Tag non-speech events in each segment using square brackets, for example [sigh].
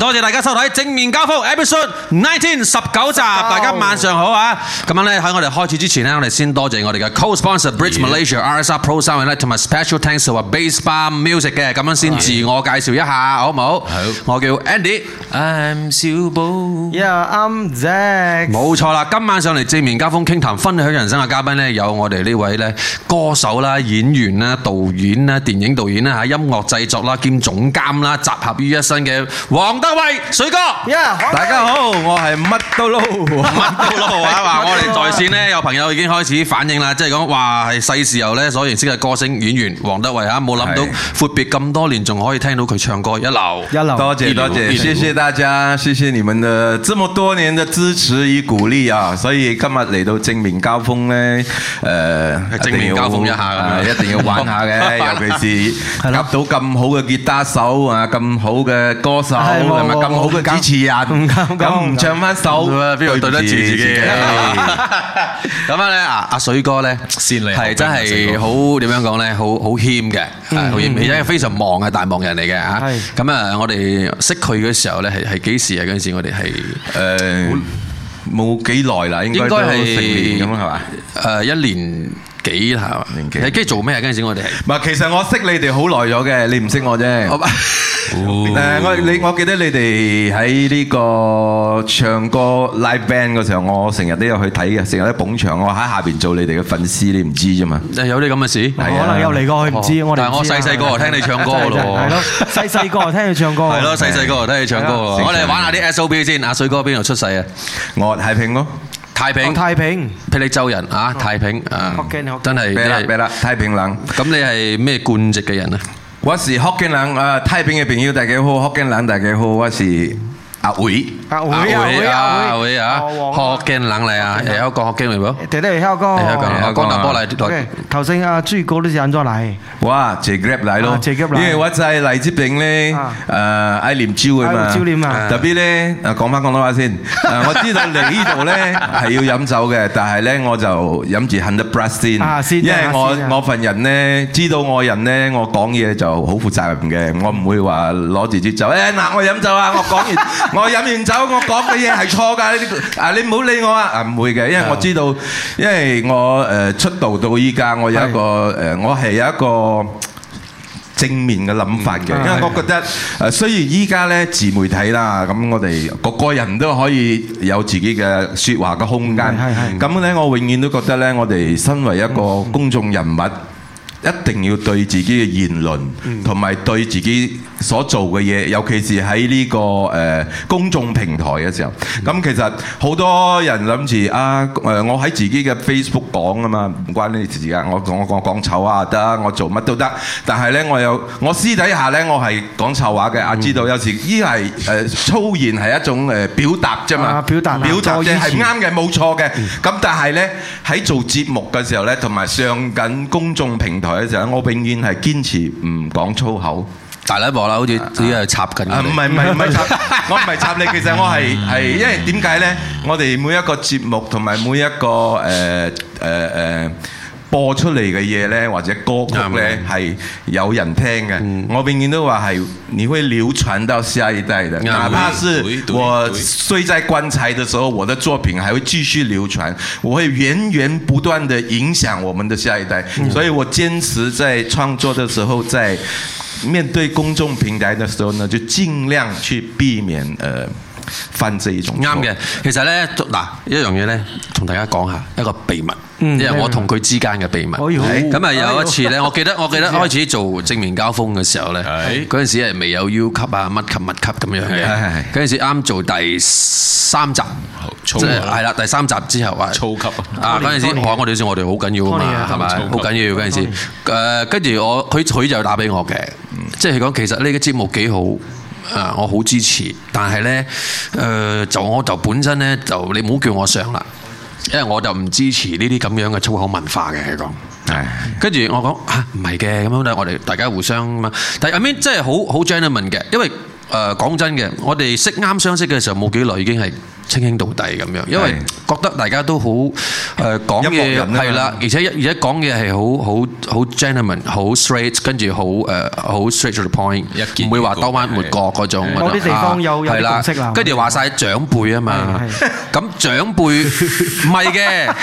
多謝大家收睇《正面交鋒》Episode 19十九集，大家晚上好啊！今晚咧喺我哋開始之前咧，我哋先多謝我哋嘅 Co-Sponsor Bridge Malaysia RSR Pro 三位咧，同埋 Special Thanks 話 Base Bar Music 嘅，咁樣先自我介紹一下，好唔好？好，我叫 Andy。I'm 小寶。Yeah，I'm Zach。冇錯啦，今晚上嚟《正面交鋒》傾談分享人生嘅嘉賓咧，有我哋呢位咧歌手啦、演員啦、導演啦、電影導演啦嚇、音樂製作啦兼總監啦，集合於一身嘅黃得。各位，水哥，yeah, 大家好，我係乜都撈，乜 [laughs] 都撈啊！話我哋在線咧，有朋友已經開始反應啦，即係講，話係細時候咧所認識嘅歌星演員黃得偉啊，冇諗到闊別咁多年，仲可以聽到佢唱歌一流，一流。多流謝多謝，流謝謝大家，謝謝你們嘅這麼多年的支持與鼓勵啊！所以今日嚟到正面交鋒咧，誒、呃，正面交鋒一下啊、呃呃，一定要玩下嘅， [laughs] 尤其是夾到咁好嘅吉他手啊，咁好嘅歌手。 [laughs] 對吧 咁好嘅支持人，咁唔唱翻首，邊度對得住自己？咁樣咧，阿阿水哥咧，先嚟，係真係好點樣講咧，好好謙嘅，好謙，而且係非常忙嘅大忙人嚟嘅嚇。咁啊，我哋識佢嘅時候咧，係係幾時啊？嗰陣時我哋係誒冇幾耐啦，應該係成年咁啊，係嘛？誒一年。幾下年紀？你跟住做咩？跟住我哋？唔係，其實我識你哋好耐咗嘅，你唔識我啫。誒，我你我記得你哋喺呢個唱歌 live band 嘅時候，我成日都有去睇嘅，成日都捧場。我喺下邊做你哋嘅粉絲，你唔知啫嘛。有啲咁嘅事，可能又嚟過，佢唔知。但係我細細個聽你唱歌嘅咯，係咯，細細個聽你唱歌，係咯，細細個聽你唱歌。我哋玩下啲 S O P 先。阿水哥邊度出世啊？我喺太平囉。太平、哦，太平，霹靂州人啊！太平啊，真係，別啦別啦，太平冷。咁你係咩貫籍嘅人啊？我是福建冷，誒，太平嘅朋友大家好，福建冷大家好，我是。阿偉，阿偉啊，偉啊，何建朗嚟啊，又有個何建偉冇？第啲又係阿哥，阿哥阿哥大波嚟，頭先阿朱哥都就咁多奶，哇，就 grab 奶咯，因為我就係荔枝餅咧，誒，愛念蕉啊嘛，特別咧，啊，講翻廣東話先，我知道你呢度咧係要飲酒嘅，但係咧我就飲住 hundred percent，因為我我份人咧知道我人咧，我講嘢就好負責任嘅，我唔會話攞住支酒，誒，嗱，我飲酒啊，我講完。我飲完酒，我講嘅嘢係錯㗎。呢啲啊，你唔好理我啊！啊，唔會嘅，因為我知道，因為我誒出道到依家，我有一個誒，我係有一個正面嘅諗法嘅。因為我覺得誒，雖然依家咧，自媒體啦，咁我哋個個人都可以有自己嘅説話嘅空間。係係。咁咧，我永遠都覺得咧，我哋身為一個公眾人物，一定要對自己嘅言論同埋對自己。所做嘅嘢，尤其是喺呢個誒公眾平台嘅時候，咁其實好多人諗住啊誒，我喺自己嘅 Facebook 講啊嘛，唔關呢啲事㗎。我我我講醜話就得，我做乜都得。但係呢，我有我私底下呢，我係講醜話嘅。啊知道有時依係誒粗言係一種誒表達啫嘛，表達表達嘅係啱嘅，冇錯嘅。咁但係呢喺做節目嘅時候呢，同埋上緊公眾平台嘅時候，我永遠係堅持唔講粗口。大一步啦，好似只係插緊。啊唔係唔係唔係插，我唔係插你。其實我係係，因為點解咧？我哋每一個節目同埋每一個誒誒誒播出嚟嘅嘢咧，或者歌曲咧，係有人聽嘅。嗯、我永遠都話係，你會流傳到下一代嘅。哪怕是我睡在棺材嘅時候，我的作品還會繼續流傳，我會源源不斷地影響我們的下一代。所以我堅持在創作的時候，在面對公眾平台嘅時候呢，就盡量去避免，呃，犯這一種錯。啱嘅，其實呢，嗱，一樣嘢呢，同大家講下一個秘密，因為我同佢之間嘅秘密。咁啊，有一次呢，我記得，我記得開始做正面交鋒嘅時候呢，嗰陣時係未有 U 級啊，乜級乜級咁樣嘅。嗰陣時啱做第三集，即係係啦，第三集之後啊。初級啊！嗰陣時我我哋先，我哋好緊要啊嘛，係咪？好緊要嗰陣時。跟住我，佢佢就打俾我嘅。即係講其實呢個節目幾好，啊我好支持，但係呢，誒、呃、就我就本身呢，就你唔好叫我上啦，因為我就唔支持呢啲咁樣嘅粗口文化嘅係講。係、就是。跟住唉我講嚇唔係嘅，咁、啊、樣我哋大家互相咁，但係阿 May 真係好好 gentleman 嘅，因為誒講、呃、真嘅，我哋識啱相識嘅時候冇幾耐已經係。稱兄道弟咁樣，因為覺得大家都好誒講嘢係啦，而且而且講嘢係好好好 gentleman，好 straight，跟住好誒好 straight to the point，唔會話兜彎抹角嗰種。多啲地方有有特色啦，跟住話曬長輩啊嘛。咁長輩唔係嘅，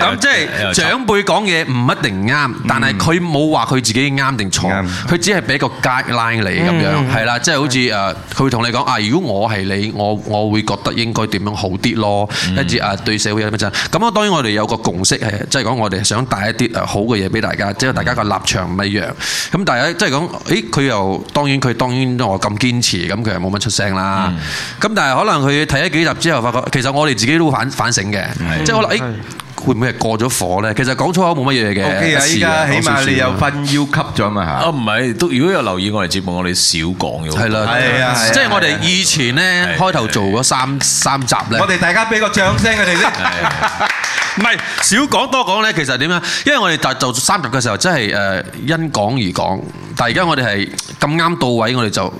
咁即係長輩講嘢唔一定啱，但係佢冇話佢自己啱定錯，佢只係俾個 guideline 你咁樣，係啦，即係好似誒，佢會同你講啊，如果我係你，我我會覺得應該。會點樣好啲咯？一、嗯、至啊，對社會有乜嘢？咁啊，當然我哋有個共識係，即係講我哋想帶一啲啊好嘅嘢俾大家。即係大家個立場唔一樣。咁但係即係講，誒佢又當然佢當然我咁堅持，咁佢又冇乜出聲啦。咁、嗯、但係可能佢睇咗幾集之後，發覺其實我哋自己都反反省嘅。即係可能誒，會唔會係過咗火咧？其實講粗口冇乜嘢嘅。O K 啊！而家起碼你有份要吸咗嘛吓？啊唔係，都如果有留意我哋節目，我哋少講嘅。係啦，係啊。即係我哋以前咧開頭做嗰三三集咧。我哋大家俾個掌聲佢哋先。唔係少講多講咧，其實點樣？因為我哋就三集嘅時候，真係誒因講而講。但係而家我哋係咁啱到位，我哋就。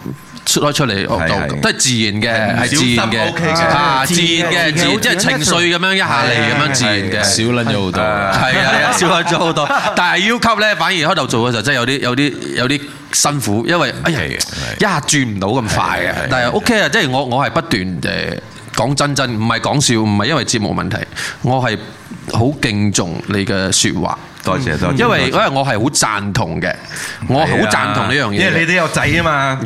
出開出嚟，都係自然嘅，係自然嘅，啊，自然嘅，自即係情緒咁樣一下嚟咁樣自然嘅，少捻咗好多，係啊，少捻咗好多。但係 U 級咧，反而開頭做嘅時候真係有啲有啲有啲辛苦，因為哎呀，一下轉唔到咁快嘅。但係 OK 啊，即係我我係不斷誒講真真，唔係講笑，唔係因為節目問題，我係好敬重你嘅説話。多謝多謝，因為因為我係好贊同嘅，啊、我好贊同呢樣嘢，因為你都有仔啊嘛，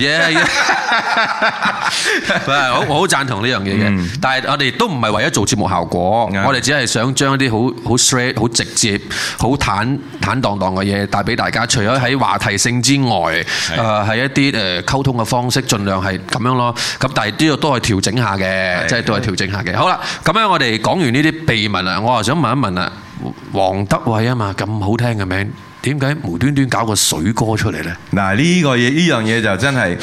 好，我好贊同呢樣嘢嘅。嗯、但係我哋都唔係為咗做節目效果，嗯、我哋只係想將一啲好好 straight 好直接，好坦坦蕩蕩嘅嘢帶俾大家。除咗喺話題性之外，誒、啊，喺、呃、一啲誒溝通嘅方式，盡量係咁樣咯。咁但係呢個都係調整下嘅，即係、啊、都係調整下嘅。啊、好啦，咁樣我哋講完呢啲秘密啊，我又想問一問啊。黃得偉啊嘛，咁好聽嘅名，點解無端端搞個水哥出嚟咧？嗱，呢個嘢，呢樣嘢就真係，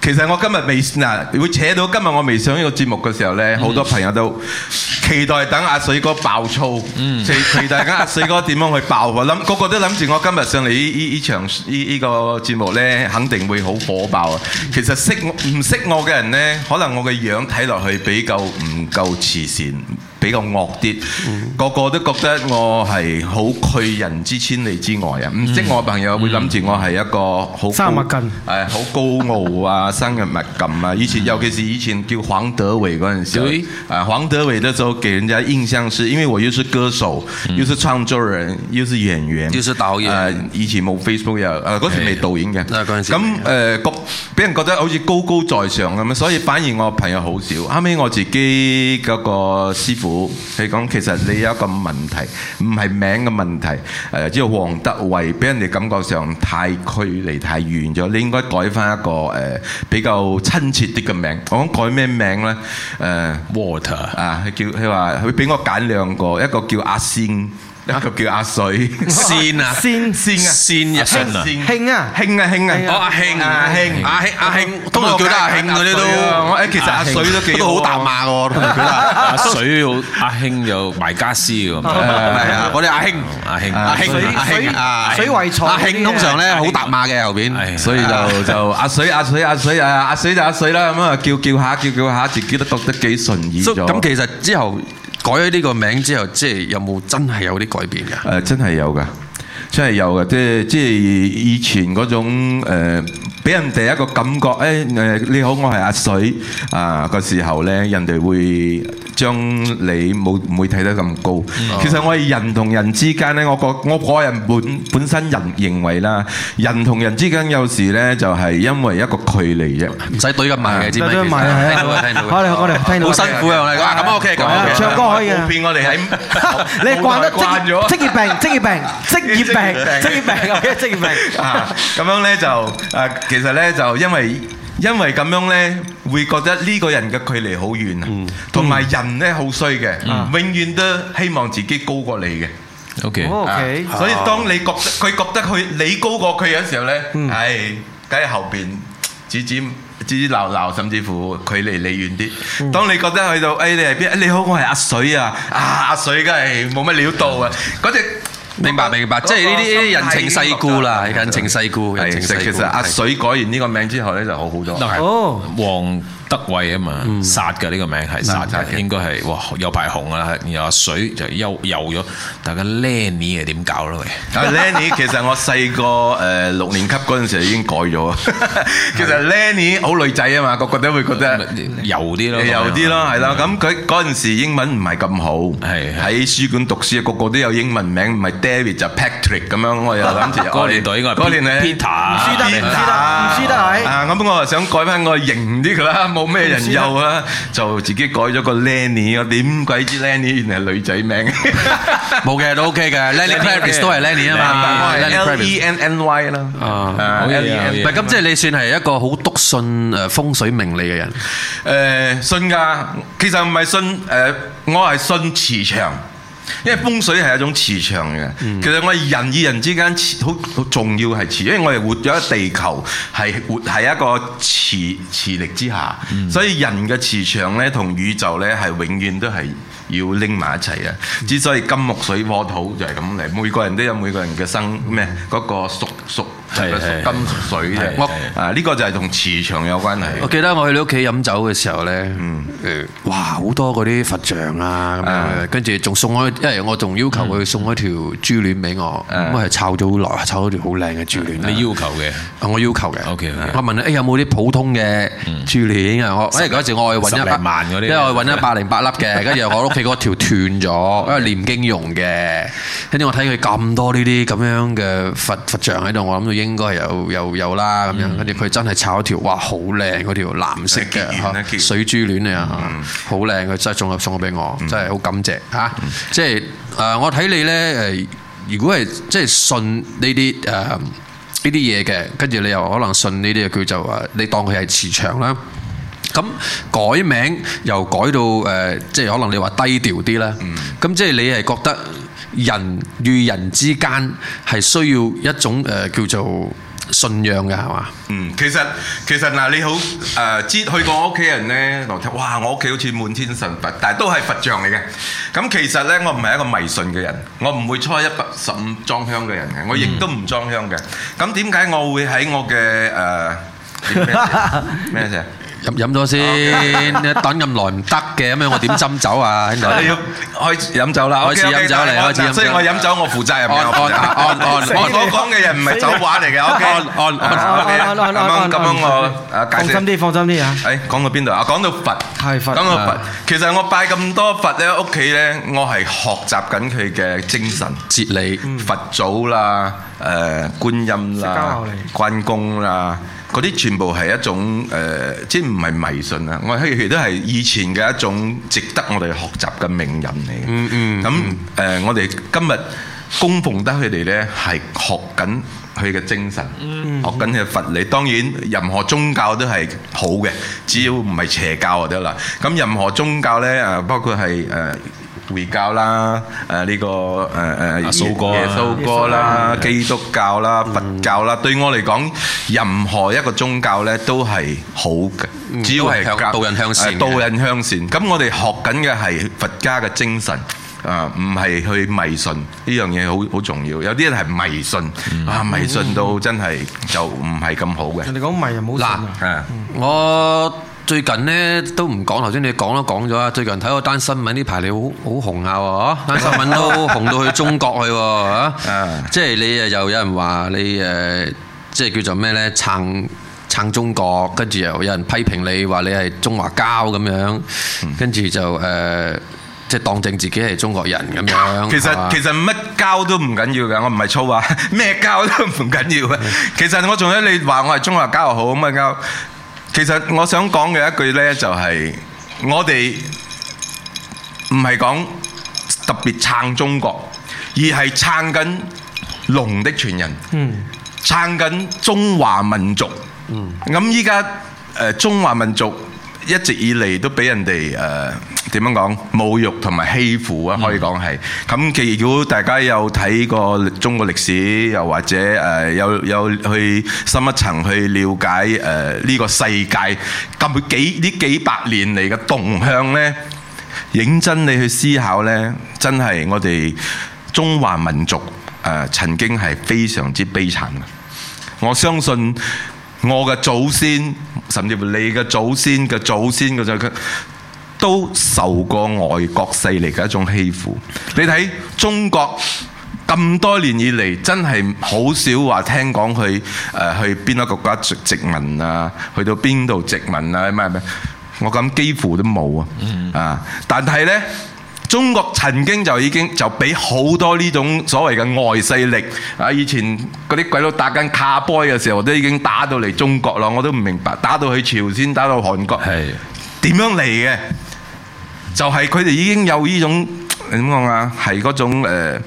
其實我今日未嗱，會扯到今日我未上呢個節目嘅時候咧，好多朋友都期待等阿水哥爆粗，嗯，期期待阿水哥點樣去爆啊！諗個個都諗住我今日上嚟呢呢呢場呢呢個節目咧，肯定會好火爆啊！其實識唔識我嘅人咧，可能我嘅樣睇落去比較唔夠慈善。比較惡啲，個個都覺得我係好拒人之千里之外啊！唔識我朋友會諗住我係一個好生麥物咁、哎，誒，好高傲啊，生人勿近啊！以前尤其是以前叫黃得偉陣時，誒、嗯，黃得偉嗰陣時候，給人家印象是因為我又是歌手，又是創作人，又是演員，又是導演、啊。以前冇 Facebook 又、啊，嗰時未抖音嘅。陣時咁誒覺俾人覺得好似高，高高在上咁樣，所以反而我朋友好少。後尾我自己個師傅。佢講，其實你有一個問題，唔係名嘅問題，誒、呃，即係黃得偉俾人哋感覺上太距離太遠咗，你應該改翻一個誒、呃、比較親切啲嘅名。我講改咩名呢？呃、Water 啊，叫佢話佢俾我揀兩個，一個叫阿仙，阿叔叫阿水仙啊，仙仙啊，仙入信啊，興啊，興啊，興啊，阿興，阿興，阿興，阿興，通常叫得阿興嗰啲都，其實阿水都幾都好大碼嘅，阿水好，阿興有賣家私嘅，係啊，我哋阿興，阿興，阿興，阿興，阿興，阿興，通常咧好大碼嘅後面，所以就就阿水，阿水，阿水，阿水就阿水啦，咁啊叫叫下，叫叫下，自己都覺得幾順耳咗。咁其實之後。改咗呢個名之後，即係有冇真係有啲改變㗎？誒、呃，真係有㗎，真係有㗎。即係即係以前嗰種誒，俾、呃、人哋一個感覺，誒、欸、誒、呃，你好，我係阿水啊！個時候咧，人哋會。將你冇唔會睇得咁高。其實我係人同人之間咧，我個我個人本本身人認為啦，人同人之間有時咧就係因為一個距離啫，唔使對咁埋嘅知唔知？對咁埋係係係。好辛苦啊！我哋講咁 OK 咁，唱歌可以啊。無變我哋喺你慣慣咗，職業病職業病職業病職業病嘅職業病啊！咁樣咧就誒，其實咧就因為。因為咁樣呢，會覺得呢個人嘅距離好遠，同埋、嗯、人呢好衰嘅，嗯、永遠都希望自己高過你嘅。O K，所以當你覺得佢覺得佢你高過佢嘅時候咧，係喺、嗯哎、後邊指指指指鬧鬧，甚至乎距離你遠啲。嗯、當你覺得去到誒、哎、你係邊、哎？你好，我係阿水啊！啊阿水，梗係冇乜料到啊！嗰隻。明白明白，明白那個、即係呢啲人情世故啦，人情世故，人情世故，是，其實阿水改完呢個名之後咧就好好多，是是哦、黃得偉啊嘛，殺㗎呢個名係殺，應該係哇有排紅啦。然後阿水就又油咗，大家 Lenny 係點搞咯？喂，啊 Lenny 其實我細個誒六年級嗰陣時已經改咗。其實 Lenny 好女仔啊嘛，個個都會覺得油啲咯，油啲咯，係啦。咁佢嗰陣時英文唔係咁好，係喺書館讀書，個個都有英文名，唔係 David 就 Patrick 咁樣。我又諗住嗰年代應該係 Peter，Peter 唔輸得唔輸得啊！咁我啊想改翻個型啲㗎啦。冇咩人有啊，就自己改咗個 Lenny 啊，點鬼知 Lenny 原來係女仔名？冇嘅都 OK 嘅，Lenny Kravitz 都係 Lenny 啊嘛，L E N N Y 啦。啊，好嘅。唔係咁，即係你算係一個好篤信誒風水命理嘅人。誒，信噶，其實唔係信誒，我係信磁場。因為風水係一種磁場嘅，嗯、其實我哋人與人之間好好重要係磁，因為我哋活咗喺地球，係活喺一個磁磁力之下，嗯、所以人嘅磁場呢同宇宙呢係永遠都係要拎埋一齊嘅。嗯、之所以金木水火土就係咁嚟，每個人都有每個人嘅生咩嗰、嗰個屬屬。係金水啊，呢個就係同磁場有關係。我記得我去你屋企飲酒嘅時候咧，嗯哇好多嗰啲佛像啊咁樣，跟住仲送咗。因為我仲要求佢送咗條珠鏈俾我，咁我係抄咗好耐，抄咗條好靚嘅珠鏈。你要求嘅，我要求嘅。OK，我問你有冇啲普通嘅珠鏈啊？我誒嗰時我係揾一百萬嗰啲，因為揾一百零八粒嘅，跟住我屋企嗰條斷咗，因為念經用嘅。跟住我睇佢咁多呢啲咁樣嘅佛佛像喺度，我諗。應該係有有有啦，咁樣，跟住佢真係炒條哇，好靚嗰條藍色嘅嚇水珠鏈啊嚇，好靚佢真係送嚟送我俾我，真係好感謝嚇。即係誒，我睇你咧誒，如果係即係信呢啲誒呢啲嘢嘅，跟住你又可能信呢啲，佢就話你當佢係磁場啦。咁改名又改到誒，即係可能你話低調啲啦。咁即係你係覺得？人與人之間係需要一種誒、呃、叫做信仰嘅，係嘛？嗯，其實其實嗱，你好誒，接、呃、去過我屋企人咧，同我聽，哇！我屋企好似滿天神佛，但係都係佛像嚟嘅。咁其實咧，我唔係一個迷信嘅人，我唔會初一百十五裝香嘅人嘅，我亦都唔裝香嘅。咁點解我會喺我嘅誒咩事啊？飲飲咗先，等咁耐唔得嘅，咁樣我點斟酒啊？你要開始飲酒啦，開始飲酒嚟，開始飲，所以我飲酒我負責任啊！我我我講嘅嘢唔係酒話嚟嘅。O K O K，咁樣咁樣我啊，放心啲，放心啲啊！誒，講到邊度啊？講到佛，講到佛，其實我拜咁多佛咧，屋企咧，我係學習緊佢嘅精神哲理，佛祖啦。誒觀音啦、關公啦，嗰啲全部係一種誒，即係唔係迷信啊！我係佢哋都係以前嘅一種值得我哋學習嘅名人嚟嘅。嗯嗯。咁誒，我哋今日供奉得佢哋咧，係學緊佢嘅精神，學緊佢嘅佛理。當然，任何宗教都係好嘅，只要唔係邪教就得啦。咁任何宗教咧誒，包括係誒，回教啦，誒、這、呢個誒誒、啊、耶穌哥啦，穌基督教啦，嗯、佛教啦，對我嚟講，任何一個宗教咧都係好嘅，嗯、只要係教導人向善。導人向善。咁我哋學緊嘅係佛家嘅精神，誒唔係去迷信呢樣嘢，好好重要。有啲人係迷信，啊、嗯、迷信到真係就唔係咁好嘅。嗯、人哋講迷信好難啊。嘞嗯、我。最近呢都唔講，頭先你講都講咗啊！最近睇嗰單新聞，呢排你好好紅下、啊、喎，單、啊啊、 [laughs] 新聞都紅到去中國去喎，啊、 [laughs] 即係你又有人話你誒、呃，即係叫做咩呢？撐撐中國，跟住又有人批評你話你係中華膠咁樣，跟住、嗯、就誒、呃、即係當正自己係中國人咁樣。 [laughs] 其實吧其實乜膠都唔緊要嘅，我唔係粗話，咩膠都唔緊要嘅。其實我仲有你話我係中華膠又好乜膠。其實我想講嘅一句呢、就是，就係我哋唔係講特別撐中國，而係撐緊龍的傳人，撐緊、嗯、中華民族。咁依家誒中華民族一直以嚟都俾人哋、呃點樣講侮辱同埋欺負啊？可以講係咁。如果大家有睇過中國歷史，又或者誒有有去深一層去了解誒呢個世界咁幾呢幾百年嚟嘅動向呢，認真你去思考呢，真係我哋中華民族誒曾經係非常之悲慘嘅！我相信我嘅祖先，甚至乎你嘅祖先嘅祖先嘅就。都受過外國勢力嘅一種欺負你。你睇中國咁多年以嚟，真係好少話聽講去誒、呃、去邊一個國家殖民啊，去到邊度殖民啊？咩咩？我咁幾乎都冇啊。啊！但係呢，中國曾經就已經就俾好多呢種所謂嘅外勢力啊，以前嗰啲鬼佬打緊卡波嘅時候，都已經打到嚟中國啦。我都唔明白，打到去朝鮮，打到去韓國。點樣嚟嘅？就係佢哋已經有呢種點講啊？係嗰種誒、呃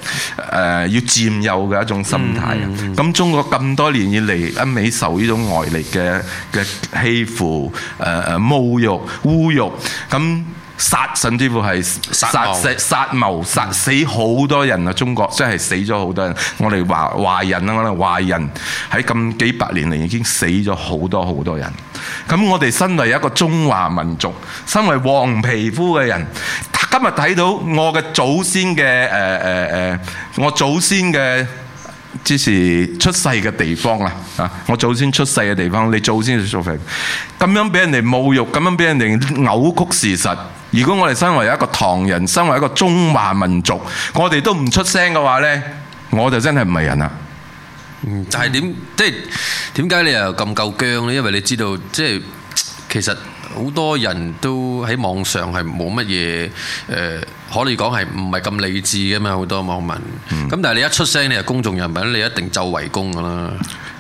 呃、要佔有嘅一種心態、mm。咁、hmm. 中國咁多年以嚟，一味受呢種外力嘅嘅欺負、誒、呃、誒侮辱、污辱，咁殺甚至乎係殺殺殺殺謀殺死好多人啊！中國真係死咗好多人。我哋華華人啊，我哋華人喺咁幾百年嚟已經死咗好多好多人。咁我哋身為一個中華民族，身為黃皮膚嘅人，今日睇到我嘅祖先嘅誒誒誒，我祖先嘅即係出世嘅地方啦，啊，我祖先出世嘅地方，你祖先做咩？咁樣俾人哋侮辱，咁樣俾人哋扭曲事實。如果我哋身為一個唐人，身為一個中華民族，我哋都唔出聲嘅話呢，我就真係唔係人啊！嗯，但係點即係點解你又咁夠薑呢？因為你知道即係其實。好多人都喺網上係冇乜嘢，誒、呃、可以講係唔係咁理智嘅嘛？好多網民，咁、嗯、但係你一出聲，你係公眾人物，你一定就圍攻㗎喇。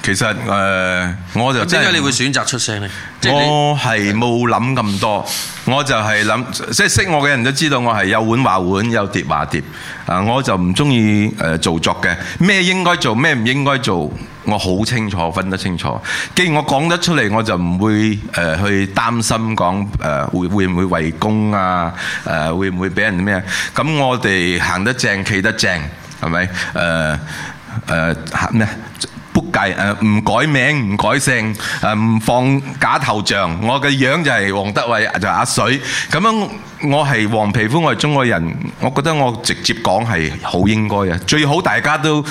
其實誒、呃，我就點解你會選擇出聲呢？我係冇諗咁多， [laughs] 我就係諗，即係識我嘅人都知道我係有碗話碗，有碟話碟啊！我就唔中意誒做作嘅，咩應該做，咩唔應該做。我好清楚，分得清楚。既然我講得出嚟，我就唔會誒去擔心講誒會會唔會圍攻啊？誒會唔會俾人咩？咁我哋行得正，企得正，係咪？誒誒咩？不計誒，唔改名，唔改姓，誒唔放假頭像。我嘅樣就係黃得偉，就阿水。咁樣我係黃皮膚，我係中國人。我覺得我直接講係好應該嘅，最好大家都，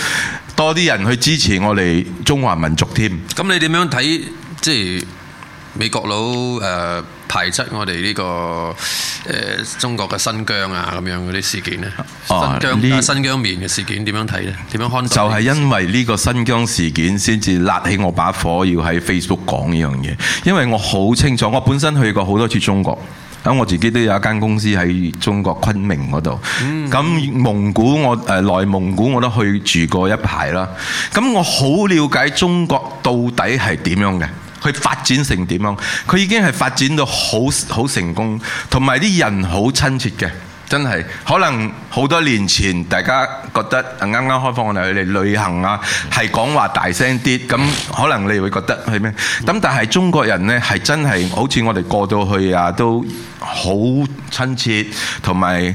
多啲人去支持我哋中華民族添。咁你點樣睇即係美國佬誒、呃、排斥我哋呢、這個誒、呃、中國嘅新疆啊咁樣嗰啲事件咧？哦、新疆、啊、新疆棉嘅事件點樣睇咧？點樣看？樣就係因為呢個新疆事件，先至甩起我把火，要喺 Facebook 講呢樣嘢。因為我好清楚，我本身去過好多次中國。咁我自己都有一間公司喺中國昆明嗰度，咁、嗯、蒙古我誒內、呃、蒙古我都去住過一排啦。咁我好了解中國到底係點樣嘅，佢發展成點樣，佢已經係發展到好好成功，同埋啲人好親切嘅。真係可能好多年前，大家覺得啱啱開放我哋去旅行啊，係講話大聲啲，咁可能你會覺得係咩？咁但係中國人呢，係真係好似我哋過到去啊，都好親切，同埋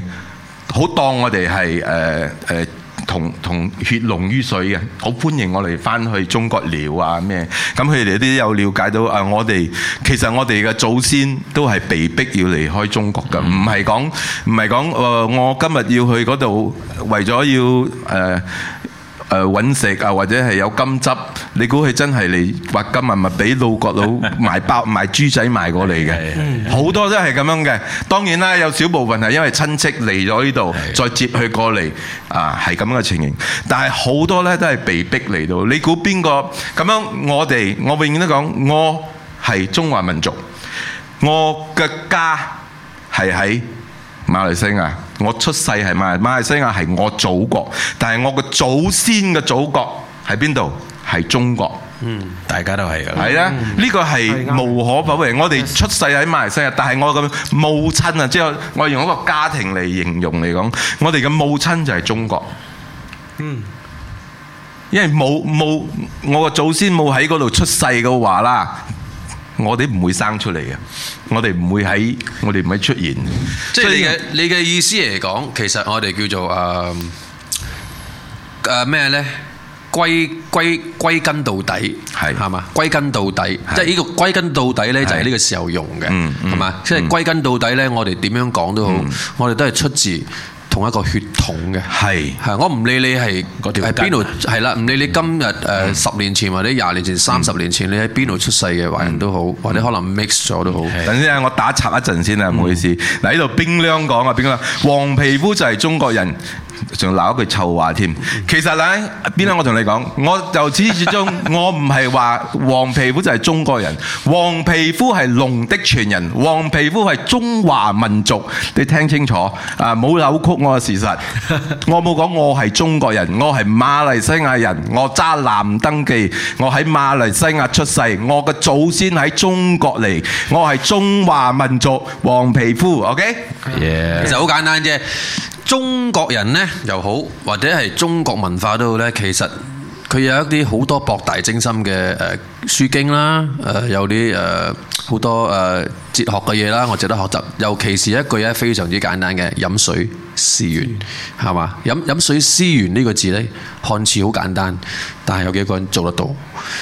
好當我哋係誒誒。呃呃同同血濃於水嘅，好歡迎我哋翻去中國聊啊咩？咁佢哋都有了解到啊！我哋其實我哋嘅祖先都係被逼要離開中國嘅，唔係講唔係講誒我今日要去嗰度，為咗要誒。呃誒揾食啊，或者係有金執，你估佢真係嚟挖金啊？係咪俾老國佬賣包賣豬仔賣過嚟嘅，好多都係咁樣嘅。當然啦，有少部分係因為親戚嚟咗呢度，再接佢過嚟啊，係咁嘅情形。但係好多呢都係被逼嚟到。你估邊個咁樣？我哋我永遠都講，我係中華民族，我嘅家係喺。馬來西亞，我出世係馬馬來西亞係我祖國，但係我嘅祖先嘅祖國喺邊度？係中國，嗯，大家都係噶，係啦，嗯，呢個係無可否認。我哋出世喺馬來西亞，但係我嘅母親啊，即係我用一個家庭嚟形容嚟講，我哋嘅母親就係中國，嗯，因為冇冇我嘅祖先冇喺嗰度出世嘅話啦。我哋唔會生出嚟嘅，我哋唔會喺我哋唔會出現。即係你嘅你嘅意思嚟講，其實我哋叫做誒誒咩咧？歸歸歸根到底係係嘛？歸根到底，即係呢個歸根到底咧，就係呢個時候用嘅係嘛？即係歸根到底咧，我哋點樣講都好，嗯、我哋都係出自。同一個血統嘅係係。我唔理你係嗰邊度，係啦裏，唔裏理你今日誒十年前或者廿年前，三十年前，年前嗯、你喺邊度出世嘅華人都好，嗯、或者可能 mix 咗都好。嗯、的等先啊，我打插一陣先啊，唔好意思。嗱，呢度冰兩講啊？邊個黃皮膚就係中國人。仲鬧一句臭話添，其實呢，邊咧？我同你講，我由始至終，我唔係話黃皮膚就係中國人，黃皮膚係龍的傳人，黃皮膚係中華民族，你聽清楚啊！冇扭曲我嘅事實，我冇講我係中國人，我係馬來西亞人，我揸藍登記，我喺馬來西亞出世，我嘅祖先喺中國嚟，我係中華民族，黃皮膚，OK？其實好簡單啫。中國人呢又好，或者係中國文化都好咧，其實佢有一啲好多博大精深嘅誒書經啦，誒有啲誒好多誒。呃哲學嘅嘢啦，我值得學習。尤其是一句咧，非常之簡單嘅飲水思源，係嘛？飲飲水思源呢個字呢，看似好簡單，但係有幾個人做得到？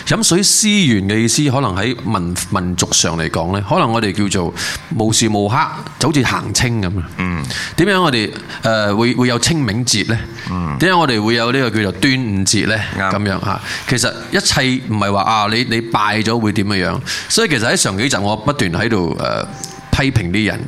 飲水思源嘅意思，可能喺民民族上嚟講呢，可能我哋叫做無時無刻就好似行清咁樣。嗯。點樣我哋誒、呃、會會有清明節呢？嗯。點解我哋會有呢個叫做端午節呢？咁、嗯、樣嚇，其實一切唔係話啊，你你，你拜咗會點嘅樣？所以其實喺上幾集我不斷喺度。誒、呃，批評啲人，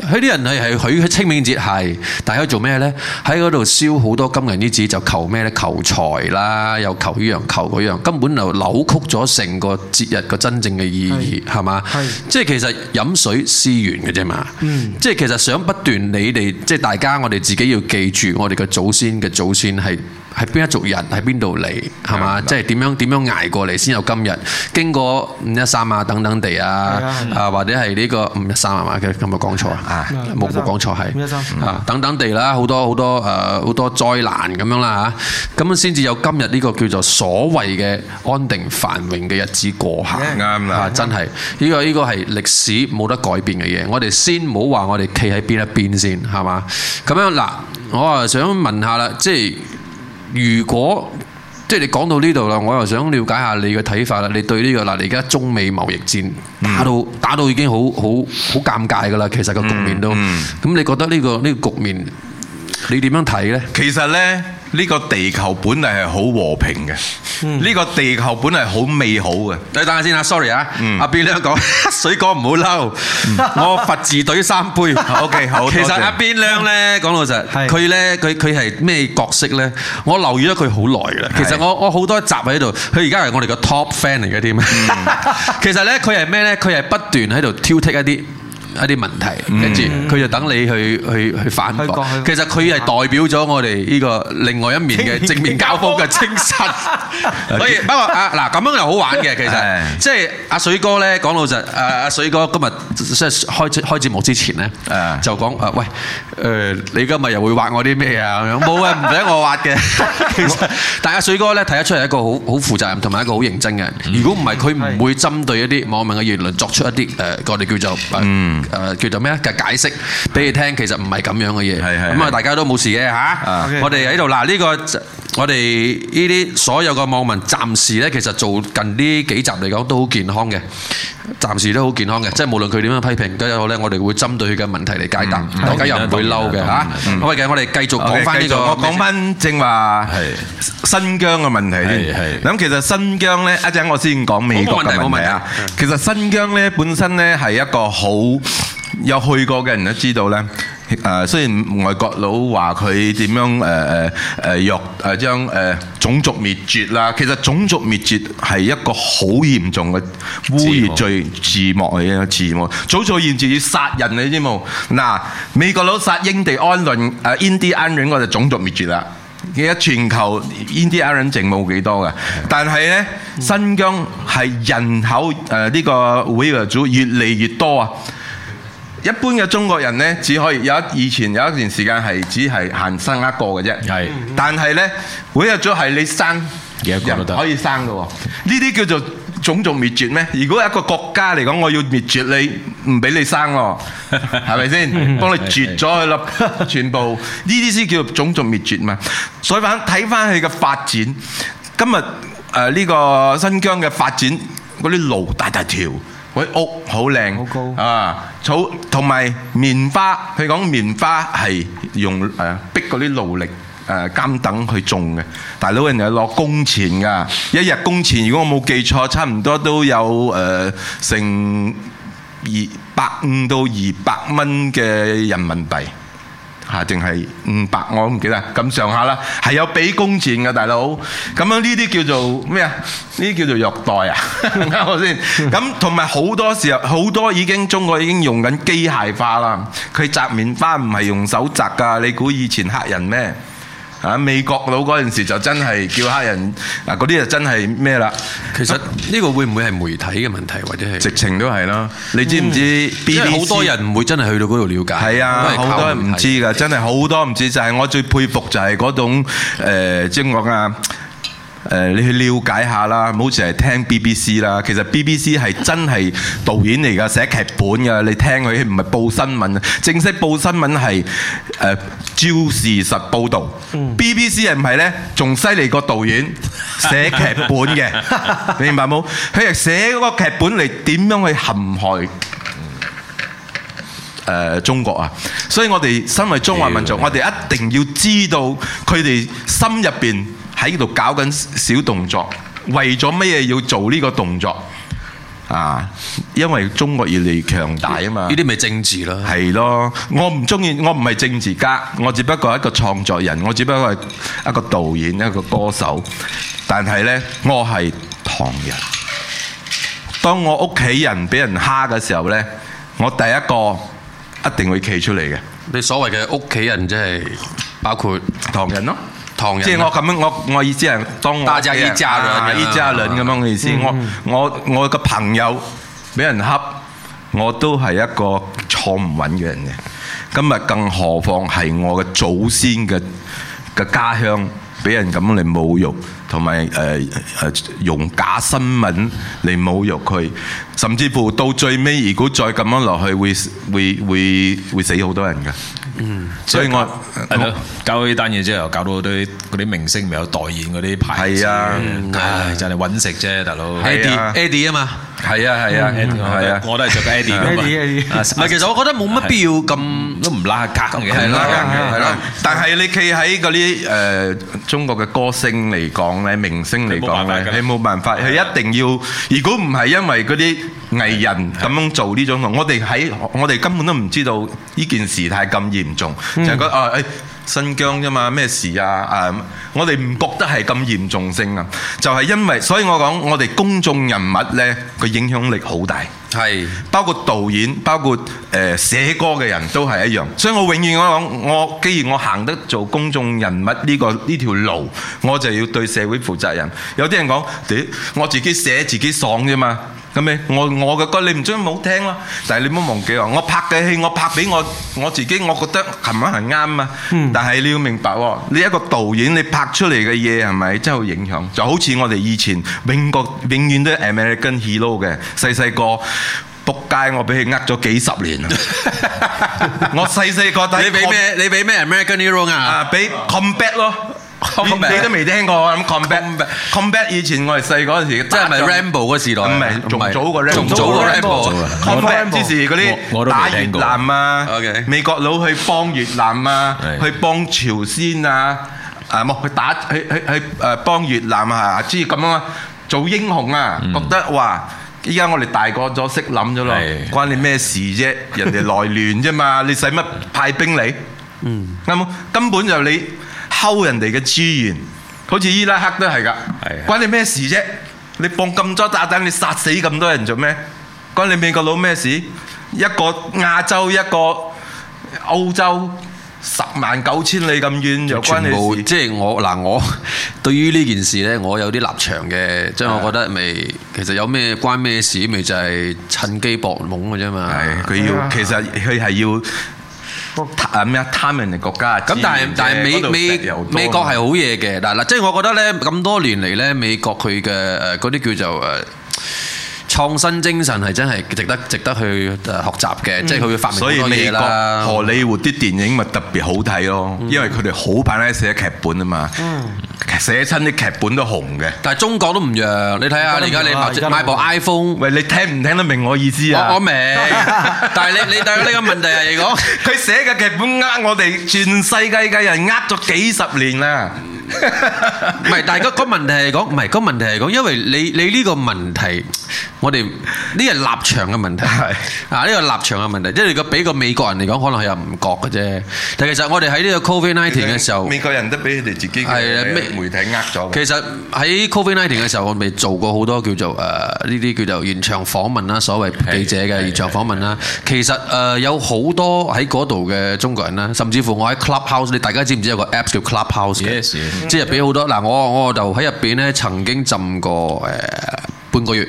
佢啲人係係佢清明節係大家做咩呢？喺嗰度燒好多金銀啲紙，就求咩呢？求財啦，又求呢樣求嗰樣，根本就扭曲咗成個節日個真正嘅意義，係嘛？係，即係其實飲水思源嘅啫嘛，嗯，即係其實想不斷你哋，即係大家我哋自己要記住，我哋嘅祖先嘅祖先係。係邊一族人，喺邊度嚟，係嘛？是不是即係點樣點樣捱過嚟先有今日？經過五一三啊，等等地啊，是不是啊或者係呢個五一三啊嘛？今日講錯啊？冇冇講錯係？五一三啊，等等地啦，好多好多誒，好、呃、多災難咁樣啦嚇，咁先至有今日呢個叫做所謂嘅安定繁榮嘅日子過下啱啦，真係呢個呢個係歷史冇得改變嘅嘢。我哋先唔好話我哋企喺邊一邊先，係嘛？咁樣嗱，我啊想問下啦，即係。即如果即係你講到呢度啦，我又想了解下你嘅睇法啦。你對呢、呢個嗱，而家中美貿易戰打到，嗯、打到已經好好好尷尬噶啦，其實個局面都咁，嗯嗯、你覺得呢、呢個呢、呢個局面你點樣睇咧？其實咧。呢個地球本嚟係好和平嘅，呢、嗯、個地球本嚟好美好嘅。等等下先啊，sorry 啊，嗯、阿邊亮講水果唔好嬲，嗯、我佛字隊三杯。 [laughs] OK，好。其實謝阿邊亮咧講到就係佢咧，佢佢係咩角色咧？我留意咗佢好耐嘅啦。是其實我我好多集喺度，佢而家係我哋嘅 top fan 嚟嘅添。 [laughs] [laughs] [laughs] 其實咧，佢係咩咧？佢係不斷喺度挑剔一啲。一啲問題，跟住佢就等你去去去反駁。其實佢係代表咗我哋呢個另外一面嘅正面交鋒嘅精神。所以不過啊，嗱咁樣又好玩嘅，其實即係阿水哥咧講老實。誒阿水哥今日即係開開節目之前咧，就講誒喂誒，你今日又會畫我啲咩啊？冇啊，唔俾我畫嘅。其實但係阿水哥咧睇得出係一個好好負責任同埋一個好認真嘅人。如果唔係，佢唔會針對一啲網民嘅言論作出一啲誒，我哋叫做嗯。誒叫做咩啊？嘅解釋俾你聽，其實唔係咁樣嘅嘢。係係。咁啊，大家都冇事嘅嚇。啊，我哋喺度嗱，呢個我哋呢啲所有嘅網民，暫時咧其實做近呢幾集嚟講都好健康嘅，暫時都好健康嘅。即係無論佢點樣批評，都好咧，我哋會針對佢嘅問題嚟解答，大家又唔會嬲嘅嚇。OK 嘅，我哋繼續講翻呢個。我講翻正話新疆嘅問題先。係係。咁其實新疆咧，一陣我先講美國嘅問題啊。冇問題冇問題啊。其實新疆咧本身咧係一個好有去過嘅人都知道呢，誒、呃、雖然外國佬話佢點樣誒誒誒若誒將誒種族滅絕啦，其實種族滅絕係一個好嚴重嘅污業罪好字幕嚟嘅字幕，早早滅絕要殺人你知冇？嗱、啊，美國佬殺印第安人，誒印第安人我就種族滅絕啦。而家全球印第安人淨冇幾多嘅，但係呢，新疆係人口誒呢、呃這個維吾爾族越嚟越多啊！一般嘅中國人呢，只可以有以前有一段時間係只係限生一個嘅啫。係，但係呢，每日都係你生人可以生嘅喎。呢啲叫做種族滅絕咩？如果一個國家嚟講，我要滅絕你，唔俾你生喎，係咪先？幫你絕咗佢咯，全部呢啲先叫做種族滅絕嘛。所以翻睇翻佢嘅發展，今日誒呢個新疆嘅發展，嗰啲路大大條。佢屋好靚高啊！草同埋棉花，佢講棉花係用、啊、逼嗰啲勞力、啊、監等去種嘅。大佬，人又攞工錢㗎，一日工錢如果我冇記錯，差唔多都有誒、呃、成二百五到二百蚊嘅人民幣。嚇，定係五百，我唔記得咁上下啦，係有俾工錢嘅大佬，咁樣呢啲叫做咩啊？呢啲叫做虐待啊？啱 [laughs] 我先，咁同埋好多時候，好多已經中國已經用緊機械化啦，佢摘棉花唔係用手摘㗎，你估以前黑人咩？嚇、啊、美國佬嗰陣時就真係叫黑人嗱，嗰啲就真係咩啦，其實呢、啊、個會唔會係媒體嘅問題，或者係直情都係啦？啊、你知唔知？即好、嗯、BBC, 多人唔會真係去到嗰度了解。係啊，因為好多人唔知㗎，真係好多唔知。就係、是、我最佩服就係嗰種誒，即、呃、係我啊。誒，你去瞭解下啦，唔好只係聽 BBC 啦。其實 BBC 係真係導演嚟噶，寫劇本噶。你聽佢唔係報新聞，正式報新聞係誒照事實報導。BBC 係唔係呢？仲犀利過導演寫劇本嘅？你明白冇？佢係寫嗰個劇本嚟點樣去陷害誒中國啊。所以我哋身為中華民族，我哋一定要知道佢哋心入邊。喺度搞緊小動作，為咗乜嘢要做呢個動作啊？因為中國越嚟越強大啊嘛！呢啲咪政治咯？係咯，我唔中意，我唔係政治家，我只不過係一個創作人，我只不過係一個導演、一個歌手。但係呢，我係唐人。當我屋企人俾人蝦嘅時候呢，我第一個一定會企出嚟嘅。你所謂嘅屋企人即係包括唐人咯。即係我咁樣，啊、我我意思係當我家已炸卵，已炸卵咁樣嘅意思。我我我個朋友俾人恰，我都係一個坐唔穩嘅人嘅。今日更何況係我嘅祖先嘅嘅家鄉俾人咁樣嚟侮辱，同埋誒誒用假新聞嚟侮辱佢，甚至乎到最尾，如果再咁樣落去，會會會會死好多人㗎。嗯，所以我搞到呢單嘢之後，搞到啲嗰啲明星咪有代言嗰啲牌子。係啊，唉，真係揾食啫，大佬。Adi Adi 啊嘛，係啊係啊，係啊，我都係著 Adi 嘅嘛。唔係，其實我覺得冇乜必要咁都唔拉架嘅。係拉架，係啦。但係你企喺嗰啲誒中國嘅歌星嚟講咧，明星嚟講咧，你冇辦法，佢一定要。如果唔係因為嗰啲。藝人咁樣做呢種的我哋喺我哋根本都唔知道呢件事態咁嚴重，就係覺得啊誒、哎、新疆啫嘛，咩事啊誒、啊？我哋唔覺得係咁嚴重性啊，就係、是、因為，所以我講我哋公眾人物呢個影響力好大，係的包括導演，包括誒、呃、寫歌嘅人都係一樣。所以我永遠我講，我既然我行得做公眾人物呢、這個呢條、這個這個、路，我就要對社會負責任。有啲人講，我自己寫自己爽啫嘛。我我嘅歌你唔中意冇聽咯，但係你唔好忘記喎，我拍嘅戲我拍俾我，我自己，我覺得琴晚係啱啊，嗯、但係你要明白喎，你一個導演你拍出嚟嘅嘢係咪真係會影響？就好似我哋以前永過永遠都係 American Hero 嘅細細個，仆街我俾佢呃咗幾十年啊！ [laughs] [laughs] 我細細個睇你俾咩？你俾咩 American Hero 啊？俾、啊、Combat 咯！你都未聽過啊？咁 combat，combat 以前我哋細嗰陣時，即係咪 ramble 嗰時代？唔係，仲早過 ramble，仲早過 ramble。combat，即係嗰啲打越南啊，美國佬去幫越南啊，去幫朝鮮啊，啊冇去打去去去誒幫越南啊，即係咁樣啊嘛，做英雄啊，覺得哇！依家我哋大個咗，識諗咗咯，關你咩事啫？人哋內亂啫嘛，你使乜派兵嚟？嗯，啱唔？根本就你。偷人哋嘅資源，好似伊拉克都係㗎，關你咩事啫？你放咁多炸彈，你殺死咁多人做咩？關你美國佬咩事？一個亞洲，一個歐洲，十萬九千里咁遠，又關你咩事？即係我嗱，我對於呢件事呢，我有啲立場嘅，即係我覺得咪其實有咩關咩事，咪就係趁機搏懵嘅啫嘛。佢要其實佢係要。貪咩啊？貪人哋國家啊！咁但係但係美美美國係好嘢嘅嗱嗱，即係麼我覺得咧，咁多年嚟咧美國佢嘅誒嗰啲叫做誒。呃創新精神係真係值得值得去學習嘅，即係佢會發明多嘢啦。所以美國荷里活啲電影咪特別好睇咯，嗯、因為佢哋好版咧寫劇本啊嘛，嗯、寫親啲劇本都紅嘅。但係中國都唔讓你睇下，而家你賣買部 iPhone，喂，你聽唔聽得明我意思啊？我，我明， [laughs] 但係你你對呢個問題嚟講，佢 [laughs] 寫嘅劇本呃我哋全世界嘅人呃咗幾十年啦。唔係，大家個問題係講唔係個問題係講，因為你你呢個問題，我哋呢個立場嘅問題係啊呢個立場嘅問題，即係你俾個美國人嚟講，可能係又唔覺嘅啫。但係其實我哋喺呢個 COVID-19 嘅時候，美國人都俾佢哋自己嘅媒體呃咗。其實喺 COVID-19 嘅時候，我未做過好多叫做誒呢啲叫做現場訪問啦，所謂記者嘅現場訪問啦。其實誒有好多喺嗰度嘅中國人啦，甚至乎我喺 Clubhouse，你大家知唔知有個 Apps 叫 Clubhouse 嘅？即係俾好多嗱，我我就喺入邊咧曾經浸過誒、呃、半個月，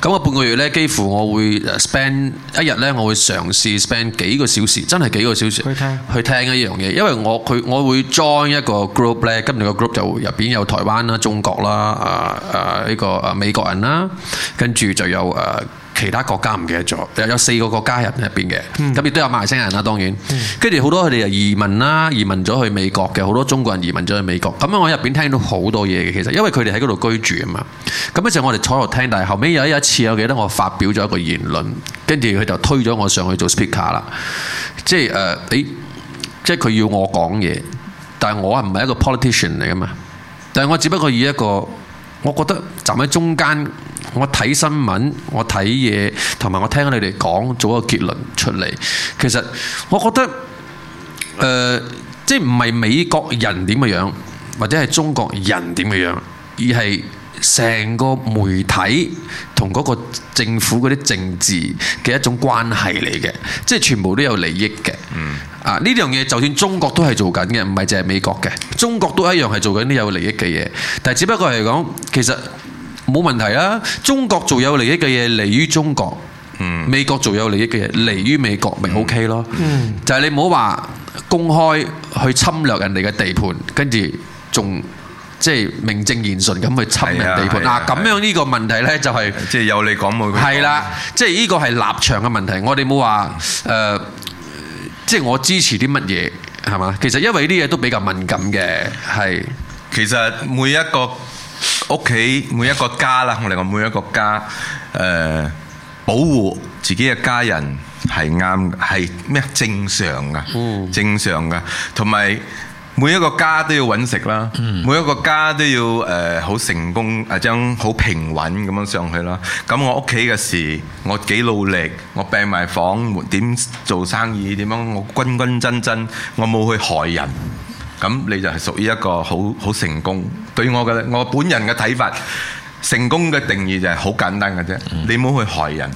咁個半個月咧幾乎我會 spend 一日咧，我會嘗試 spend 幾個小時，真係幾個小時去聽一聽呢樣嘢，因為我佢我會 join 一個 group 咧，咁你個 group 就入邊有台灣啦、中國啦、啊啊呢個啊、呃、美國人啦，跟住就有誒。呃其他國家唔記得咗，有四個國家喺入入邊嘅，咁亦、嗯、都有馬來西亞人啦。當然，跟住好多佢哋就移民啦，移民咗去美國嘅，好多中國人移民咗去美國。咁樣我入邊聽到好多嘢嘅，其實因為佢哋喺嗰度居住啊嘛。咁一陣我哋坐落度聽，但係後尾有一一次，我記得我發表咗一個言論，跟住佢就推咗我上去做 speaker 啦。即係誒，你、呃、即係佢要我講嘢，但係我唔係一個 politician 嚟噶嘛，但係我只不過以一個，我覺得站喺中間。我睇新聞，我睇嘢，同埋我聽你哋講，做一個結論出嚟。其實我覺得，誒、呃，即係唔係美國人點嘅樣，樣，或者係中國人點嘅樣，樣，而係成個媒體同嗰個政府嗰啲政治嘅一種關係嚟嘅，即係全部都有利益嘅。嗯、啊，呢樣嘢就算中國都係做緊嘅，唔係淨係美國嘅。中國都一樣係做緊啲有利益嘅嘢，但係只不過係講其實。冇問題啦，中國做有利益嘅嘢嚟於中國，美國做有利益嘅嘢嚟於美國咪 OK 咯。就係你唔好話公開去侵略人哋嘅地盤，跟住仲即係名正言順咁去侵人地盤。嗱，咁樣呢個問題咧就係即係有你講冇？係啦，即係呢個係立場嘅問題。我哋冇話誒，即係我支持啲乜嘢係嘛？其實因為呢啲嘢都比較敏感嘅，係其實每一個。屋企每一個家啦，我哋話每一個家，誒、呃、保護自己嘅家人係啱嘅，係咩正常噶？嗯，正常噶。同埋每一個家都要揾食啦，每一個家都要誒好、嗯呃、成功，誒將好平穩咁樣上去啦。咁我屋企嘅事，我幾努力，我病埋房點做生意，點樣我均均真真，我冇去害人。咁你就係屬於一個好好成功。對於我嘅我本人嘅睇法，成功嘅定義就係好簡單嘅啫。你唔好去害人，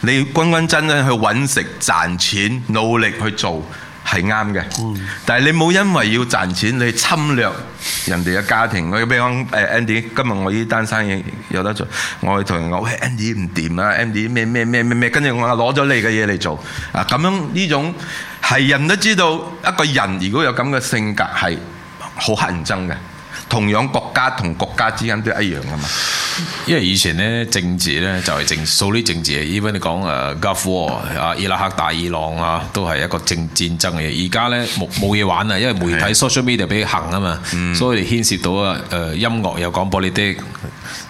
你要均均真真去揾食賺錢，努力去做。係啱嘅，但係你冇因為要賺錢，你侵略人哋嘅家庭。我譬如講誒 Andy，今日我呢單生意有得做，我去同人講，喂 Andy 唔掂啊 Andy 咩咩咩咩咩，跟住我又攞咗你嘅嘢嚟做啊！啊，咁樣呢種係人都知道，一個人如果有咁嘅性格，係好乞人憎嘅。同樣國家同國家之間都一樣噶嘛，因為以前呢政治呢就係政，數啲政治，依番你講誒、呃、Gulf War 啊、伊拉克大伊朗啊，都係一個政戰爭嘅。而家呢冇冇嘢玩啊，因為媒體 social media 比佢行啊嘛，嗯、所以牽涉到啊誒、呃、音樂又講播你啲，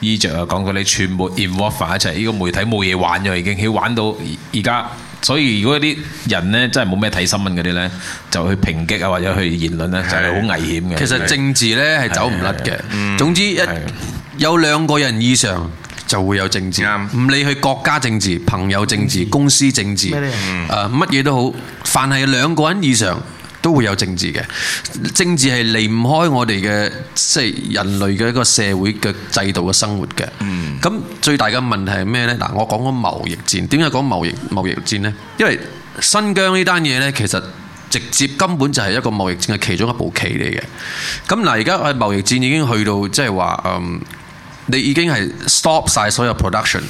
衣着又講過你全部 involve 埋一齊，呢、呢個媒體冇嘢玩咗，已經佢玩到而家。所以如果啲人呢，真係冇咩睇新聞嗰啲呢，就去抨擊啊或者去言論呢，嗯、就係好危險嘅。其實政治呢，係走唔甩嘅，對 總之對 一有兩個人以上就會有政治，唔理佢國家政治、朋友政治、嗯、公司政治，乜嘢對吧、呃、都好，凡係兩個人以上。都會有政治嘅，政治係離唔開我哋嘅即係人類嘅一個社會嘅制度嘅生活嘅。嗯。咁最大嘅問題係咩呢？嗱，我講講貿易戰，點解講貿易貿易戰呢？因為新疆呢單嘢呢，其實直接根本就係一個貿易戰嘅其中一步棋嚟嘅。咁嗱，而家貿易戰已經去到即係話，嗯，你已經係 stop 晒所有 production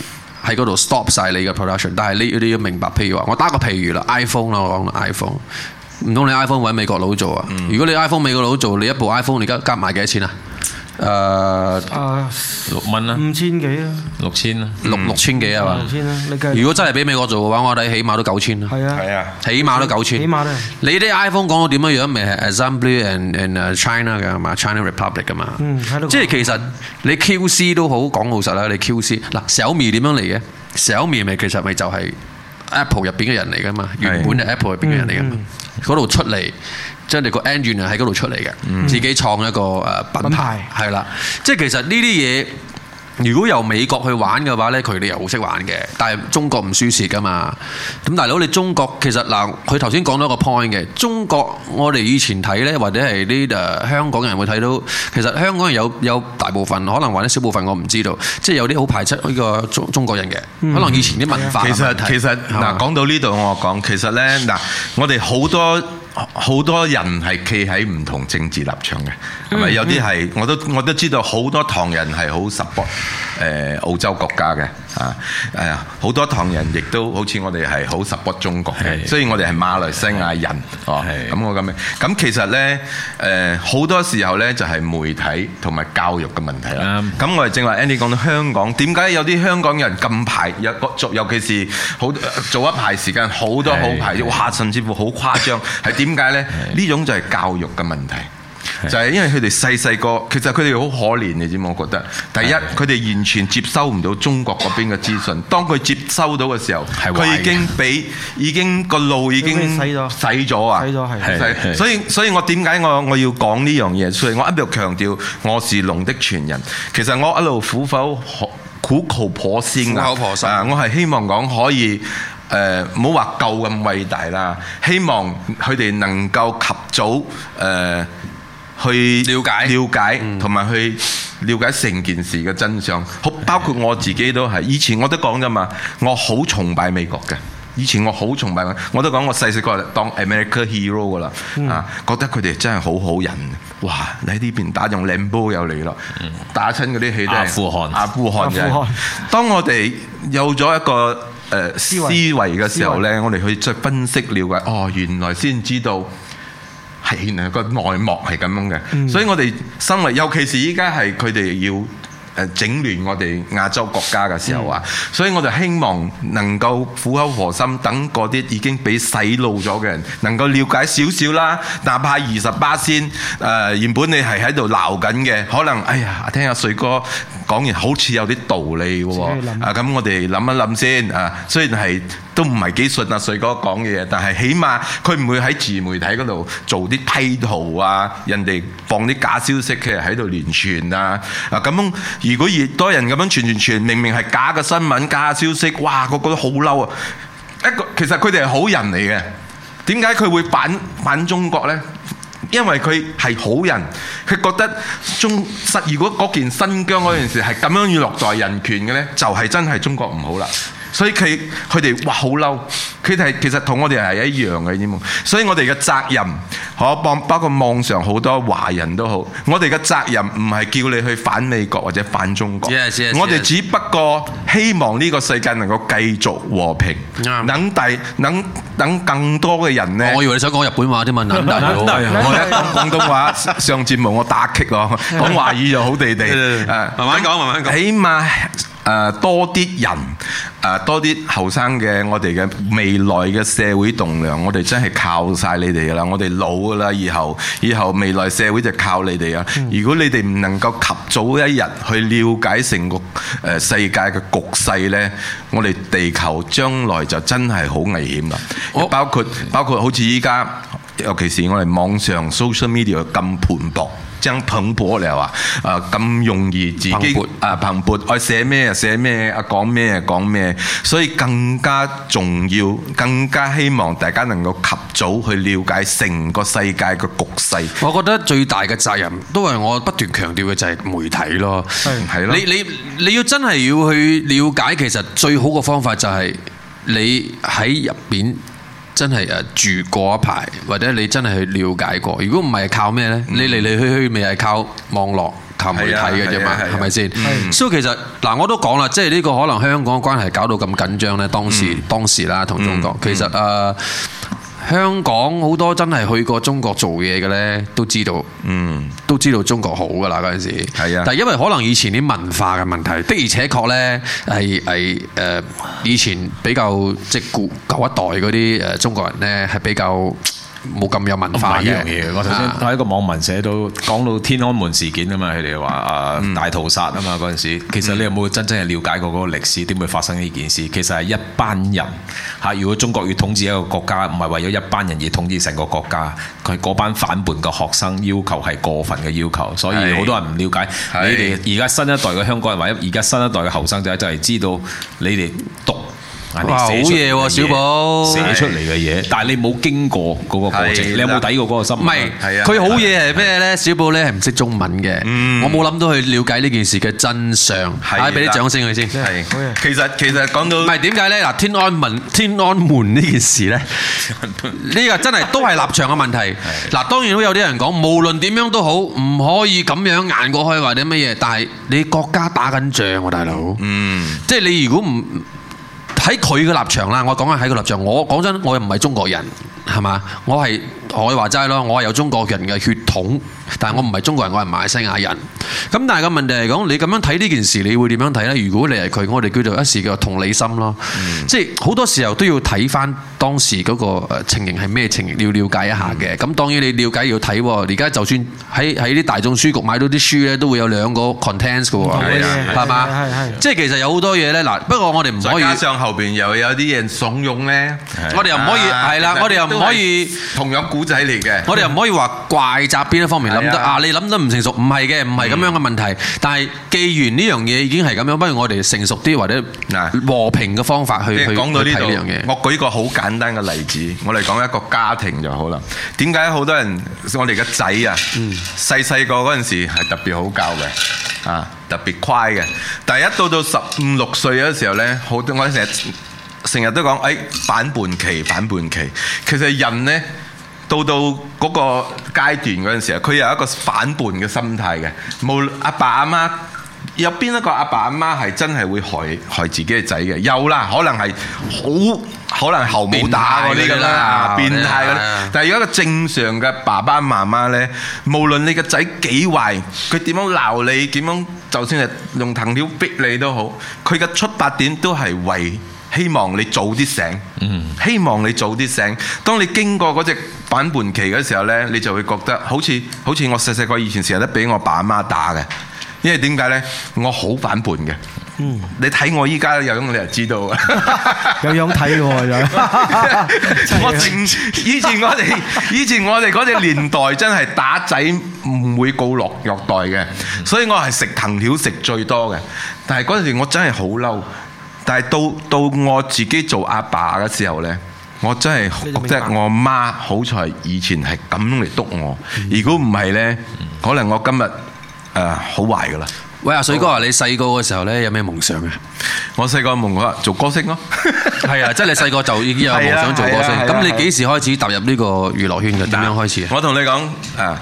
喺嗰度 stop 晒你嘅 production。但係你你要明白，譬如話，我打個譬如啦，iPhone 啦，phone，我講 iPhone。唔通你 iPhone 搵美國佬做啊？如果你 iPhone 美國佬做，你一部 iPhone 你而家加埋幾多錢啊？誒六蚊啊？五千幾啊，六千啦，六六千幾係嘛？六千啦，如果真係俾美國做嘅話，我睇起碼都九千啦。係啊，起碼都九千。起碼都。你啲 iPhone 講到點樣樣咪係 Assembly and and China 嘅係嘛？China Republic 嘅嘛。即係其實你 QC 都好講老實啦。你 QC 嗱小米點樣嚟嘅？小米咪其實咪就係。Apple 入邊嘅人嚟噶嘛？原本就 Apple 入邊嘅人嚟噶嘛？嗰度、嗯、出嚟，將、就、你、是、個 engineer 喺嗰度出嚟嘅，嗯、自己創一個誒品牌，係啦牌。即係其實呢啲嘢。如果由美國去玩嘅話呢，佢哋又好識玩嘅，但係中國唔輸蝕噶嘛。咁大佬你中國其實嗱，佢頭先講到一個 point 嘅，中國我哋以前睇呢，或者係呢誒香港人會睇到，其實香港人有有大部分可能或者小部分我唔知道，即係有啲好排斥呢個中中國人嘅，可能以前啲文化。其實其實嗱，嗎講到呢度我講，其實呢，嗱，我哋好多。好多人係企喺唔同政治立場嘅，有啲係我都我都知道好多唐人係好 support 誒澳洲國家嘅。啊，係啊，好多唐人亦都好似我哋係好 support 中國嘅，的雖然我哋係馬來西亞人，的哦，咁我咁樣，咁、嗯嗯、其實咧，誒、呃、好多時候咧就係媒體同埋教育嘅問題啦。咁、嗯、我哋正話 Andy 講到香港點解有啲香港人咁排有尤其是好早、呃、一排時間好多好排的哇，甚至乎好誇張，係點解咧？呢種就係教育嘅問題。就係因為佢哋細細個，其實佢哋好可憐，你知冇？我覺得第一，佢哋完全接收唔到中國嗰邊嘅資訊。當佢接收到嘅時候，佢已經俾已經個腦已經洗咗洗咗啊！所以所以我點解我我要講呢樣嘢出嚟？我一度強調我是龍的傳人。其實我一路苦否苦求破先啊！我係希望講可以誒，唔好話夠咁偉大啦，希望佢哋能夠及早誒。去了解、了解，同埋、嗯、去了解成件事嘅真相，包括我自己、嗯、我都係。以前我都講啫嘛，我好崇拜美國嘅。以前我好崇拜，我都講我細細個當 America hero 嘅啦，嗯、啊，覺得佢哋真係好好人。哇！你喺呢邊打中領波又嚟咯，嗯、打親嗰啲都係阿富汗、阿富汗嘅、就係。汗當我哋有咗一個誒思維嘅時候呢，我哋去再分析、了解，哦，哦原來先知道。係，個內幕係咁樣嘅，嗯、所以我哋身為，尤其是依家係佢哋要誒整亂我哋亞洲國家嘅時候啊，嗯、所以我就希望能夠苦口婆心等嗰啲已經俾洗腦咗嘅人能夠了解少少啦，哪怕二十八先誒，原本你係喺度鬧緊嘅，可能哎呀，聽下水哥。講完好似有啲道理喎，啊咁我哋諗一諗先啊。雖然係都唔係幾信阿水哥講嘢，但係起碼佢唔會喺自媒體嗰度做啲批圖啊，人哋放啲假消息，佢又喺度連傳啊。啊咁、啊，如果越多人咁樣傳傳傳，明明係假嘅新聞、假消息，哇，個個都好嬲啊！一個其實佢哋係好人嚟嘅，點解佢會反反中國呢？因為佢係好人，佢覺得中新如果嗰件新疆嗰件事係咁樣要落在人權嘅咧，就係、是、真係中國唔好啦。所以佢哋哇好嬲，佢哋其實同我哋係一樣嘅啫。所以我哋嘅責任，可望包括網上好多華人都好。我哋嘅責任唔係叫你去反美國或者反中國。我哋只不過希望呢個世界能夠繼續和平。等第的能等更多嘅人呢？我以為你想講日本話添嘛？大佬， [laughs] 我講廣東話 [laughs] 上節目我打劇我，講華語就好地地。誒的，慢慢講，慢慢講。起碼。誒、uh, 多啲人，誒、uh, 多啲後生嘅，我哋嘅未來嘅社會棟梁，我哋真係靠晒你哋噶啦，我哋老啦，以後以後未來社會就靠你哋啊！嗯、如果你哋唔能夠及早一日去了解成個誒世界嘅局勢呢，我哋地球將來就真係好危險啦、哦！包括包括好似依家，尤其是我哋網上 social media 咁蓬勃。將蓬勃你話啊！咁容易自己誒蓬勃，愛、啊、寫咩啊寫咩啊講咩啊講咩，所以更加重要，更加希望大家能夠及早去了解成個世界嘅局勢。我覺得最大嘅責任都係我不斷強調嘅就係、是、媒體咯，係咯是，你你你要真係要去了解，其實最好嘅方法就係你喺入邊。真係誒住過一排，或者你真係去了解過。如果唔係靠咩呢？嗯、你嚟嚟去去未係靠網絡、靠媒體嘅啫嘛，係咪先？啊、所以其實嗱，我都講啦，即係呢個可能香港關係搞到咁緊張呢，當時、嗯、當時啦，同中國、嗯、其實誒。呃香港好多真係去過中國做嘢嘅呢，都知道，嗯，都知道中國好㗎喇嗰陣時。係啊，但係因為可能以前啲文化嘅問題，的而且確呢，係係誒，以前比較即係古舊一代嗰啲誒中國人呢，係比較，冇咁有文化呢樣嘢，啊、我頭先喺一個網民寫到講到天安門事件啊嘛，佢哋話啊、嗯、大屠殺啊嘛嗰陣時，其實你有冇真真係了解過嗰個歷史點會發生呢件事？其實係一班人嚇，如果中國要統治一個國家，唔係為咗一班人而統治成個國家，佢嗰班反叛嘅學生要求係過分嘅要求，所以好多人唔了解是 你哋而家新一代嘅香港人，或者而家新一代嘅後生仔就係、是、知道你哋讀。好嘢喎，小寶，寫出嚟嘅嘢，但係你冇經過嗰個過程，你有冇抵過嗰個心？唔係，佢好嘢係咩咧？小寶咧係唔識中文嘅，我冇諗到去了解呢件事嘅真相。係俾啲掌聲佢先。係，其實其實講到唔係點解咧？嗱，天安門天安門呢件事咧，呢個真係都係立場嘅問題。嗱，當然都有啲人講，無論點樣都好，唔可以咁樣硬過開或者乜嘢。但係你國家打緊仗喎，大佬。嗯，即係你如果唔喺佢嘅立場啦，我講係喺佢立場。我講真，我又唔係中國人，係嘛？我係。我可以話齋咯，我係有中國人嘅血統，但係我唔係中國人，我係馬來西亞人。咁但係個問題嚟講，你咁樣睇呢件事，你會點樣睇呢？如果你係佢，我哋叫做一時叫同理心咯。嗯、即係好多時候都要睇翻當時嗰個情形係咩情形，要了解一下嘅。咁、嗯嗯、當然你了解要睇，而家就算喺喺啲大眾書局買到啲書呢，都會有兩個 contents 嘅，係嘛？啊啊、即係其實有好多嘢呢。嗱，不過我哋唔可以。再加上後邊又有啲人慫恿呢。我哋又唔可以。係啦、啊，我哋又唔可以同樣仔嚟嘅，我哋又唔可以話怪責邊一方面諗得啊，啊？你諗得唔成熟，唔係嘅，唔係咁樣嘅問題。嗯、但係既然呢樣嘢已經係咁樣，不如我哋成熟啲，或者嗱和平嘅方法去、嗯、去講到去睇呢樣嘢。我舉一個好簡單嘅例子，我哋講一個家庭就好啦。點解好多人我哋嘅仔啊，嗯、細細個嗰陣時係特別好教嘅啊，特別乖嘅。但係一到到十五六,六歲嗰時候呢，好多我成日成日都講誒反叛期，反叛期。其實人呢。到到嗰個階段嗰陣時，佢有一個反叛嘅心態嘅。無阿爸阿媽有邊一個阿爸阿媽係真係會害害自己嘅仔嘅？有啦，可能係好可能後母打我呢個咁啦，變態嗰啲。但係如果一個正常嘅爸爸媽媽呢，無論你個仔幾壞，佢點樣鬧你，點樣就算係用藤條逼你都好，佢嘅出發點都係為希望你早啲醒，希望你早啲醒。當你經過嗰隻反叛期嘅時候呢，你就會覺得好似好似我細細個以前成日都俾我爸阿媽打嘅，因為點解呢？我好反叛嘅。嗯、你睇我依家有樣你就知道，嗯、 [laughs] 有樣睇 [laughs] [laughs] 我以前我哋以前我哋嗰隻年代真係打仔唔會告落虐待嘅，所以我係食藤條食最多嘅。但係嗰陣時我真係好嬲。但係到到我自己做阿爸嘅時候呢，我真係覺得我媽好彩以前係咁嚟督我。如果唔係呢，則嗯、可能我今日誒好壞噶啦。喂，阿水哥啊，你細個嘅時候呢，有咩夢想嘅？我細個夢話做歌星咯。係啊，即 [laughs] 係、啊就是、你細個就已經有夢想做歌星。咁、啊啊啊、你幾時開始踏入呢個娛樂圈嘅？點但樣開始？我同你講啊，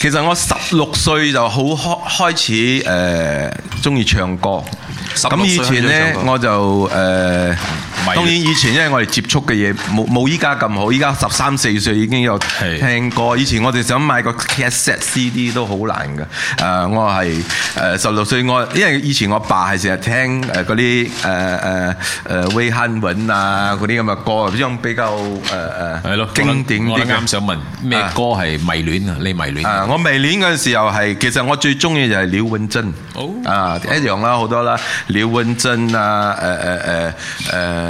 其實我十六歲就好開開始誒，中、呃、意唱歌。咁以前咧，我就誒。呃當然以前因為我哋接觸嘅嘢冇冇依家咁好，依家十三四歲已經有聽歌。以前我哋想買個 cassette、CD 都好難嘅。誒，我係誒十六歲，我因為以前我爸係成日聽誒嗰啲誒誒誒 Wayne Wonder 啊嗰啲咁嘅歌，咁比較誒誒係咯，經典啲嘅。我啱想問咩歌係迷戀啊？你迷戀啊？我迷戀嗰陣時候係其實我最中意就係劉文正。好啊一樣啦，好多啦，劉文正啊誒誒誒誒。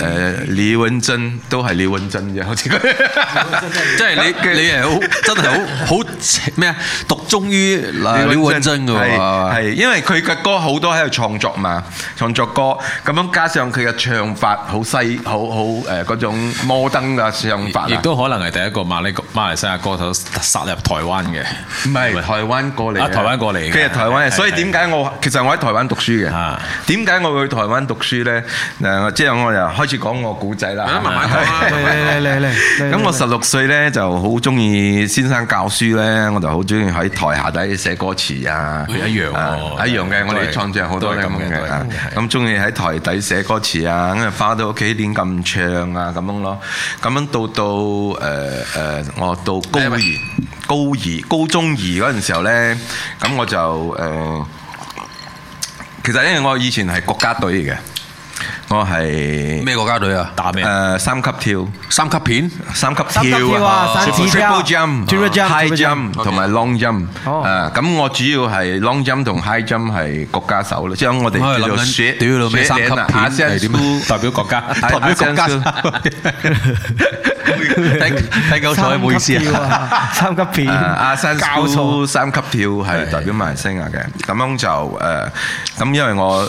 誒李玟真都係李玟真嘅，好似佢，即係你嘅你係好真係好好咩啊？獨鍾於，嗱，李玟真嘅喎，係因為佢嘅歌好多喺度創作嘛，創作歌咁樣加上佢嘅唱法好細，好好誒嗰種 modern 嘅唱法，亦都可能係第一個馬尼馬來西亞歌手殺入台灣嘅，唔係，台灣過嚟台灣過嚟，其實台灣，人，所以點解我其實我喺台灣讀書嘅，吓，點解我會去台灣讀書咧？誒，即係我又開。講我古仔啦，咁我十六歲呢就好中意先生教書呢，我就好中意喺台下底寫歌詞啊，一樣喎，一樣嘅，我哋創作好多咁嘅。咁中意喺台底寫歌詞啊，咁啊翻到屋企點，咁唱啊咁樣咯。咁樣到到誒誒，我到高二、高二、高中二嗰陣時候呢，咁我就誒，其實因為我以前係國家隊嚟嘅。我係咩國家隊啊？打咩？誒，三級跳、三級片、三級跳啊，三級跳、三級跳、high jump、high jump，同埋 long jump。哦。咁我主要係 long jump 同 high jump 係國家手咯，即係我哋叫做雪雪三級片係點？代表國家，代表國家。聽搞錯，唔好意思啊。三級跳啊，阿山蘇三級跳係代表馬來西亞嘅。咁樣就誒，咁因為我。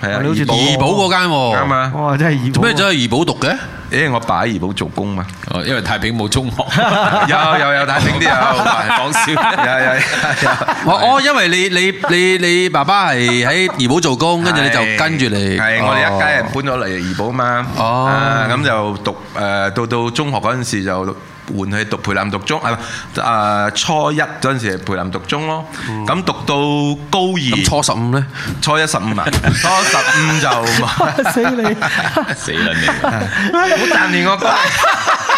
係啊，好似怡保嗰間啱啊！哇，真係怡保。做咩走去怡保讀嘅？誒，我爸喺怡保做工嘛。哦，因為太平冇中學。 [laughs] 有有有太平啲啊！講笑。有，係有。我 [laughs] 哦，因為你你你你爸爸係喺怡保做工，跟住 [laughs] 你就跟住嚟。係我哋一家人搬咗嚟怡保嘛。哦。咁、啊、就讀誒、呃，到到中學嗰陣時就。換去讀培南讀中，係、啊、嘛？初一嗰陣時係培南讀中咯，咁、嗯、讀到高二。初十五咧，初一十五啊， [laughs] 初十五就、啊、死你， [laughs] 死啦你！好淡然我講。 [laughs]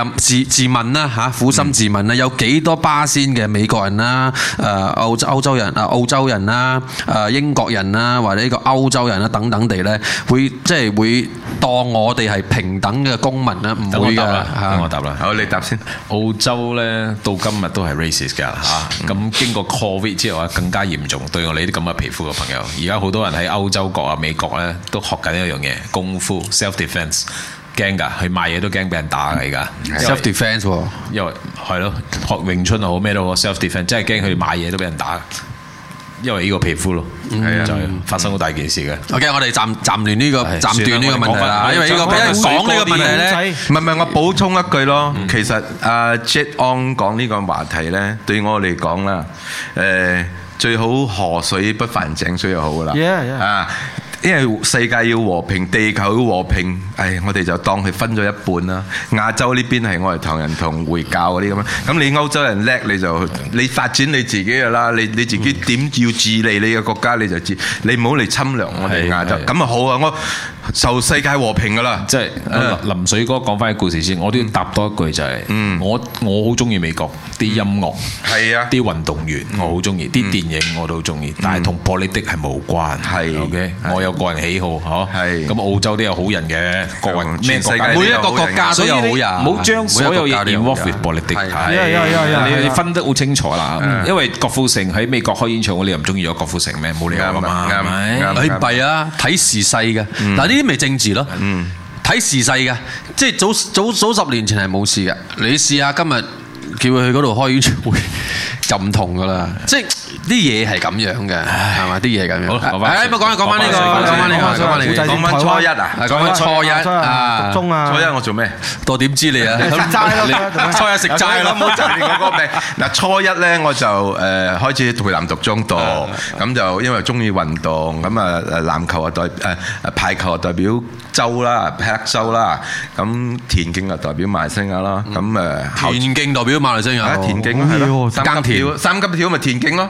自自問啦嚇、啊，苦心自問啦、啊，有幾多巴仙嘅美國人啦、誒、啊、歐洲人啊、澳洲人啦、誒、啊、英國人啦、啊，或者呢個歐洲人啦等等地咧，會即係會當我哋係平等嘅公民咧，唔、嗯、會㗎嚇。我答啦，啊、答好你先答先。 [laughs] 澳洲咧到今日都係 racist 嘅嚇，咁、啊、經過 COVID 之後啊，更加嚴重對我哋呢啲咁嘅皮膚嘅朋友。而家好多人喺歐洲國啊、美國咧都學緊一樣嘢功夫 self defence。驚噶，去賣嘢都驚俾人打噶，而家。self defense，因為係咯，學詠春又好，咩都好，self defense，真係驚佢哋賣嘢都俾人打。因為呢個皮膚咯，係啊、mm，hmm. 就發生好大件事嘅。OK、mm hmm. 我哋暫暫斷呢個暫斷呢個問題啦，我們我們因為呢、這個講呢個問題咧，唔係唔係，我補充一句咯，其實阿、mm hmm. uh, Jet On 講呢個話題咧，對我嚟講啦，誒，最好河水不犯井水就好噶啦，啊。Yeah, yeah. uh. 因為世界要和平，地球要和平，誒，我哋就當佢分咗一半啦。亞洲呢邊係我哋唐人同回教嗰啲咁啊。咁、嗯、你歐洲人叻，你就、嗯、你發展你自己嘅啦。你你自己點要治理你嘅國家，你就治。你唔好嚟侵略我哋亞洲。咁啊好啊，我，我受世界和平噶啦。即係、就是嗯、林水哥講翻個故事先，我都要答多一句就係、是嗯，我我好中意美國。啲音樂係啊，啲運動員我好中意，啲電影我都中意，但係同玻璃的係無關。係，我有個人喜好，嗬。係。咁澳洲都有好人嘅，各國咩每一個國家都有好人，所以你唔好將所有嘢 work with 玻璃的。係啊，係啊，係啊，你你分得好清楚啦。因為郭富城喺美國開演唱會，你又唔中意咗郭富城咩？冇理由嘛，啱唔啱？你弊啊，睇時勢嘅。嗱，呢啲咪政治咯。嗯。睇時勢嘅，即係早早早十年前係冇事嘅，你試下今日。叫佢去嗰度開演唱會就唔同噶啦，。 [laughs] 即啲嘢係咁樣嘅，係嘛？啲嘢咁樣。好，好啊。誒，不講又講翻呢個，講翻呢個，講翻初一啊，講翻初一啊，中啊，初一我做咩？我點知你啊？你初一食齋咯，唔好攪亂我個名。嗱，初一咧我就誒開始培南獨中讀，咁就因為中意運動，咁啊誒籃球啊代誒排球啊代表州啦，霹州啦，咁田徑啊代表馬來西亞啦，咁誒田徑代表馬來西亞，田徑係咯，三級跳，三級跳咪田徑咯。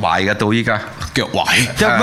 壞嘅到依家，腳壞，即係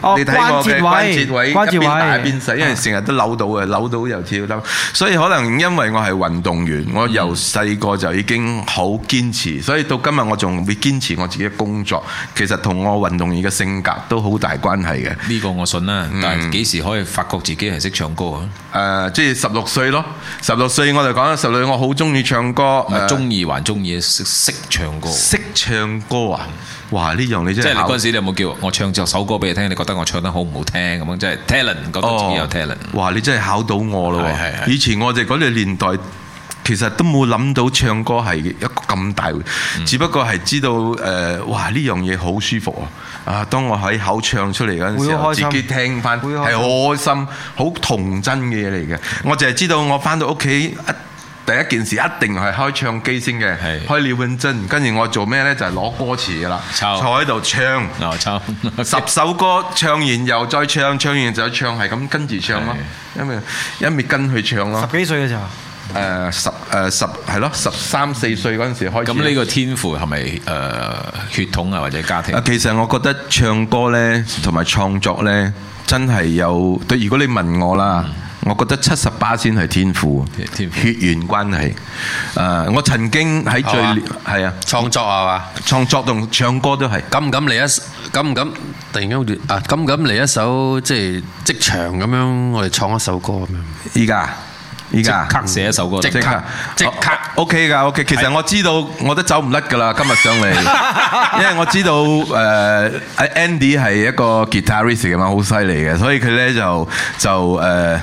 哦，關節位，關節位，一邊大一邊細，因為成日都扭到嘅，扭到又跳得，所以可能因為我係運動員，我由細個就已經好堅持，所以到今日我仲會堅持我自己嘅工作。其實同我運動員嘅性格都好大關係嘅，呢個我信啦。但係幾時可以發覺自己係識唱歌啊？誒，即係十六歲咯，十六歲我嚟講，十六我好中意唱歌，中意還中意，識識唱歌，識唱。唱歌啊，哇！呢樣你真係嗰陣時你有冇叫我唱咗首歌俾你聽？你覺得我唱得好唔好聽咁樣？即、就、係、是、talent，覺得自己有 talent、哦。哇！你真係考到我咯，嗯、以前我哋嗰啲年代其實都冇諗到唱歌係一個咁大，嗯、只不過係知道誒、呃，哇！呢樣嘢好舒服啊！啊，當我喺口唱出嚟嗰陣時，自己聽，係好開心，好童真嘅嘢嚟嘅。我淨係知道我翻到屋企。第一件事一定係開唱機先嘅，的開 Lion John 跟住我做咩呢？就係、是、攞歌詞啦，坐喺度唱，十首歌唱完又再唱，唱完就唱，係咁跟住唱咯，因為因咪跟佢唱咯。十幾歲嘅時候，誒、呃、十誒、呃、十係、呃、咯，十三四歲嗰陣時開始、嗯。咁呢個天賦係咪誒血統啊，或者家庭？啊，其實我覺得唱歌呢，同埋創作呢，真係有，對如果你問我啦。嗯我覺得七十巴仙係天賦，血緣關係。誒，我曾經喺最係啊創作係嘛？創作同唱歌都係。敢唔敢嚟一首？敢唔敢突然間好似啊？敢唔敢嚟一首即係職場咁樣？我哋創一首歌咁樣。依家，依家即刻寫一首歌，即刻，即刻 OK 㗎，OK。其實我知道我都走唔甩㗎啦，今日上嚟，因為我知道誒 Andy 係一個 guitarist 嘅嘛，好犀利嘅，所以佢咧就就誒。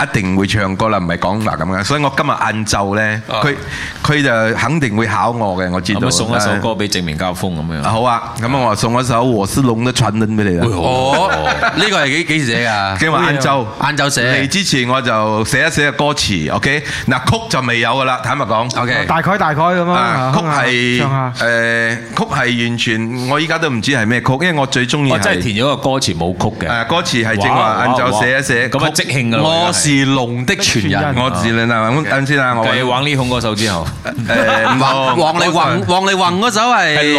一定會唱歌啦，唔係講嗱咁樣，所以我今日晏晝咧，佢佢就肯定會考我嘅，我知道。咁啊，送一首歌俾正面交鋒咁樣。好啊，咁啊，我送一首《和斯隆的蠢》俾你啦。哦，呢個係幾幾時寫㗎？今日晏晝，晏晝寫。嚟之前我就寫一寫歌詞，OK。嗱，曲就未有㗎啦，坦白講。OK。大概大概咁樣。曲係誒，曲係完全我依家都唔知係咩曲，因為我最中意。我真係填咗個歌詞冇曲嘅。誒，歌詞係正話晏晝寫一寫。咁啊，即興㗎。是龍的傳人，我自你嗱咁等先啊！我話要玩呢紅歌手之後。誒，唔好王力宏，王力宏嗰首係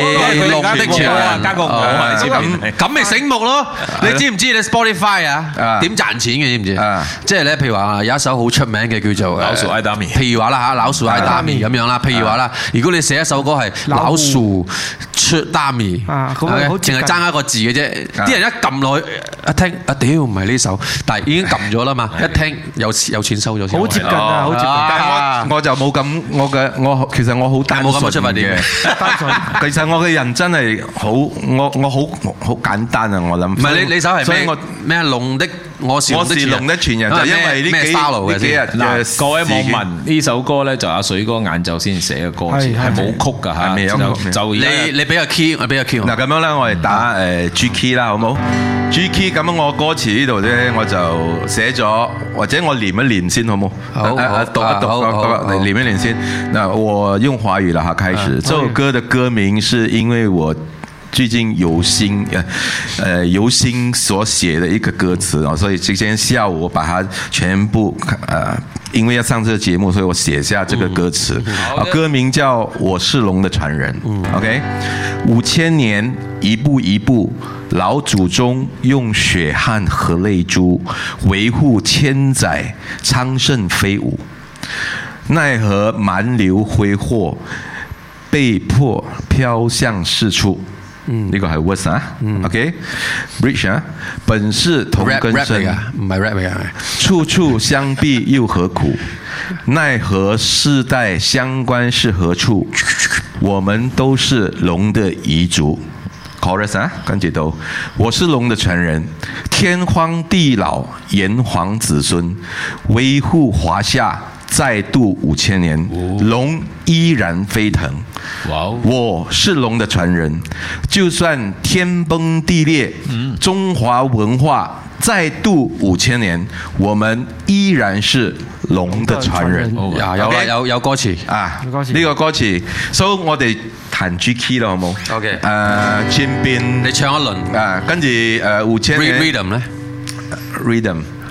龍的傳人。加個五，咁咪醒目咯？你知唔知？你 Spotify 啊？點賺錢嘅知唔知？即係咧，譬如話有一首好出名嘅叫做《老鼠愛大米》。譬如話啦吓，《老鼠愛大米》咁樣啦。譬如話啦，如果你寫一首歌係《老鼠出大米》，啊，咁樣好淨係爭一個字嘅啫。啲人一撳落去，一聽啊，屌，唔係呢首，但係已經撳咗啦嘛，一聽。有有錢收咗先，的好接近啊！好接近。但係我 [laughs] 我就冇咁，我嘅我其實我好單純嘅。單純，其實我嘅人真係好，我我好我好，好簡單啊！我諗。唔係不以你你手係咩？咩麼以龍的。我是龍的傳人，就因為呢幾呢幾日嗱各位網民呢首歌呢，就阿水哥晏晝先寫嘅歌詞，係冇曲㗎嚇。就你你俾個 key，我俾個 key。嗱咁樣呢，我係打 G key 啦，好冇？G key 咁樣我歌詞呢度呢，我就寫咗，或者我唸一唸先，好冇？好，讀一讀？唸一唸先。那我用華語啦嚇，開始。這首歌的歌名是因為我，最近由心呃，呃由心所寫的一個歌詞哦，所以今天下午我把它全部，呃因為要上這個節目，所以我寫下這個歌詞，啊，歌名叫《我是龍的傳人》嗯、，OK，五千年一步一步，老祖宗用血汗和，和淚珠維護千載昌盛飛舞，奈何蠻流揮霍，被迫飄向四處。嗯，呢個係 words 啊、嗯、，OK，Bridge Okay. 啊，本是同根生，my rap 處處相逼又何苦？ [laughs] 奈何世代相關是何處？ [laughs] 我們都是龍的遺族 Chorus 啊，趕緊都，我是龍的傳人，天荒地老炎黃子孫，維護華夏。再度五千年，龍依然飛騰。Wow. 我是龍的傳人，就算天崩地裂，中華文化再度五千年，我們依然是龍的傳人。Okay. 有啦有有歌詞啊，呢個歌詞，所以、so, 我哋彈 g key 咯，好冇？OK，誒，前邊你唱一輪，誒，跟住誒，五千 Rhythm 咧，Rhythm。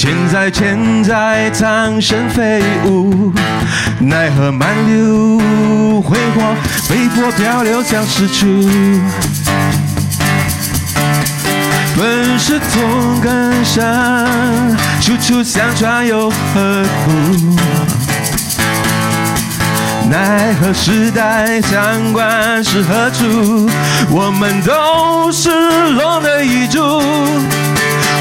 千載千載蒼生飛舞，奈何滿流揮霍，飛過漂流向何處。本是同根生，處處相傳又何苦？奈何時代相關是何處？我們都是龍的一族。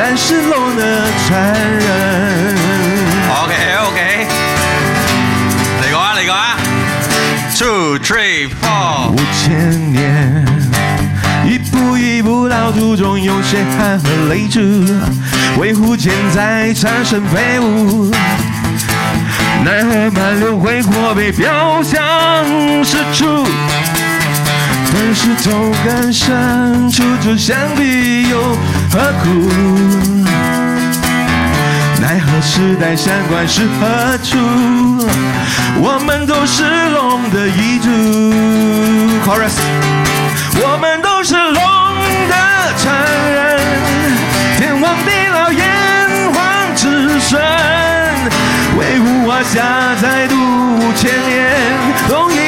但是龍的傳人 O K O K，嚟個啊嚟個啊，Two Three Four。五千年，一步一步老祖宗，用血汗和淚珠，維護現在產生飛舞。奈何滿留悔過被飄向四處，但是痛感深處，這想必有。何苦？奈何時代相傳是何處？我們都是龍的遺族。Ch orus. 我們都是龍的傳人，天荒地老炎黃子孫，威武華夏再度千年。龍一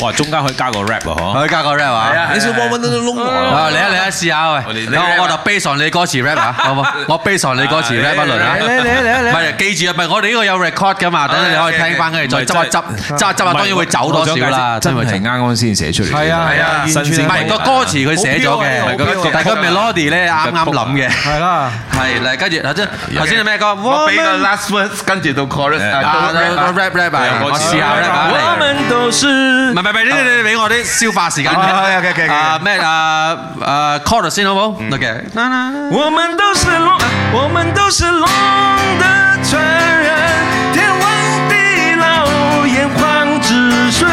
哇！中間可以加個 rap 咯，可可以加個 rap 啊！你小波波都都窿試下喂，咁我就 base on 你歌詞 rap 嚇，我 base on 你歌詞 rap 不論啊！嚟嚟嚟唔係記住啊！唔係我哋呢個有 record 噶嘛，等等你可以聽翻跟住再執下執執啊！當然會走多少啦，真係啱啱先寫出嚟，係啊係啊，唔係個歌詞佢寫咗嘅，但係佢咪 lady 咧啱啱諗嘅，係啦，係啦，跟住頭先頭先係咩歌？last 跟住到我試下 rap 埋。俾啲俾我啲消化時間。啊，咩啊啊，Carter 先好唔好？得嘅。我們都是龍，我們都是龍的傳人，天荒地老，炎黃子孫，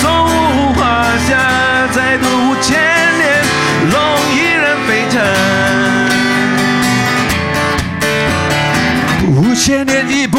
守護華夏再度五千年，龍依然沸騰。五千年已不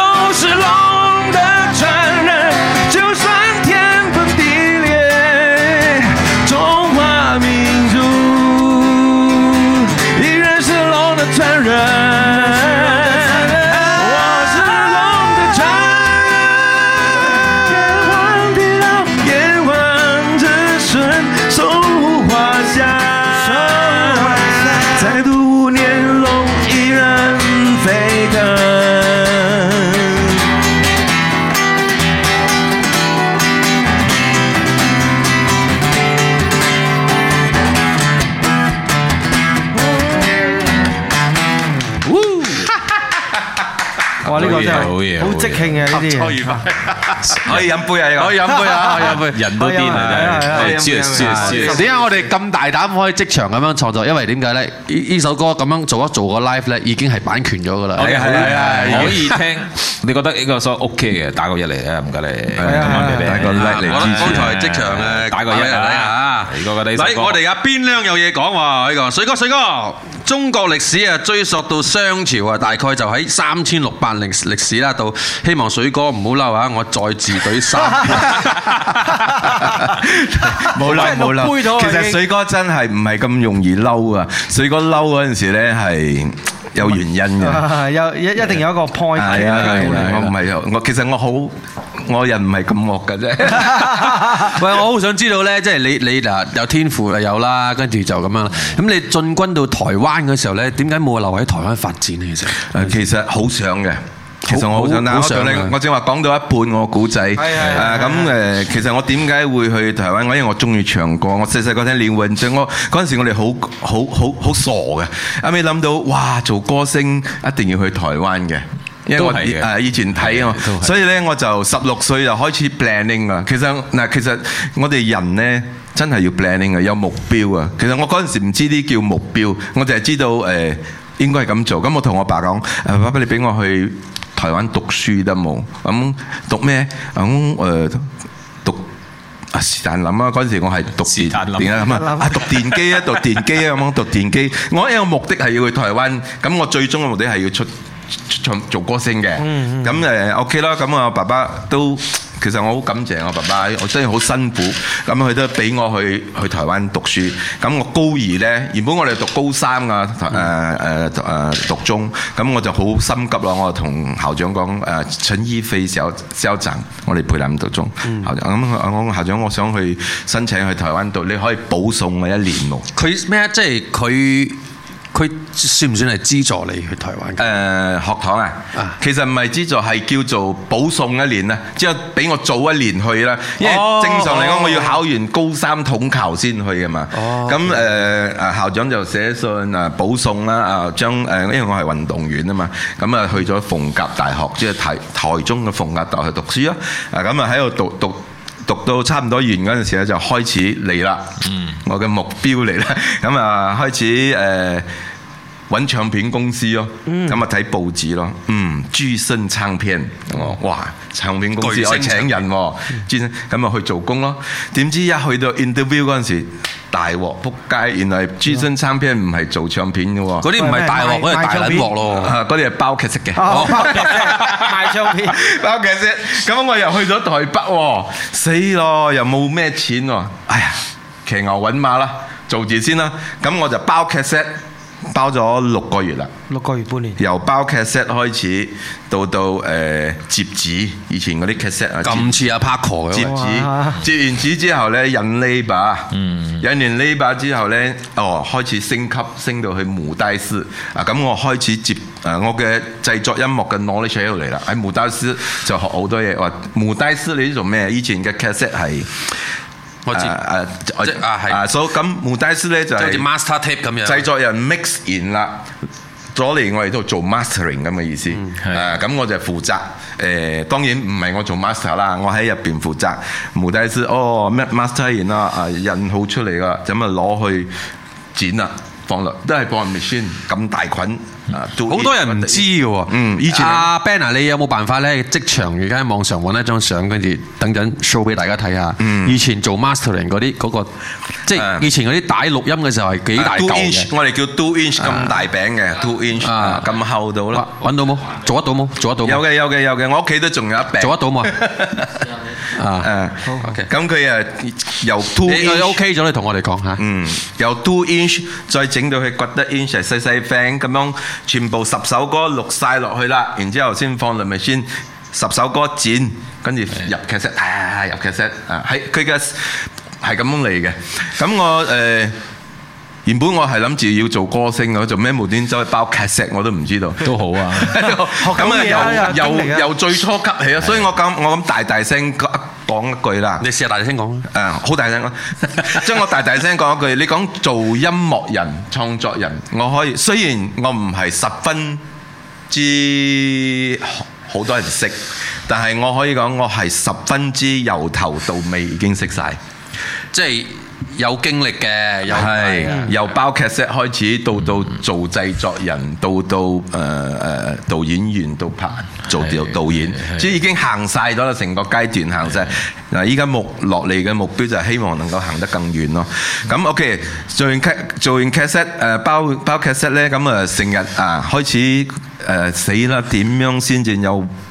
可以嘛？可以飲杯啊！可以飲杯啊！可以飲杯。人都癲啊！點解我哋咁大膽可以即場咁樣創作？因為點解咧？呢呢首歌咁樣做一做個 live 咧，已經係版權咗㗎啦。係係係，可以聽。你覺得應該算 OK 嘅？打個一嚟啊！唔該你。打個一嚟支持啊！我剛才即場誒，打個一嚟啊！嚟我哋阿邊亮有嘢講喎。呢個水哥，水哥。中國歷史啊，追溯到商朝啊，大概就喺三千六百零歷史啦。到希望水哥唔好嬲啊，我再自懟三。冇嬲冇嬲，其實水哥真係唔係咁容易嬲啊！水哥嬲嗰陣時呢係有原因嘅，有一 [laughs] 一定有一個 point 啦。我唔係對我，其實我好。我人唔係咁惡嘅啫，喂！我好想知道呢，即係你你嗱，有天賦啊，有啦，跟住就咁樣啦。咁你進軍到台灣嘅時候呢，點解冇留喺台灣發展呢？其實其實好想嘅，其實好好我好想我想你，我正話講到一半我個故仔，咁誒對、啊，其實我點解會去台灣？我因為我中意唱歌，我細細個聽李雲霄，我嗰陣時我哋好好好傻嘅，後尾諗到哇，做歌星一定要去台灣嘅。因為誒，以前睇啊嘛，所以咧我就十六歲就開始 planning 啊。其實嗱，其實我哋人咧真係要 planning 啊，有目標啊。其實我嗰陣時唔知呢叫目標，我淨係知道誒，應該係咁做。咁我同我爸講，爸爸你俾我去台灣讀書得冇？咁讀咩？咁誒，讀啊是但諗啊。嗰陣時我係讀是但諗啊，讀電機啊，讀電機啊，咁讀電機。我有一個目的係要去台灣，咁我最終嘅目的係要出。唱做歌星嘅，咁誒 O K 啦。咁、嗯 okay、我爸爸都，其實我好感謝我爸爸，我真係好辛苦，咁佢都俾我去去台灣讀書。咁我高二呢，原本我哋讀高三噶，啊，誒誒誒讀中，咁我就好心急咯。我同校長講，誒、呃，診醫費少少贈，我哋陪你讀中。嗯，校長咁，我校長我想去申請去台灣度，你可以保送我一年喎。佢咩即係佢。就是佢算唔算係資助你去台灣嘅，誒、呃、學堂啊，啊其實唔係資助，係叫做保送一年啦，之後俾我早一年去啦。哦、因為正常嚟講，哦、我要考完高三統考先去嘅嘛。哦，咁誒啊校長就寫信啊保送啦啊，將誒、啊，因為我係運動員啊嘛，咁啊去咗逢甲大學，即係台台中嘅逢甲大學讀書咯。啊，咁啊喺度讀讀。讀讀讀到差唔多完嗰陣時咧，就開始嚟啦。嗯，我嘅目標嚟啦。咁啊，開始誒。呃揾唱片公司咯，咁啊睇報紙咯，嗯，朱生唱片，哇，唱片公司可以請人喎，咁啊去做工咯。點知一去到 interview 嗰陣時，大鑊撲街，原來朱生唱片唔係做唱片嘅喎，嗰啲唔係大鑊，嗰啲大卵鑊咯，嗰啲係包劇式嘅，賣唱片包劇式。咁我又去咗台北，死咯，又冇咩錢喎，哎呀，騎牛揾馬啦，做住先啦，咁我就包劇式。包咗六個月啦，六個月半年。由包 cassette 開始，到到誒折、呃、紙，以前嗰啲 cassette 啊紙，撿紙啊，packer，摺紙，摺完紙之後呢，印呢把，嗯，嗯，印完呢把之後呢，哦，開始升級，升到去母帶師啊，咁我開始接誒、呃、我嘅製作音樂嘅 knowledge 喺度嚟啦，喺母帶師就學好多嘢，話母帶師你做咩？以前嘅 cassette 係。啊啊啊，係啊，所以咁母帶師咧就係 master tape 咁樣，製作人 mix 完啦，咗年我哋都做 mastering 咁嘅意思，啊、嗯，咁、uh, 我就負責，誒、呃，當然唔係我做 master 啦，我喺入邊負責母帶師，哦，master 完啦，印好出嚟啦，咁啊攞去剪啦。都係播人滅酸，咁大菌啊！好多人唔知嘅喎。嗯，以前阿 Ben 啊，你有冇辦法咧？即場而家喺網上揾一張相，跟住等陣 show 俾大家睇下。嗯，以前做 mastering 嗰啲嗰個，即係以前嗰啲帶錄音嘅時候係幾大嚿嘅。我哋叫 two inch，咁大餅嘅 two inch 啊，咁厚度啦。揾到冇？做得到冇？做得到冇？有嘅，有嘅，有嘅，我屋企都仲有一餅。做得到冇？啊，好 OK，咁佢誒由 two inch OK 咗，你同我哋講吓。嗯，由 two inch 再整到佢 quarter inch，細細柄咁樣，全部十首歌錄晒落去啦，然之後先放，係咪先？十首歌剪，跟住入 cassette、啊，係係係入 cassette、啊，喺佢嘅係咁樣嚟嘅。咁我誒。呃原本我係諗住要做歌星啊，做咩無端走去包劇石，我都唔知道。都好啊，咁啊，由、啊、由、啊、最初級起啊， [laughs] 所以我講我咁大大聲講一句啦。你試下大大聲講啦。好、嗯、大聲啦！ [laughs] 將我大大聲講一句，你講做音樂人、創作人，我可以雖然我唔係十分之好多人識，但係我可以講我係十分之由頭到尾已經識晒。即係。有經歷嘅，係是、嗯、由包劇 set 開始，到到做製作人，嗯、到到誒誒導演員，到拍做導導演，即已經行晒咗啦。成個階段行晒。嗱的，依家目落嚟嘅目標就係希望能夠行得更遠咯。咁、嗯、OK，做完劇做完劇 set 誒、呃、包包劇 set 咧，咁、呃、啊成日啊開始誒、呃、死啦，點樣先至有？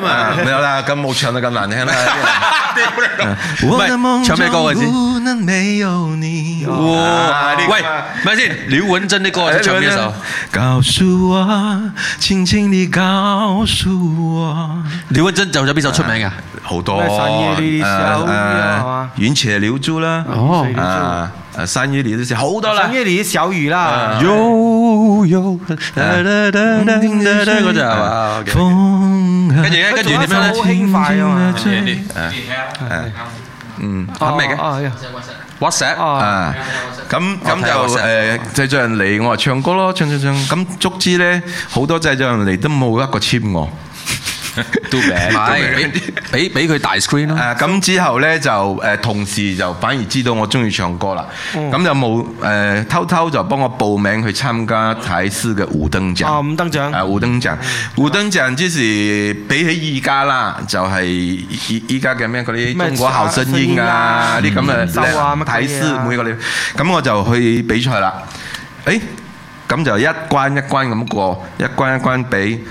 冇、啊、啦，咁冇唱得咁難聽啦。喂，唱咩歌先喂，先。劉文珍的歌喺唱邊首？告訴我，輕輕地告訴我。劉文珍就有邊首出名啊？好多啊！啊，遠斜鳥珠啦，啊，啊，山野裏的事好多啦，山野裏的小雨啦，有有，嗰隻係嘛？跟住咧，跟住點樣咧？好輕快啊嘛！嗯，好味嘅，WhatsApp？啊，咁咁就誒製作人嚟，我話唱歌咯，唱唱唱。咁足之咧，好多製作人嚟都冇一個簽我。都名，俾俾俾佢大 screen 咯，啊。咁、啊、之後咧就誒、呃，同事就反而知道我中意唱歌啦。咁、嗯、就冇誒、呃，偷偷就幫我報名去參加台視嘅五燈獎。哦，五燈獎，誒、啊，五燈獎，五燈獎，即、就是比起而家啦，就係依家嘅咩嗰啲中國好聲音啊，啲咁嘅台視每個你，咁我就去比賽啦。誒、欸，咁就一關一關咁過，一關一關比。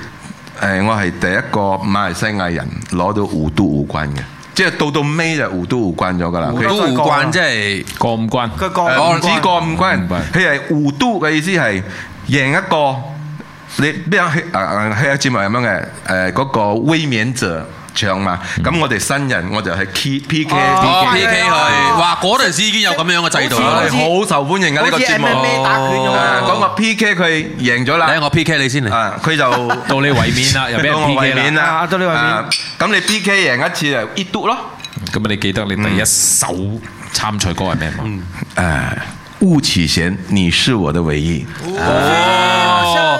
誒，我係第一個馬來西亞人攞到五度五關嘅，即係到到尾就五度五關咗㗎喇。五度五關即係過唔關，個個只過唔關。佢係五度嘅意思係贏一個，你邊日？啊啊，喺一節目咁樣嘅，誒，嗰個衛冕者。唱嘛，咁我哋新人我就係 P P K P K 佢，哇！嗰陣時已經有咁樣嘅制度啦，好受歡迎㗎呢個節目。嗰個 P K 佢贏咗啦，誒我 P K 你先嚟，佢就到你位面啦，又俾我位面啦。咁你 P K 贏一次就 do 咯。咁你記得你第一首參賽歌係咩嘛？巫啟賢，你是我的唯一、啊哦。哦，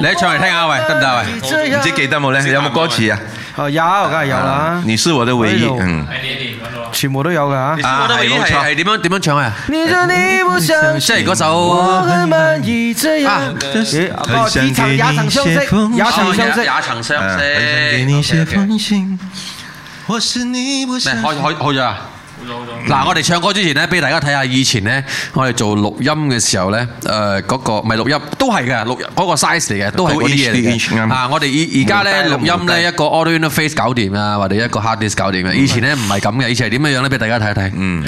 來唱嚟聽下喂，得唔得喂？唔知記得冇咧？有冇歌詞啊？哦，嗯嗯嗯嗯嗯嗯嗯、有，梗係有啦。你是我的唯一，嗯。全部都有噶。你是我的唯一，係我點樣點樣唱啊？你說你不相信，我很滿意這樣的事情。我想給你、啊 okay 哦、一些關心，我想給你一些關心。我是你不相信。我、哦啊 okay, okay、好，好，好好好、啊，姐。嗱，我哋唱歌之前咧，俾大家睇下以前咧，我哋做錄音嘅時候咧，誒，嗰個唔係錄音都係嘅，錄音嗰個 size 嚟嘅，都係嗰啲嘢嚟嘅。啊，我哋而而家咧錄音咧一個 audio interface 搞掂啊，或者一個 hard disk 搞掂啊。以前咧唔係咁嘅，以前係點樣樣咧？俾大家睇一睇。嗯，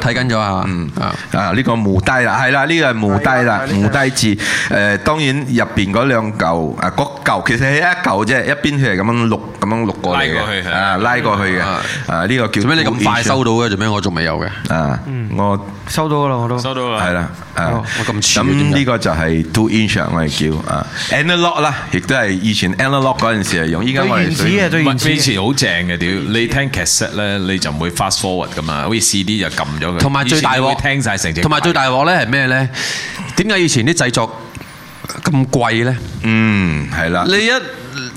睇緊咗啊。嗯啊啊，呢個無底啦，係啦，呢個係無底啦，無底字。誒，當然入邊嗰兩嚿啊，嗰嚿其實係一嚿啫，一邊佢係咁樣錄，咁樣錄過嚟，拉過去啊，拉過去嘅。啊，呢個叫。做咩你咁快手？收到嘅，做咩我仲未有嘅？啊，我收到噶啦，我都收到啦，係啦，啊，咁呢個就係 two inch，我哋叫啊，analog 啦，亦都係以前 analog 嗰陣時係用，依家我哋最原始嘅，最原始。以前好正嘅屌，你聽 cassette 咧，你就唔會 fast forward 噶嘛，好似 CD 就撳咗佢。同埋最大鑊，聽晒成隻。同埋最大鑊咧係咩咧？點解以前啲製作咁貴咧？嗯，係啦，呢一。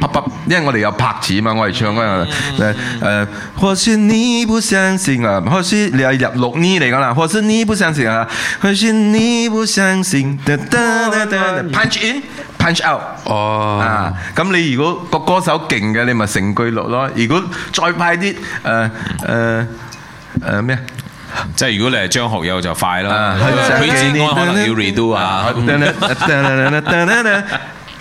啪啪，因為我哋有拍子嘛，我哋唱嘅。誒或許你不相信啊，或許你係入六呢嚟噶啦，或許你不相信啊，或許你不相信。噠噠噠 punch in，punch out。哦，咁你如果個歌手勁嘅，你咪成句錄咯。如果再快啲，誒誒誒咩？即係如果你係張學友就快啦，佢自然可能要 redo 啊。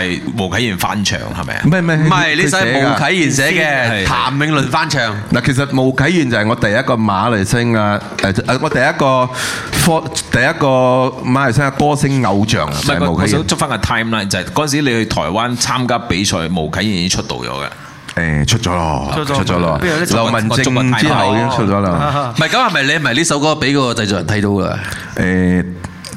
係巫啟賢翻唱係咪啊？唔係唔係，呢首係巫啟賢寫嘅，譚詠麟翻唱。嗱，其實巫啟賢就係我第一個馬來西亞，誒誒，我第一個科第一個馬來西亞歌星偶像。唔係，我想捉翻個 timeline，就係嗰時你去台灣參加比賽，巫啟賢已經出道咗嘅。誒，出咗咯，出咗咯。劉文正之後已經出咗啦。唔係，咁係咪你係咪呢首歌俾嗰個製作人睇到啊？誒。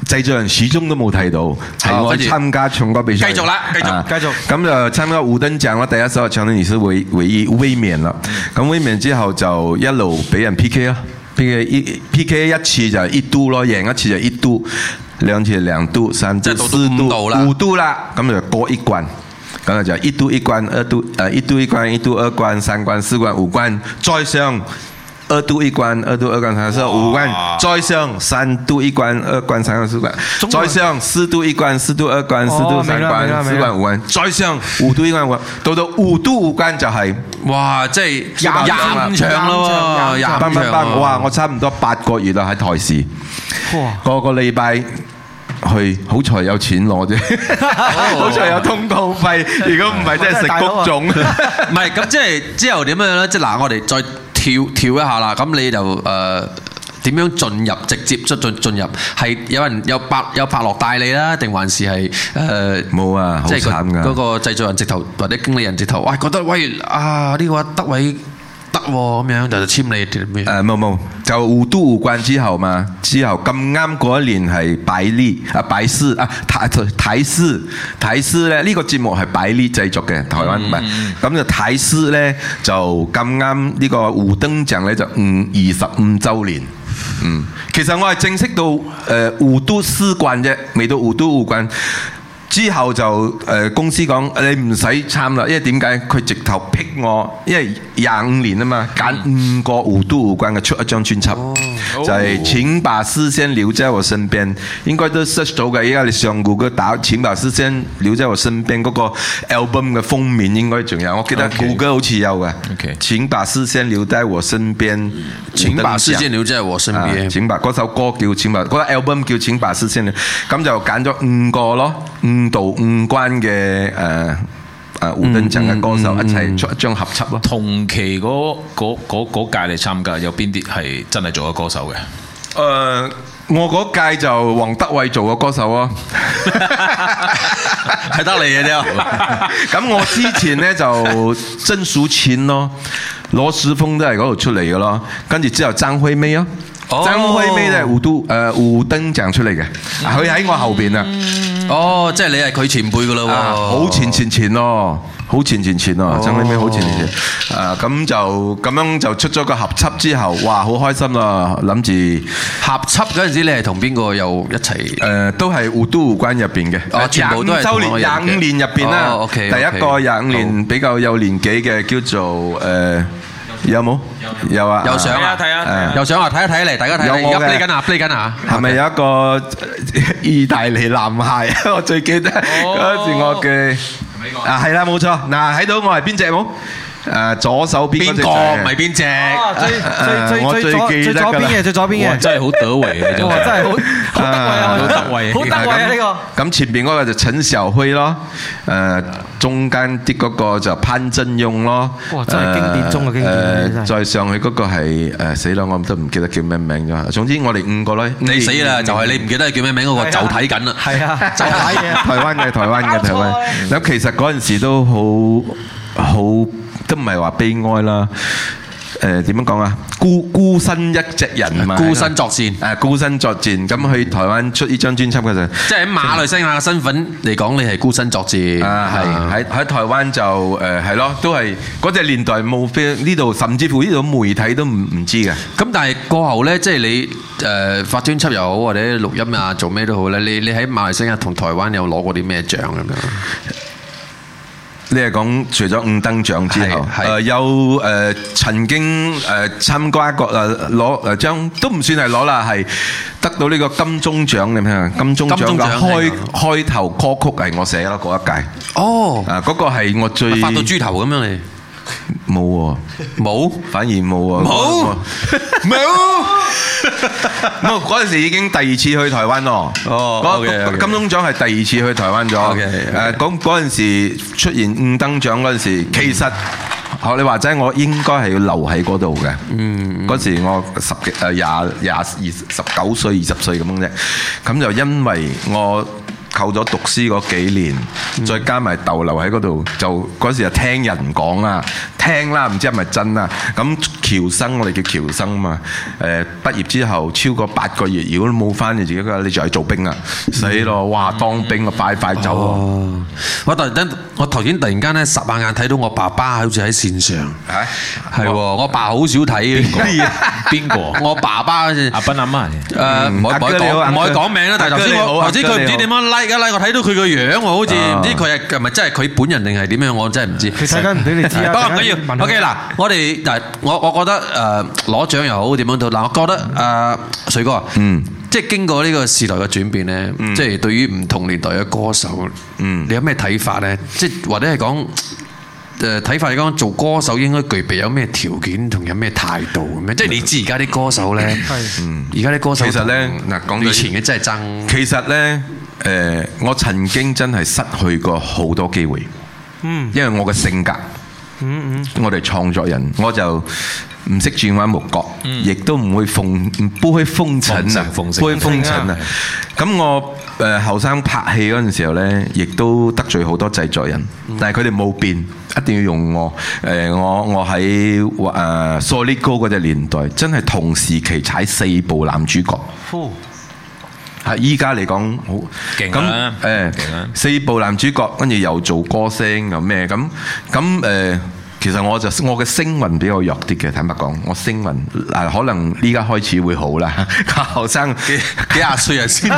製作人始終都冇睇到，參加唱歌比賽。繼續啦，繼續，繼續。咁就參加五燈獎，我第一首唱的《你是唯唯一未眠》啦。咁未眠之後就一路俾人 P K 啊，P K 一 P K 一次就一度咯，贏一次就一度，兩次兩度，三度四度五度啦。咁就過一關。咁就一度一關，二度，呃一度一關，一度二關，三關四關五關，再上。二度一關，二度二關，三度五關。再上三度一關，二關三關四關。再上四度一關，四度二關，四度三關，四度五關。再上五度一關，到到五度，五關就係，哇！即係廿五場咯，廿五場。我話我差唔多八個月啦喺台視。哇！個個禮拜去，好彩有錢攞啫。好彩有通告費，如果唔係真係食谷種。唔係咁，即係之後點樣咧？即係嗱，我哋再。跳跳一下啦，咁你就誒點樣進入？直接進進進入係有人有伯有伯樂帶你啦，定還是係誒冇啊？即係慘噶、那個！嗰個製作人直頭或者經理人直頭，哇！覺得喂啊呢個德偉。得喎，咁樣、嗯嗯嗯啊、就就簽你啲咩？冇冇就五度五關之後嘛，之後咁啱嗰一年係擺呢，啊，擺詩啊，台台視台視咧，呢、這個節目係擺呢製作嘅，台灣唔係咁就台視咧，就咁啱呢個五燈獎咧就五二十五週年，嗯，嗯其實我係正式到誒五度四關啫，未到五度五關。之後就、呃、公司講你唔使參啦，因為點解？佢直頭劈我，因為廿五年啊嘛，揀五個互都互關嘅出一張專輯。哦。就係請把視線留在我身邊，應該都識到嘅。而家你上谷歌打請把視線留在我身邊嗰個 album 嘅封面應該仲有，我記得谷歌好似有嘅。請把視線留在我身邊，Okay. Okay. 請把視線留在我身邊，請我身邊、嗯。請把嗰首歌叫請把嗰個 album 叫請把視線》。咁就揀咗五個咯，五度五關嘅誒。呃胡冰井嘅歌手一齊出一張合輯咯、啊。同期嗰嗰屆嚟參加有邊啲係真係做咗歌手嘅？誒、呃，我嗰屆就黃得偉做嘅歌手啊，係得你嘅啫。咁我之前咧就鄭舒倩咯，羅時豐都係嗰度出嚟嘅咯，跟住之後張惠妹啊。曾輝輝咧係胡都誒胡丁掙出嚟嘅，佢喺我後邊啊、嗯！哦，即係你係佢前輩噶咯，好前前前咯，好前前前咯，曾輝輝好前前前。誒，咁、哦啊、就咁樣就出咗個合輯之後，哇，好開心啊。諗住合輯嗰陣時你，你係同邊個又一齊？誒，都係胡都胡關入邊嘅，哦，全部都係港人。廿周年廿五年入邊啦，哦、okay, okay, 第一個廿五年、哦、比較有年紀嘅叫做誒。呃有冇？有啊！有相啊！睇啊，有相啊！睇一睇嚟，大家睇。有我嘅。而家飛緊啊！飛緊啊！係咪有一個意大利男孩？我最記得，跟住我嘅。啊，係啦，冇錯。嗱，睇到我係邊隻冇？誒，左手邊邊隻？邊個？咪邊隻？最最最最左邊嘅，最左邊嘅，真係好得偉嘅，真係好。好得偉啊！好得偉。好得偉啊！呢個。咁前邊嗰個就陳小輝咯，誒。中間啲嗰個就潘振用咯，真係經典中嘅經典。再上去嗰個係，死啦！我都唔記得叫咩名㗎。總之我哋五個咧，你死啦！就係你唔記得係叫咩名嗰個就睇緊啦。係啊，台灣嘅台灣嘅台灣。咁其實嗰陣時都好好都唔係話悲哀啦。誒，點樣講啊？孤孤身一隻人啊，孤身作戰。誒，孤身作戰。咁去台灣出呢張專輯嗰陣，即係喺馬來西亞嘅身份嚟講，你係孤身作戰啊！係喺喺台灣就誒係咯，都係嗰隻年代冇呢度，甚至乎呢度媒體都唔唔知嘅。咁但係過後呢，即係你誒發專輯又好，或者錄音啊，做咩都好咧。你你喺馬來西亞同台灣有攞過啲咩獎咁樣？ [laughs] 你係講除咗五燈獎之後，誒有誒曾經誒參加過誒攞誒獎，都唔算係攞啦，係得到呢個金鐘獎，你聽下，金鐘獎嘅開開頭歌曲係我寫咯嗰一屆。哦，啊嗰個係我最發到豬頭咁樣你。冇喎，冇、啊，有反而冇喎，冇，冇。嗰陣時已經第二次去台灣咯，哦，oh, okay , okay. 金鐘獎係第二次去台灣咗。誒，嗰陣時出現五燈獎嗰陣時，其實，mm. 學你話齋，我應該係要留喺嗰度嘅。嗯，嗰時我十幾誒廿廿二十九歲二十歲咁樣啫，咁就因為我。扣咗讀書嗰幾年，再加埋逗留喺嗰度，就嗰時就聽人講啦，聽啦，唔知係咪真啊？咁僑生，我哋叫僑生啊嘛。誒畢業之後超過八個月，如果冇返你自己嘅，你就係做兵啊，死咯！哇當兵啊，快快走！我突然間，我頭先突然間咧，十八眼睇到我爸爸好似喺線上，係，係喎。我爸好少睇邊個？邊個？我爸爸阿斌、阿媽誒，唔可以講，唔可以講名啦。但係頭先我頭先佢唔知點樣拉。而家咧，我睇到佢個樣，我好似唔知佢係係咪真係佢本人，定係點樣？我真係唔知。其實唔俾你知。不緊要。O K 嗱，我哋嗱，我我覺得誒，攞獎又好，點樣都嗱，我覺得誒，水哥啊即係經過呢個時代嘅轉變呢，即係對於唔同年代嘅歌手，你有咩睇法呢？即係或者係講誒睇法嚟講，做歌手應該具備有咩條件，同有咩態度咁樣？即係你知而家啲歌手呢？係，而家啲歌手其實呢，嗱，講以前嘅真係爭，其實呢。誒、呃，我曾經真係失去過好多機會，嗯嗯，嗯，因為我嘅性格，嗯嗯，我哋創作人我就唔識轉彎抹角，亦都唔會封，唔會封塵啊，唔會封塵啊。咁我誒後生拍戲嗰陣時候呢，亦都得罪好多製作人，嗯、但係佢哋冇變，一定要用我。誒、呃，我我喺誒 Solid Gold 嗰隻年代，真係同時期踩四部男主角。係依家嚟講好勁啦，誒四部男主角跟住又做歌星又咩咁咁誒。其實我就我嘅聲韻比較弱啲嘅，坦白講，我聲韻嗱可能依家開始會好啦。後生幾幾廿歲人先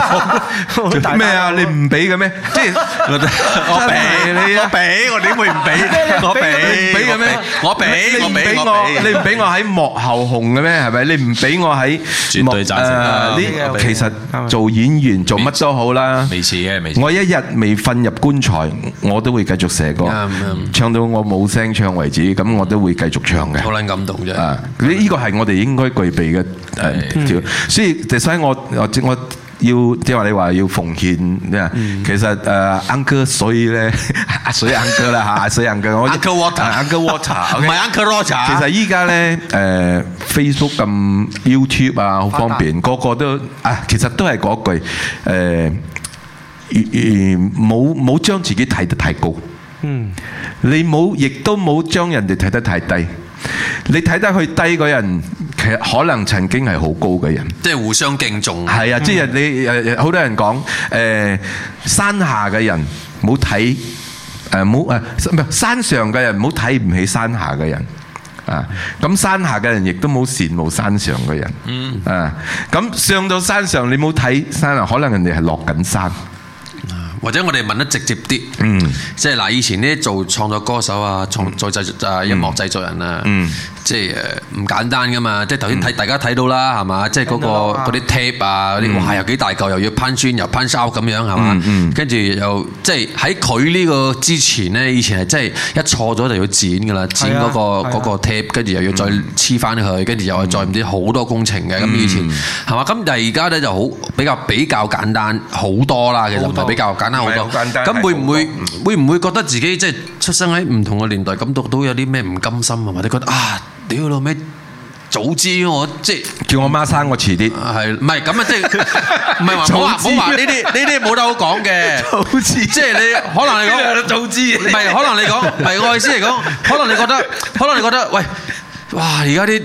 咩啊？你唔俾嘅咩？即係我俾你啊！我俾我點會唔俾？我俾俾嘅咩？我俾你唔俾我？你唔俾我喺幕後紅嘅咩？係咪？你唔俾我喺幕？誒，啲其實做演員做乜都好啦。未遲嘅未。我一日未瞓入棺材，我都會繼續寫歌，唱到我冇聲唱為止。咁我都會繼續唱嘅。好撚感動啫。啊，呢依個係我哋應該具備嘅誒條件。所以即使我我我要即係話你話要奉獻啊，所以 cle, 其實誒 uncle 水咧，水 uncle 啦，嚇，水 uncle。uncle water，uncle water，唔係 uncle water。其實依家咧誒 Facebook 咁 YouTube 啊，好方便， [laughs] 個個都啊，其實都係嗰句誒，冇冇將自己睇得太高。嗯，你冇，亦都冇將人哋睇得太低。你睇得佢低個人，其實可能曾經係好高嘅人。即係互相敬重。係啊的，即係、嗯、你好多人講誒、呃，山下嘅人冇睇誒，冇、呃、誒，唔係、啊、山上嘅人唔好睇唔起山下嘅人啊。咁山下嘅人亦都冇羨慕山上嘅人。嗯啊，咁上到山上，你冇睇山，可能人哋係落緊山。或者我哋問得直接啲，嗯、即係嗱，以前咧做創作歌手啊，創作製作啊、嗯、音樂製作人啊。嗯即係唔簡單噶嘛，即係頭先睇大家睇到啦，係嘛？即係嗰個嗰啲 tape 啊，嗰啲哇又幾大嚿，又要 punch in 又 punch out 咁樣，係嘛？跟住又即係喺佢呢個之前咧，以前係即係一錯咗就要剪噶啦，剪嗰個嗰個 tape，跟住又要再黐翻去，跟住又再唔知好多工程嘅咁以前，係嘛？咁但係而家咧就好比較比較簡單好多啦，其實同埋比較簡單好多。咁會唔會會唔會覺得自己即係出生喺唔同嘅年代，感到都有啲咩唔甘心啊？或者覺得啊？屌你老味，早知我即係叫我媽生我遲啲。係，唔係咁啊？即係唔係話早知？唔好話呢啲呢啲冇得好講嘅。早知，即係你可能你講早知，唔係可能你講，唔係我意思嚟講，可能你覺得，可能你覺得，喂，哇！而家啲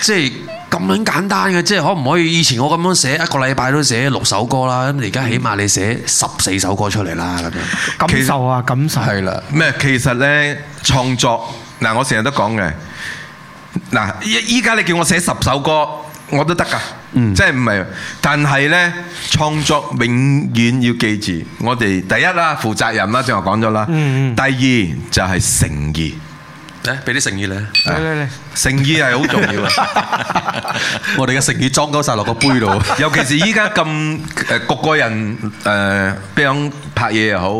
即係咁樣簡單嘅，即係可唔可以？以前我咁樣寫一個禮拜都寫六首歌啦，咁而家起碼你寫十四首歌出嚟啦咁樣。感受啊，感受。係啦。咩？其實咧創作嗱，我成日都講嘅。嗱，依依家你叫我寫十首歌，我都得噶，嗯、即係唔係？但係咧，創作永遠要記住，我哋第一啦，負責任啦，正話講咗啦。嗯、第二就係、是、誠意，嚟俾啲誠意你。嚟嚟嚟。誠意係好重要啊！ [laughs] 我哋嘅誠意裝鳩晒落個杯度。 [laughs] 尤其是依家咁誒個個人誒譬如拍嘢又好，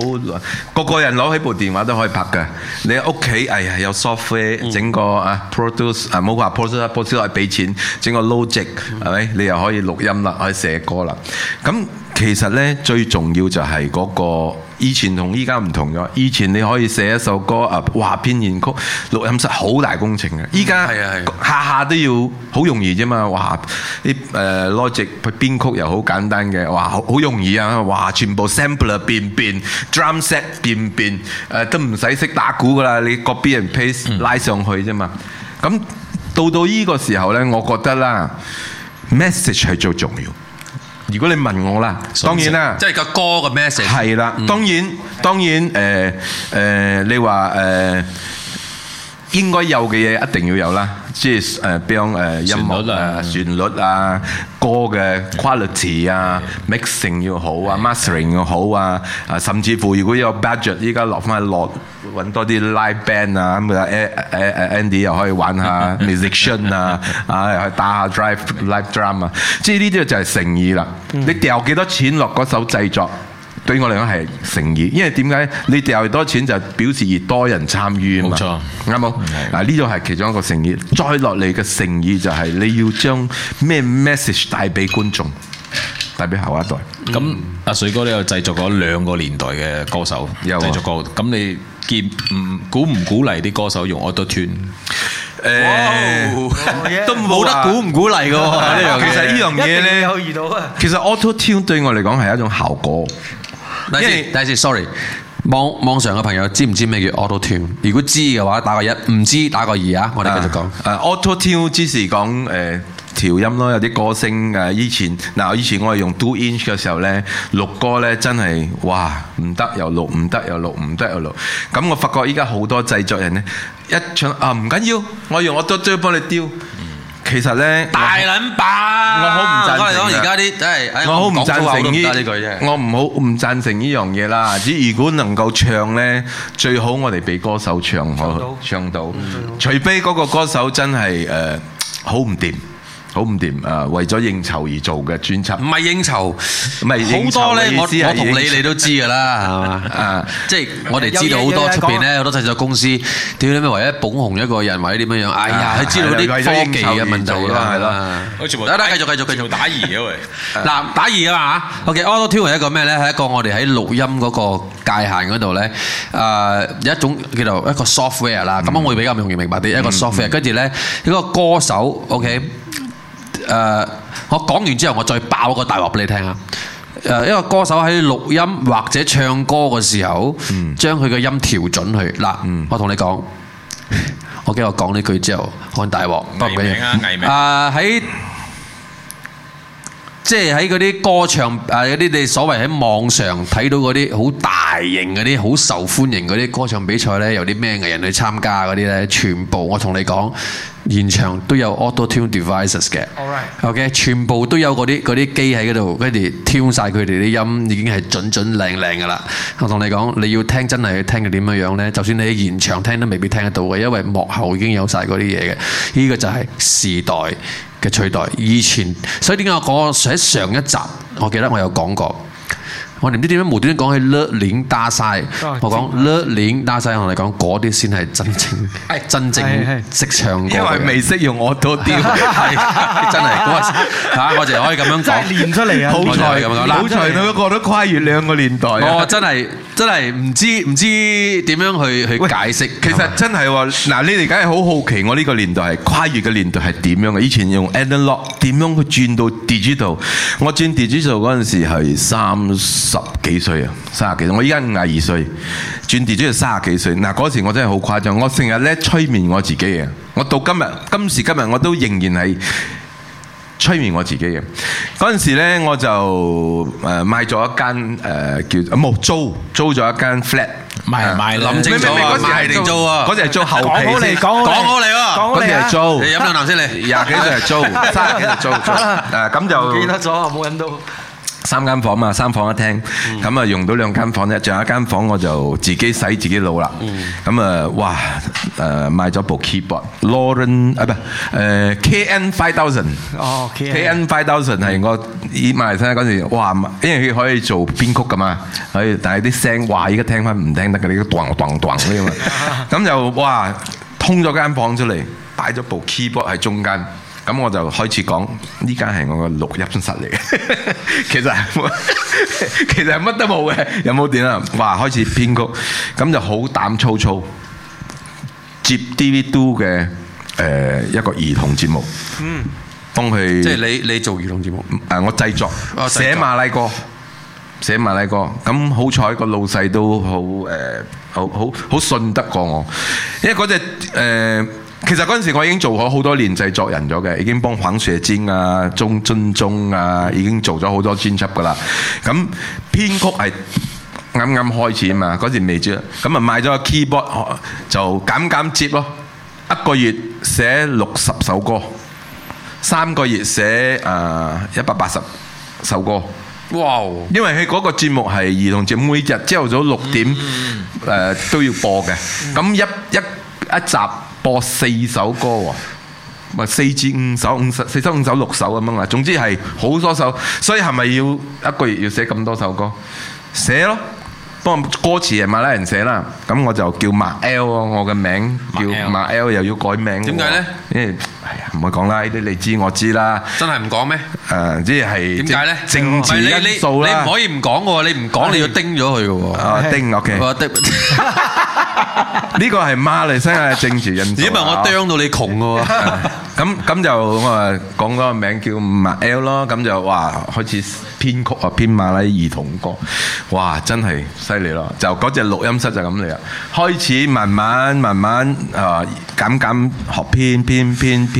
個個人攞起部電話都可以拍嘅。你屋企哎呀有 software 整個啊，produce 啊，冇話、啊、produce，produce、啊、係、啊、俾 produ、啊、錢整個 logic 係咪？你又可以錄音啦，可以寫歌啦。咁其實咧最重要就係、嗰個以前同依家唔同咗。以前你可以寫一首歌啊，哇，編完曲錄音室好大工程嘅。依家 [noise] 係啊係，下下都要好容易啫嘛，哇！啲誒 logic 佢編曲又好簡單嘅，哇，好好容易啊，哇！全部 sampler 變變，drum set 變變，誒都唔使識打鼓噶啦，你各 beats pace 拉上去啫嘛。咁到到呢個時候咧，我覺得啦，message 係最重要。如果你問我啦，當然啦，即係個歌嘅 message 係啦，當然當然誒誒，你話誒。應該有嘅嘢一定要有啦，即係誒，比如誒音樂啊，旋律啊，歌嘅 quality 啊，mixing 要好啊，mastering 要好啊，啊，甚至乎如果有 budget，依家落翻落揾多啲 live band 啊，咁啊誒誒 Andy 又可以玩下 musician 啊，啊，又去打下 drive live drum 啊，即係呢啲就係誠意啦，你掉幾多錢落嗰首製作？對於我嚟講係誠意，因為點解你掉多錢就表示越多人參與啊嘛，冇錯，啱冇？啊呢個係其中一個誠意。再落嚟嘅誠意就係你要將咩 message 帶俾觀眾，帶俾下一代。咁阿水哥，你又製作咗兩個年代嘅歌手，製作過。咁你估唔鼓唔鼓勵啲歌手用 auto tune？誒都冇得鼓唔鼓勵嘅。其實呢樣嘢咧，其實 auto tune 對我嚟講係一種效果。因第一次，第一次，sorry，網網上嘅朋友知唔知咩叫 auto tune？如果知嘅話，打個一；唔知打個二啊！我哋繼續講。誒、uh, uh，auto tune 只是講誒、呃、調音咯，有啲歌星誒以前嗱，以前我係用 two inch 嘅時候咧錄歌咧，真係哇唔得又錄，唔得又錄，唔得又錄。咁我發覺依家好多製作人咧一唱啊，唔緊要，我用我都都要幫你調。其實呢，大撚把，我好唔贊成啊！我好唔贊成呢句啫。我唔好唔贊成呢樣嘢啦。只如果能夠唱呢，最好我哋俾歌手唱可唱到，除非嗰個歌手真係誒好唔掂。Uh, 好唔掂啊！為咗應酬而做嘅專輯，唔係應酬，唔係應酬。好多咧，我我同你你都知噶啦，係嘛啊！即係我哋知道好多出邊咧，好多製作公司屌你媽，為咗捧紅一個人，或者點樣樣，哎呀，佢知道啲科技嘅問題㗎啦，係咯。好，全部。得得，繼續繼續繼續打二嘅喂。嗱，打二啊嘛嚇。OK，Auto Tune 係一個咩咧？係一個我哋喺錄音嗰個界限嗰度咧，誒有一種叫做一個 software 啦。咁樣會比較容易明白啲，一個 software。跟住咧，嗰個歌手 OK。誒，uh, 我講完之後，我再爆一個大鑊俾你聽啊！誒、uh,，一個歌手喺錄音或者唱歌嘅時候，mm. 將佢嘅音調準佢嗱，mm. 我同你講， [laughs] 我嘅，我講呢句之後，看大鑊，藝名啊，藝名啊，喺。Uh, 即係喺嗰啲歌唱啊，有啲你所謂喺網上睇到嗰啲好大型嗰啲好受歡迎嗰啲歌唱比賽呢，有啲咩藝人去參加嗰啲呢？全部我同你講，現場都有 auto tune devices 嘅 Alright.，ok，全部都有嗰啲啲機喺嗰度，跟住挑晒佢哋啲音，已經係準準靚靚噶啦。我同你講，你要聽真係要聽佢點樣樣呢？就算你喺現場聽都未必聽得到嘅，因為幕後已經有晒嗰啲嘢嘅。呢、這個就係時代嘅取代，以前，所以點解我講喺上一集，我記得我有講過。我哋唔知點樣無端端講起甩鏈打曬，我講甩鏈打曬同你講嗰啲先係真正，係真正識唱歌嘅，因為未識用我多啲，係真係嚇，我就可以咁樣講，練出嚟啊！好彩咁講，好彩佢過咗跨越兩個年代啊！我真係真係唔知唔知點樣去去解釋，其實真係嗱，你哋梗係好好奇我呢個年代係跨越嘅年代係點樣嘅？以前用 analogue 點樣去轉到 digital？我轉 digital 嗰陣時係三。十幾歲啊，三十幾歲。我依家五十二歲，轉地主要三十幾歲。嗱，嗰時我真係好誇張，我成日咧催眠我自己嘅。我到今日，今時今日，我都仍然係催眠我自己嘅。嗰陣時咧，我就誒買咗一間誒叫，冇租租咗一間 flat，買買諗清楚啊，買定租啊。嗰陣係租後期先。講我嚟，講我嚟。嗰陣係租。你飲兩啖先，你廿幾歲係租，三十幾係租。誒，咁就記得咗，冇飲到。三間房嘛，三房一廳，咁啊、嗯、用到兩間房咧，仲有一間房我就自己洗自己腦啦。咁啊、嗯，哇，誒、呃、買咗部 keyboard，Lauren 啊，嗯 aren，哎、不，誒 KN five thousand、哦 KN、KN five thousand 係我咦買嚟嗰陣時，哇，因為佢可以做編曲噶嘛，可以，但係啲聲哇依家聽翻唔聽得嘅，你都噹噹噹嗰啲嘛，咁 [laughs] 就哇通咗間房出嚟，擺咗部 keyboard 喺中間。咁我就開始講，呢間係我個錄音室嚟嘅，其實其實係乜都冇嘅，又冇電啦。話開始編曲，咁就好膽粗粗接 DVD 嘅誒一個兒童節目，嗯，幫佢即係你你做兒童節目，誒我製作寫馬拉歌，寫馬拉歌。咁好彩個老細都好誒，好好好信得過我，因為嗰隻誒。其實嗰陣時我已經做咗好多年製作人咗嘅，已經幫黃雪晶啊、鐘鐘鐘啊，已經做咗好多專輯噶啦。咁編曲係啱啱開始啊嘛，嗰陣未做，咁啊買咗個 keyboard，就減減接咯。一個月寫六十首歌，三個月寫啊一百八十首歌。哇！因為佢嗰個節目係兒童節目，每日朝頭早六點誒都要播嘅。咁一一一集。播四首歌喎，咪四至五首、五十四首、五首六首咁樣啊！總之係好多首，所以係咪要一個月要寫咁多首歌？寫咯，不過歌詞係馬拉人寫啦，咁我就叫馬 L 喎，我嘅名叫馬 L，又要改名。點解呢？誒。唔會講啦，呢啲你知我知啦。真係唔講咩？誒，即係點解咧？政治因素啦。你唔可以唔講嘅喎，你唔講你要叮咗佢嘅喎。叮 OK。我叮。呢個係馬來西亞政治因素。如果唔係我叮到你窮嘅喎。咁咁就我講嗰個名叫 Mal 咯，咁就哇開始編曲啊，編馬拉兒童歌。哇，真係犀利咯！就嗰隻錄音室就咁嚟啊，開始慢慢慢慢啊減減學編編編。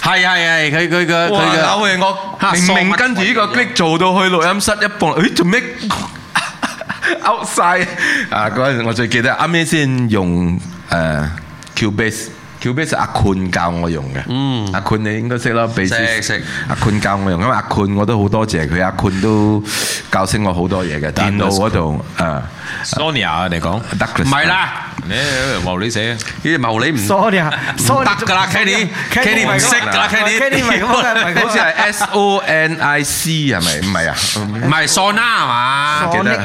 係係係，佢佢個佢嘅手嘅我，明明跟住呢個 click 做到去錄音室一播，誒做咩？out 曬啊！嗰陣我最記得啱啱先用誒 Cubase，Cubase 阿 Quant 教我用嘅。嗯，阿 Quant 你應該識咯，basic 識。阿 Quant 教我用，因為阿 Quant 我都好多謝佢，阿 Quant 都教識我好多嘢嘅。電腦嗰度啊，Sonia 你講，唔係啦。咩？毛李寫啊？呢個毛李唔，sonic 得㗎啦，Kenny，Kenny 唔識㗎啦，Kenny，Kenny 唔係咁啦，好似係 s o n i c 係咪？唔係啊，唔係 sona 係嘛？記得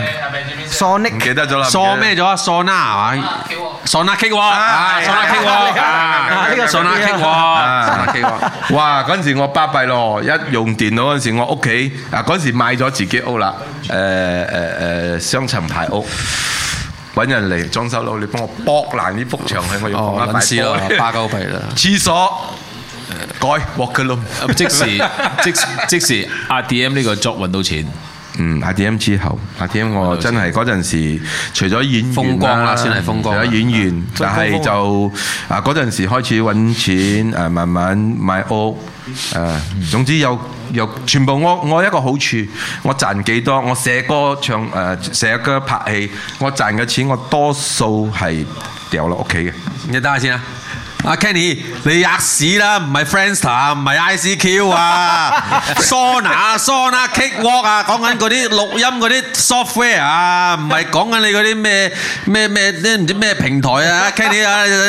sonic，記得咗啦，son 咩咗啊？sona 係嘛？sona 傾喎，啊 sona 傾喎，啊呢個 sona 傾喎，sona 傾喎，哇！嗰陣時我巴閉咯，一用電腦嗰陣時，我屋企啊嗰陣時買咗自己屋啦，誒誒誒雙層大屋。揾人嚟裝修咯，你幫我剝爛啲幅牆去，係我要講啦，擺喺度。廁所、呃、改，博嘅咯，即時即 [laughs] 即時，即時，即時阿 DM 呢個 job 揾到錢。嗯，阿 DM 之後，阿 DM 我真係嗰陣時，除咗演員啦，風光啦，算係風光，除咗演員，但係就啊嗰陣時開始揾錢，誒、啊、慢慢買屋。誒，uh, 總之有有全部我我一個好處，我賺幾多，我寫歌唱誒，呃、寫歌拍戲，我賺嘅錢我多數係掉落屋企嘅。你等下先啊。阿 Kenny，你吔屎啦！唔係 Friendster 啊，唔係 ICQ [laughs] 啊，Sonar 啊，Sonar Cakewalk 啊，講緊嗰啲錄音嗰啲 software 啊，唔係講緊你嗰啲咩咩咩啲唔知咩平台啊！Kenny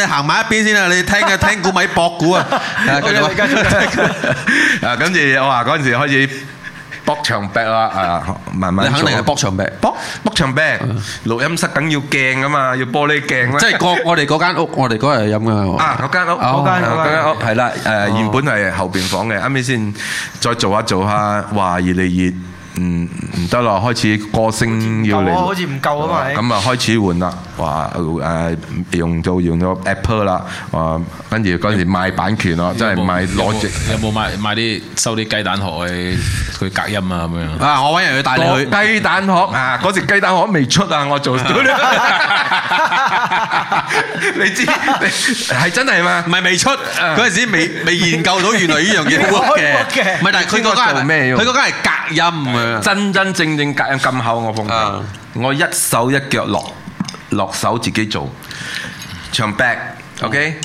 你行埋一邊先啦，你聽嘅聽古米博古啊！跟住我話嗰陣時開始。博牆壁啦，啊，慢慢做。你肯定係博牆壁，博博牆壁。錄音室梗要鏡噶嘛，要玻璃鏡咧。即係個我哋嗰間屋，我哋嗰日錄㗎。啊，嗰間屋，嗰間屋，嗰間屋係啦。誒，原本係後邊房嘅，啱先再做下做下，哇，熱嚟熱！唔唔得啦，開始歌星要嚟，好似唔夠啊嘛。咁啊開始換啦，話誒用咗用咗 Apple 啦，啊跟住嗰時賣版權咯，即係賣攞住。有冇買買啲收啲雞蛋殼去去隔音啊？咁樣啊！我揾人去帶你去雞蛋殼啊！嗰隻雞蛋殼未出啊！我做到你知係真係嘛？唔係未出嗰陣時，未未研究到原來呢樣嘢嘅。唔係，但係佢嗰間佢嗰間係隔音啊。真真正正隔音咁厚，我放嘅，我一手一腳落落手自己做牆壁，OK，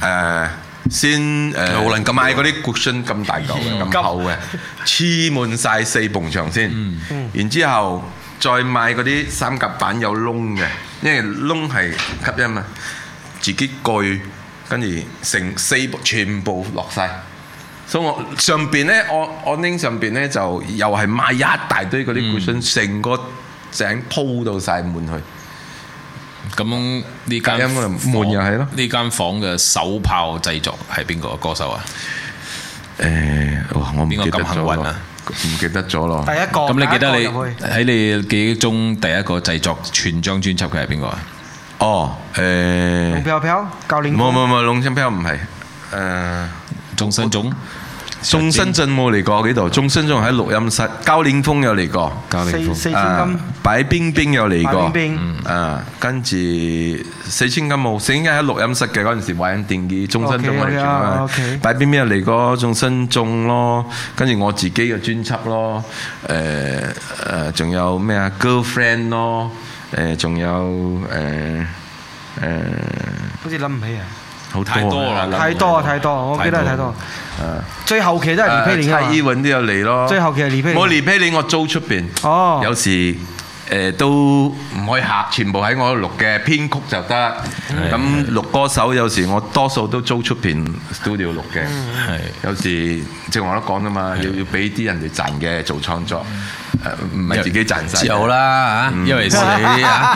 誒，先誒，無論咁買嗰啲骨身咁大嚿嘅、咁厚嘅，黐滿晒四埲牆先，然之後再買嗰啲三夾板有窿嘅，因為窿係吸音啊，自己鋸跟住成四部全部落晒。所以我上邊咧，我我拎上邊咧就又係買一大堆嗰啲股信，成個井鋪到曬滿去。咁呢間門又係咯？呢間房嘅手炮製作係邊個歌手啊？誒，我唔記得咗咯。唔記得咗咯。第一個咁，你記得你喺你記憶中第一個製作全張專輯嘅係邊個啊？哦，誒。龍飄飄教練。冇冇冇，龍聲飄唔係。誒，鍾聲總。送新圳冇嚟過呢度，仲新仲喺錄音室，高凌風又嚟過，四、啊、四千金，白冰冰又嚟過，冰冰嗯啊，跟住四千金冇，先係喺錄音室嘅嗰陣時，壞人定義，仲新仲嚟住啊嘛，白、okay、冰冰又嚟過，仲新仲咯，跟住我自己嘅專輯咯，誒、呃、誒，仲、呃、有咩啊，girlfriend 咯，誒、呃，仲有誒誒，呃呃、好似諗唔起啊。太多啦，太多了太多了，太多了我記得太多了。誒，最後期都係離披，連嘅、啊。差醫揾啲又嚟咯。最後期係離披連。我離披，連，我租出邊。哦，有時。誒，都唔可以嚇，全部喺我度錄嘅編曲就得。咁錄歌手有時我多數都租出片 studio 錄嘅。係，有時正如我都講㗎嘛，要要俾啲人哋賺嘅做創作，唔係自己賺曬。自由啦嚇，因為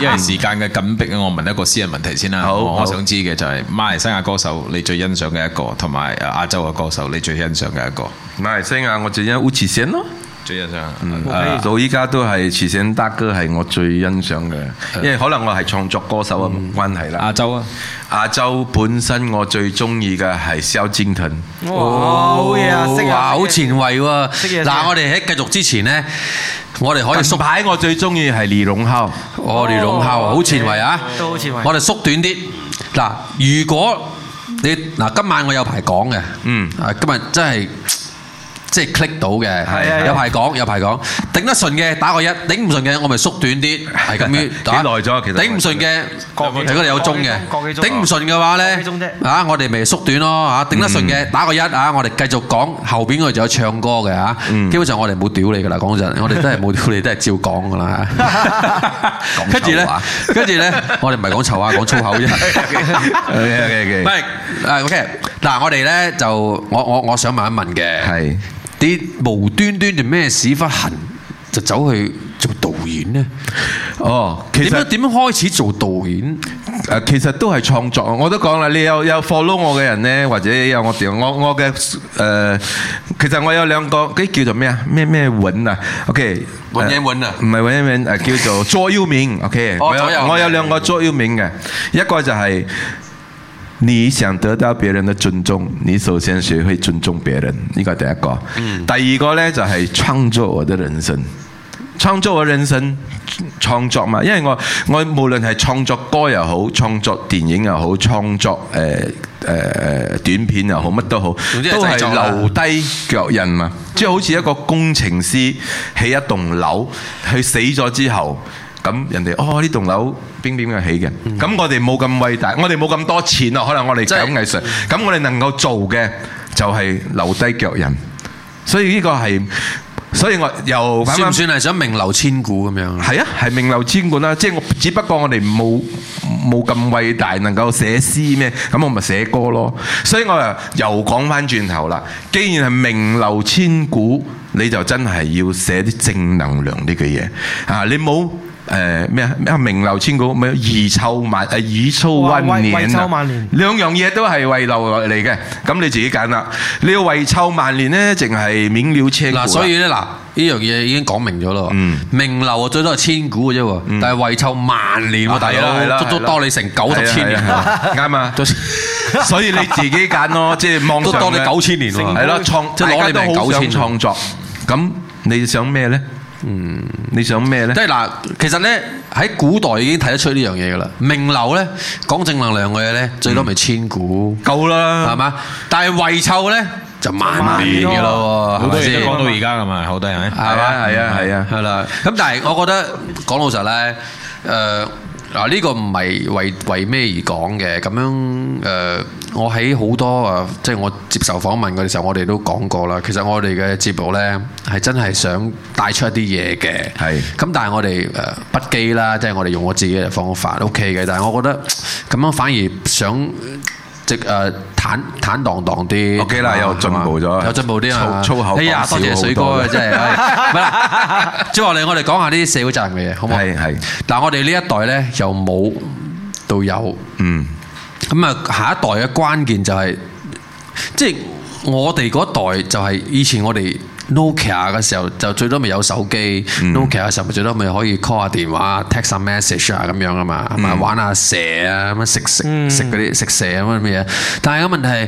因為時間嘅緊迫。啊，我問一個私人問題先啦。好，我想知嘅就係馬來西亞歌手你最欣賞嘅一個，同埋亞洲嘅歌手你最欣賞嘅一個。馬來西亞我最欣好似先咯。最欣賞，嗯，到依家都係慈善德哥係我最欣賞嘅，因為可能我係創作歌手啊關係啦。亞洲啊，亞洲本身我最中意嘅係蕭敬騰，哇，好啊，哇，好前衞喎。嗱，我哋喺繼續之前咧，我哋可以縮排，我最中意係李龍孝，我李龍孝好前衞啊，都好前衞。我哋縮短啲，嗱，如果你嗱今晚我有排講嘅，嗯，啊，今日真係。即係 click 到嘅，有排講有排講，頂得順嘅打個一，頂唔順嘅我咪縮短啲，係咁樣，幾耐咗其實，頂唔順嘅，喺嗰度有鐘嘅，頂唔順嘅話咧，啊我哋咪縮短咯嚇，頂得順嘅打個一啊，我哋繼續講後邊我哋仲有唱歌嘅嚇，嗯，基本上我哋冇屌你噶啦講真，我哋真係冇屌你都係照講噶啦嚇，跟住咧，跟住咧，我哋唔係講醜話講粗口啫，OK OK OK，係，誒 OK，嗱我哋咧就我我我想問一問嘅係。你無端端不行就咩屎忽痕就走去做導演呢？哦，其實點樣點樣開始做導演？誒、呃，其實都係創作。我都講啦，你有有 follow 我嘅人呢，或者有我我我嘅誒、呃，其實我有兩個啲叫做咩啊？咩咩韻啊？OK，韻嘢韻啊？唔係韻嘢韻誒，叫做座右銘。OK，哦、我有我有，我有兩個座右銘嘅，一個就係、是。你想得到別人的尊重，你首先學會尊重別人，呢個第一個。嗯、第二個呢，就係創作我的人生，創作我人生，創作嘛，因為我我無論係創作歌又好，創作電影又好，創作誒誒、呃呃、短片又好，乜都好，都係留低腳印嘛，即係好似一個工程師起一棟樓，佢死咗之後，咁人哋哦呢棟樓邊邊個起嘅，咁我哋冇咁偉大，我哋冇咁多錢啊，可能我哋搞藝術，咁我哋能夠做嘅就係留低腳印，所以呢個係，所以我又算唔算係想名留千古咁樣？係啊，係名留千古啦，即係我只不過我哋冇冇咁偉大，能夠寫詩咩？咁我咪寫歌咯。所以我又又講返轉頭啦，既然係名留千古，你就真係要寫啲正能量呢個嘢啊！你冇。誒咩啊咩啊名流千古，咩遺臭萬誒遺臭萬年啊！兩樣嘢都係遺留落嚟嘅，咁你自己揀啦。你要遺臭萬年咧，淨係名流千古。嗱，所以咧嗱，呢樣嘢已經講明咗咯。嗯，名流最多係千古嘅啫，但係遺臭萬年，大佬足足多你成九千年，啱嘛？所以你自己揀咯，即係都多你九千年。係咯，創，大家都好想創作。咁你想咩咧？嗯，你想咩咧？即係嗱，其實咧，喺古代已經睇得出呢樣嘢噶啦。名流咧講正能量嘅嘢咧，最多咪千古夠啦，係嘛？但係遺臭咧就萬年嘅咯。好多嘢講到而家噶嘛，好多人係嘛？係啊，係啊，係啦。咁但係我覺得講老實咧，誒。嗱，呢個唔係為為咩而講嘅。咁樣誒、呃，我喺好多啊，即係我接受訪問嘅時候，我哋都講過啦。其實我哋嘅節目呢，係真係想帶出一啲嘢嘅，係咁是，但係我哋誒不羈啦，即係我哋用我自己嘅方法，OK 嘅。但係我覺得咁樣反而想。食、啊、坦坦蕩蕩啲，OK 啦吧，又進步咗，有進步啲啊粗，粗口又少好多哎呀，多謝水哥啊，真係，唔係啦，即係話嚟，我哋講下呢啲社會責任嘅嘢，好唔好？係係。嗱，但我哋呢一代咧又冇到有，嗯，咁啊，下一代嘅關鍵就係，即係我哋嗰代就係以前我哋。nokia 嘅時候就最多咪有手機、嗯、nokia 嘅時候咪最多咪可以 call 下電話 text 下 message 啊，咁樣啊嘛，咪、嗯、玩下蛇啊，咁食食食嗰啲食蛇咁樣乜嘢。但係個問題係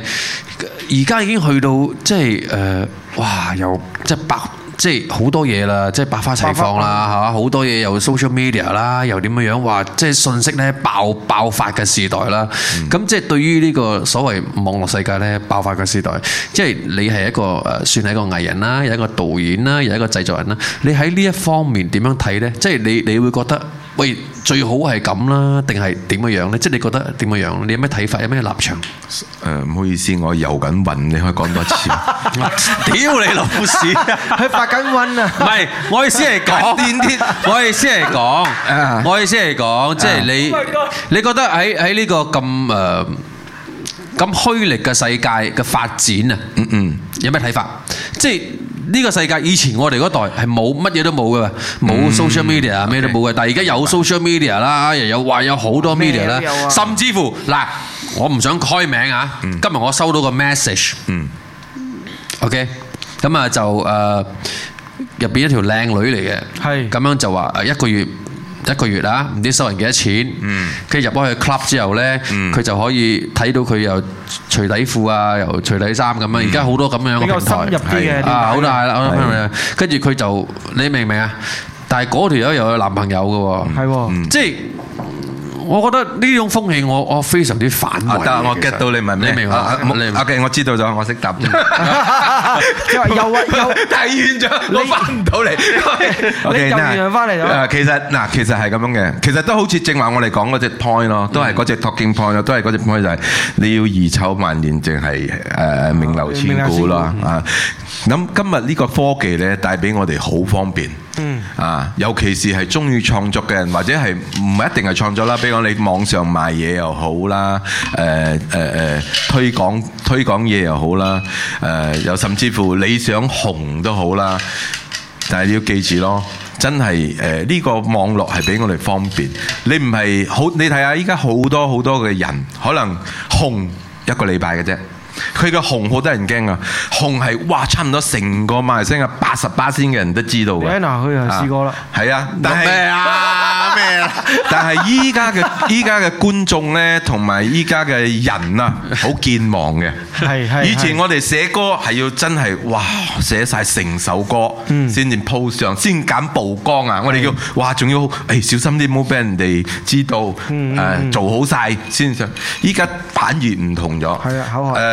而家已經去到即係誒、呃、哇！有即係百。即係好多嘢啦，即係百花齊放啦，嚇好花多嘢，又 social media 啦，又點樣樣話，即係信息咧爆爆發嘅時代啦。咁、嗯、即係對於呢個所謂網絡世界咧爆發嘅時代，即係你係一個誒、呃、算係一個藝人啦，又一個導演啦，又一個製作人啦，你喺呢一方面點樣睇咧？即係你你會覺得？喂，最好係咁啦，定係點樣樣咧？即係你覺得點樣樣？你有咩睇法？有咩立場？誒、呃，唔好意思，我遊緊運，你可以講多次。屌 [laughs] [laughs] 你老屎！佢 [laughs] 發緊瘟啊！唔係 [laughs] ，我意思係講電梯。我意思係講，我意思係講，即係你，oh、你覺得喺喺呢個咁誒咁虛偽嘅世界嘅發展啊？ [laughs] 嗯嗯，有咩睇法？即係。呢個世界以前我哋嗰代係冇乜嘢都冇嘅，冇 social media 啊，咩都冇嘅。但係而家有 social media 啦，又有話有好多 media 啦，甚至乎嗱，我唔想開名啊。今日我收到個 message，OK，嗯，okay？咁啊就誒入邊一條靚女嚟嘅，係咁樣就話誒一個月。一個月啦，唔知收人幾多錢。佢入咗去 club 之後咧，佢、嗯、就可以睇到佢又除底褲啊，又除底衫咁啊。而家好多咁樣嘅平台啊，好大啦。跟住佢就你明唔明啊？但係嗰條友又有男朋友㗎喎，即係。我覺得呢種風氣我，我我非常之反、啊。得，我 get 到你問咩啊？阿 K，、okay, 我知道咗，我識答 [laughs] [laughs] 又。又啊又睇完咗， [laughs] 了你我翻唔到嚟。Okay, [laughs] 你又完咗翻嚟。啊，Okay, now, 其實嗱，now, 其實係咁樣嘅，其實都好似正話我哋講嗰隻 point 咯，都係嗰隻 Talking Point，都係嗰隻 point 就係、是、你要遺臭萬年定係誒名留千古咯啊！咁今日呢個科技咧帶俾我哋好方便。嗯啊，尤其是係中意創作嘅人，或者係唔係一定係創作啦？比如講你網上賣嘢又好啦，誒誒誒推廣推廣嘢又好啦，誒、呃、又甚至乎你想紅都好啦，但係你要記住咯，真係誒呢個網絡係俾我哋方便。你唔係好，你睇下依家好多好多嘅人，可能紅一個禮拜嘅啫。佢個紅好得人驚啊！紅係哇，差唔多成個馬來西亞八十八巴仙嘅人都知道嘅。嗱，佢又試過啦。係啊，但係啊，咩？但係依家嘅依家嘅觀眾咧，同埋依家嘅人啊，好健忘嘅。係以前我哋寫歌係要真係哇，寫晒成首歌先至鋪上，先揀曝光啊！我哋要哇，仲要誒小心啲，唔好俾人哋知道。誒做好晒，先上。依家反而唔同咗。係啊，口號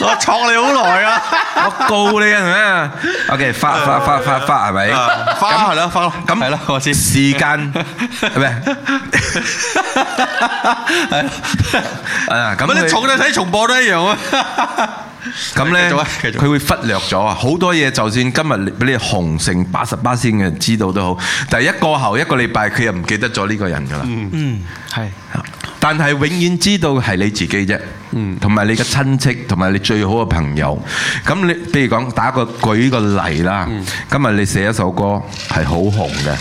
我錯你好耐啊，我告你係咩？OK，發發發發發係咪？咁係咯，發咁係咯，我知。時間係咪？誒，咁你重你睇重播都一樣啊。咁咧，佢會忽略咗啊，好多嘢，就算今日俾你紅成八十八先嘅人知道都好，但係一個後一個禮拜，佢又唔記得咗呢個人噶啦。嗯，係。但係永遠知道係你自己啫，嗯，同埋你嘅親戚，同埋你最好嘅朋友。咁你，譬如講打個舉個例啦，嗯、今日你寫一首歌係好紅嘅，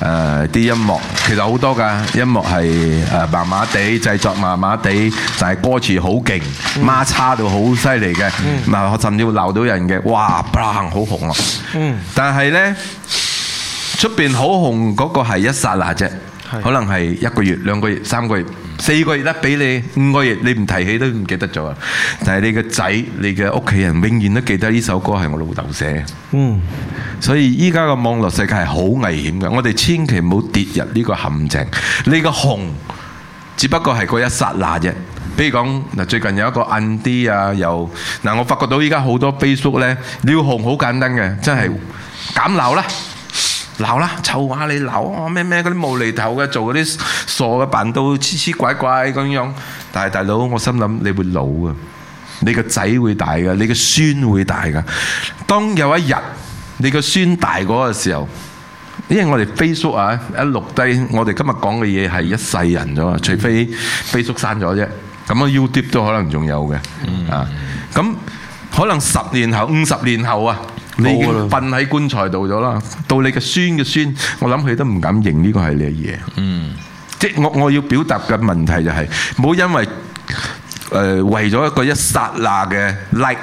嗯，誒啲、呃、音樂其實好多噶，音樂係誒麻麻地製作，麻麻地就係歌詞好勁，孖叉到好犀利嘅，嗯，嗱、嗯、甚至鬧到人嘅，哇，bang 好紅啊，嗯、但係呢，出邊好紅嗰個係一剎那啫。是可能係一個月、兩個月、三個月、四個月咧，俾你五個月你你，你唔提起都唔記得咗啊！但係你個仔、你嘅屋企人，永遠都記得呢首歌係我老豆寫。嗯，所以依家嘅網絡世界係好危險嘅，我哋千祈唔好跌入呢個陷阱。你嘅紅，只不過係嗰一剎那啫。比如講嗱，最近有一個 Andy 啊，又嗱，我發覺到依家好多 Facebook 呢，咧，要紅好簡單嘅，真係、嗯、減流啦。老啦，臭話你老，咩咩嗰啲無厘頭嘅，做嗰啲傻嘅，扮到黐黐怪怪咁樣。但係大佬，我心諗你會老嘅，你個仔會大嘅，你個孫會大嘅。當有一日你個孫大嗰個時候，因為我哋 Facebook 啊，一錄低我哋今日講嘅嘢係一世人咗啊，除非 Facebook 刪咗啫，咁 YouTube 都可能仲有嘅、嗯嗯、啊。咁可能十年後、五十年後啊。你已經瞓喺棺材度咗啦，到你嘅孫嘅孫，我諗佢都唔敢認呢個係你嘅嘢。嗯即，即係我我要表達嘅問題就係、是，唔好因為誒為咗一個一剎那嘅 like。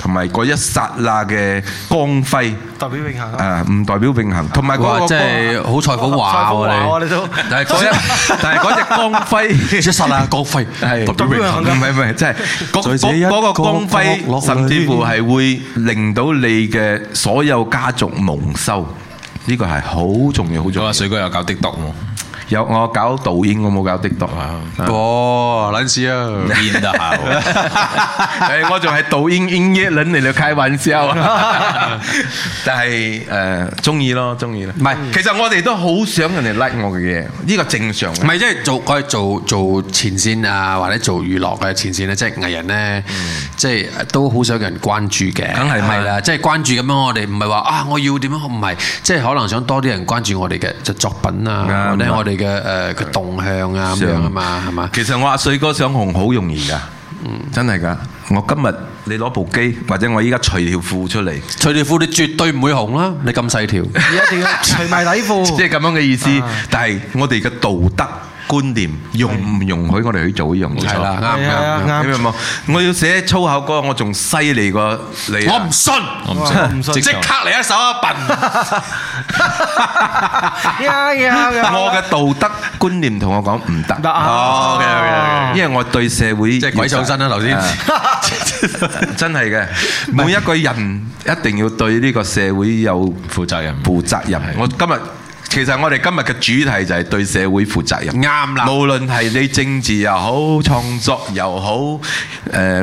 同埋嗰一剎那嘅光輝，代表永恆。誒，唔代表永恆。同埋嗰個即係好彩好話喎你。好彩好話，你都。但係嗰一，但係嗰一光輝，一剎那光輝，代表永恆。唔係唔係，即係嗰嗰個光輝，甚至乎係會令到你嘅所有家族蒙羞。呢個係好重要，好重要。我話水哥又搞啲毒。有我搞導演，我冇搞的到嚇。哇，撚笑！變咗嚇，誒，我仲係導演音樂撚嚟嚟開玩笑。但係誒，中意咯，中意啦。唔係，其實我哋都好想人哋 like 我嘅嘢，呢個正常。唔係即係做，我哋做做前線啊，或者做娛樂嘅前線咧，即係藝人咧，即係都好想有人關注嘅。梗係唔係啦？即係關注咁樣，我哋唔係話啊，我要點樣？唔係，即係可能想多啲人關注我哋嘅就作品啊，或者我哋。嘅誒佢動向啊咁像樣啊嘛，係嘛？其實我阿水哥想紅好容易噶，嗯，真係噶。我今日你攞部機，或者我依家除條褲出嚟，除條褲你絕對唔會紅啦、啊。你咁細條，而家 [laughs] 一定要除埋底褲，即係咁樣嘅意思。啊、但係我哋嘅道德。觀念容唔容許我哋去做一樣嘢？冇錯，啱啊！啱，明唔明？我要寫粗口歌，我仲犀利過你。我唔信，我唔信，即刻嚟一首啊！笨！我嘅道德觀念同我講唔得啊！因為我對社會即係鬼上身啊！頭先真係嘅，每一個人一定要對呢個社會有負責任。負責任，我今日。其實我哋今日嘅主題就係對社會負責任，啱啦。無論係你政治又好，創作又好，誒，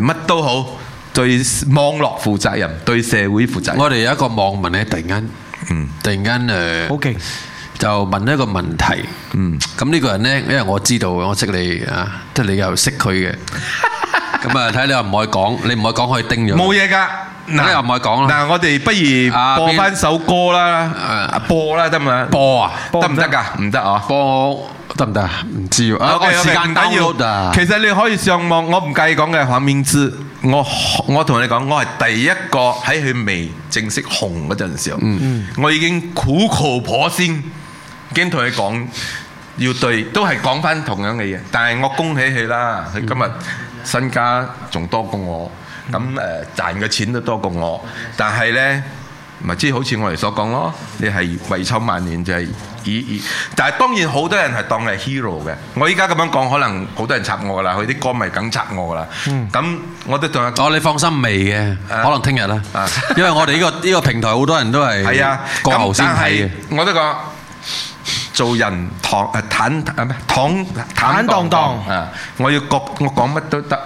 乜都好，對網絡負責任，對社會負責。我哋有一個網民咧，突然間，突然間誒，好勁，就問一個問題。嗯，咁呢個人咧，因為我知道，我識你啊，即係你又識佢嘅。咁啊，睇你話唔可以講，你唔可以講，可以叮住。冇嘢噶。嗱又唔係講啦，嗱我哋不如播翻首歌啦，誒、啊、播啦得唔得？播啊，得唔得噶？唔得啊，播得唔得啊？唔知喎，okay, okay，時間緊要。其實你可以上網，我唔介意講嘅。何面知我，我我同你講，我係第一個喺佢未正式紅嗰陣時候，嗯、我已經苦口婆心，驚同佢講要對，都係講翻同樣嘅嘢。但係我恭喜佢啦，佢今日身家仲多過我。咁誒，賺嘅錢都多過我，但係咧，咪即係好似我哋所講咯，你係遺臭萬年就係以以，但係當然好多人係當係 hero 嘅。我依家咁樣講，可能好多人插我啦，佢啲歌迷梗插我啦。嗯，咁我都當哦，你放心未嘅？可能聽日啦，因為我哋呢個呢個平台好多人都係歌喉先睇嘅。我都講做人坦誒坦咩坦坦蕩蕩啊！我要講我講乜都得，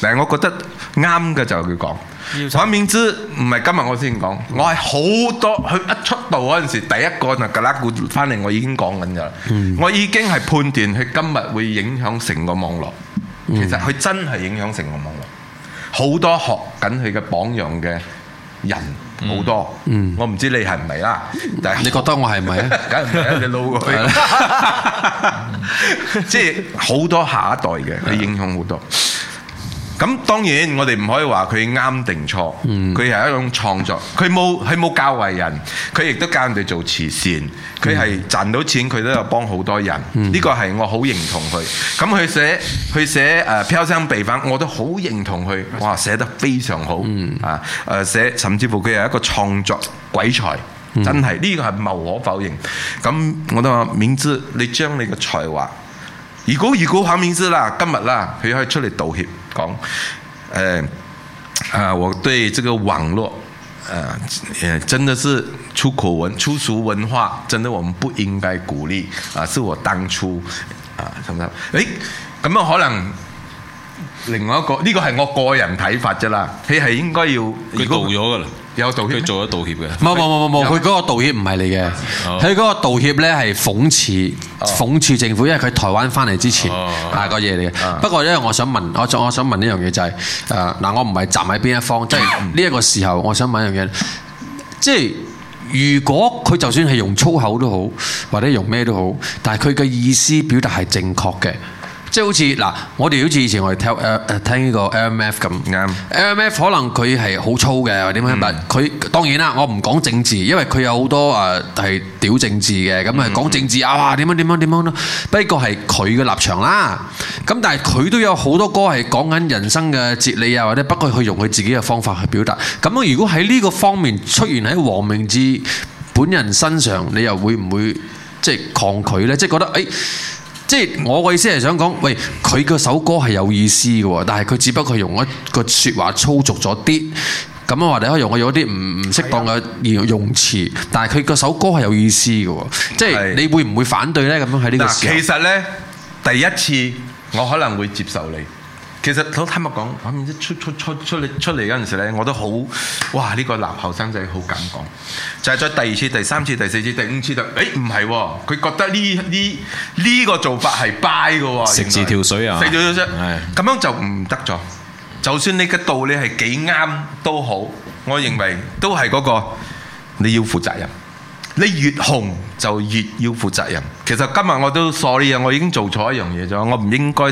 但係我覺得。啱嘅就佢講，要彩面之唔係今日我先講，我係好多佢一出道嗰陣時，第一個就格拉古翻嚟，我已經講緊㗎啦。嗯、我已經係判斷佢今日會影響成個網絡，其實佢真係影響成個網絡，好多學緊佢嘅榜樣嘅人好多。嗯，我唔知你係唔係啦，但係你覺得我係唔係咧？梗係唔係啦，你撈佢，即係好多下一代嘅佢影響好多。咁當然我哋唔可以話佢啱定錯，佢係一種創作，佢冇佢冇教壞人，佢亦都教人哋做慈善，佢係賺到錢佢都有幫好多人，呢個係我好認同佢。咁佢寫佢寫誒《飄香秘方》，我都好認同佢，哇，寫得非常好啊！誒寫甚至乎佢係一個創作鬼才，真係呢個係無可否認。咁我都話面子，你將你嘅才華，如果如果考面子啦，今日啦，佢可以出嚟道歉。誒、呃，啊，我對這個網絡，誒、呃，真的是出口文粗俗文化，真的我們不應該鼓勵。啊，是我當初，啊，什麼？誒，咁樣可能另外一個呢、這個係我個人睇法啫啦，佢係應該要。佢咗噶啦。有道歉，佢做咗道歉嘅。冇冇冇冇冇，佢嗰是個道歉唔係你嘅，佢嗰有個道歉咧係諷刺、oh. 諷刺政府，因為佢台灣翻嚟之前係、oh. 個嘢嚟嘅。Oh. 不過因為我想問，我我想問呢樣嘢就係誒嗱，我唔係站喺邊一方，即係呢一個時候，我想問、就是、我一樣嘢，即、就、係、是就是、如果佢就算係用粗口都好，或者用咩都好，但係佢嘅意思表達係正確嘅。即係好似嗱，我哋好似以前我哋聽 L 誒聽呢個 L M F 咁，L M F 可能佢係好粗嘅，或者點樣，但係佢當然啦，我唔講政治，因為佢有好多誒係屌政治嘅，咁啊、嗯、講政治啊點樣點樣點樣咯，不過係佢嘅立場啦。咁但係佢都有好多歌係講緊人生嘅哲理啊，或者不過佢用佢自己嘅方法去表達。咁樣如果喺呢個方面出現喺黃明志本人身上，你又會唔會即係抗拒呢？即係覺得誒？即係我嘅意思係想講，喂，佢個首歌係有意思嘅，但係佢只不過用一個說話粗俗咗啲，咁樣或者可以用我咗啲唔唔適當嘅用用詞，是的 但係佢個首歌係有意思嘅，即係你會唔會反對呢？咁樣喺呢個時，其實呢，第一次我可能會接受你。其實我坦白講，反一出出出出嚟出嚟嗰陣時咧，我都好哇！呢、這個男後生仔好敢講，就係、是、再第二次、第三次、第四次、第五次就誒唔係喎，佢、欸哦、覺得呢呢呢個做法係 buy 嘅喎，食字跳水啊，食字跳水，咁是樣就唔得咗。是就算你嘅道理係幾啱都好，我認為都係嗰、那個你要負責任。你越紅就越要負責任。其實今日我都 sorry 啊，我已經做錯一樣嘢咗，我唔應該。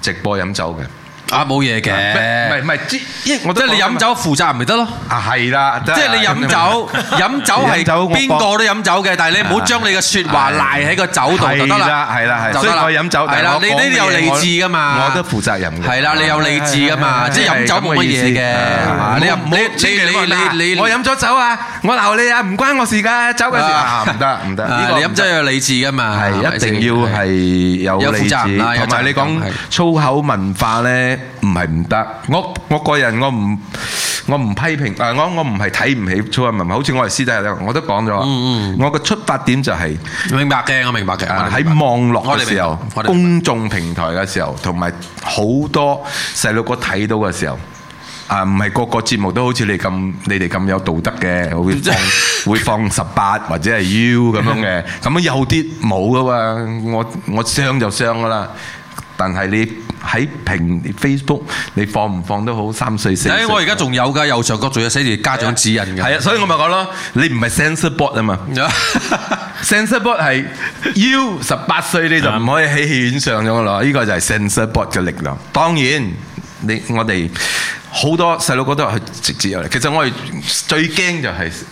直播飲酒嘅。啊冇嘢嘅，唔係唔係，即係我即係你飲酒負責任咪得咯？啊係啦，即係你飲酒飲酒係邊個都飲酒嘅，但係你唔好將你嘅説話賴喺個酒度就得啦，係啦係，所以我飲酒，係啦，你呢啲有理智㗎嘛？我都負責人嘅，係啦，你有理智㗎嘛？即係飲酒冇乜嘢嘅，你又唔好，你你你你我飲咗酒啊，我鬧你啊，唔關我事㗎，酒嘅時候唔得唔得，呢個飲酒要有理智㗎嘛，係一定要係有理智，同埋你講粗口文化咧。唔係唔得，我我個人我唔我唔批評，啊我我唔係睇唔起蔡文文，好似我係師弟我都講咗，嗯嗯我個出發點就係、你、明白嘅，我明白嘅，喺網絡嘅時候、公眾平台嘅時候，同埋好多細路哥睇到嘅時候，啊唔係個個節目都好似你咁，你哋咁有道德嘅，會放會放十八 [laughs] 或者係 U 咁樣嘅，咁啊有啲冇噶嘛，我我傷就傷噶啦，但係你。喺平 Facebook 你放唔放都好，三歲四歲我而家仲有㗎，右上角仲有寫住家長指引㗎，係啊，所以我咪講咯，你唔係 censor, [laughs] board 啊嘛 censor board 係要十八歲，你就唔可以喺戲院上咗啦，呢的個就係 censor board 嘅力量。當然你我哋好多細路哥都去直接入嚟，其實我哋最驚就係、是。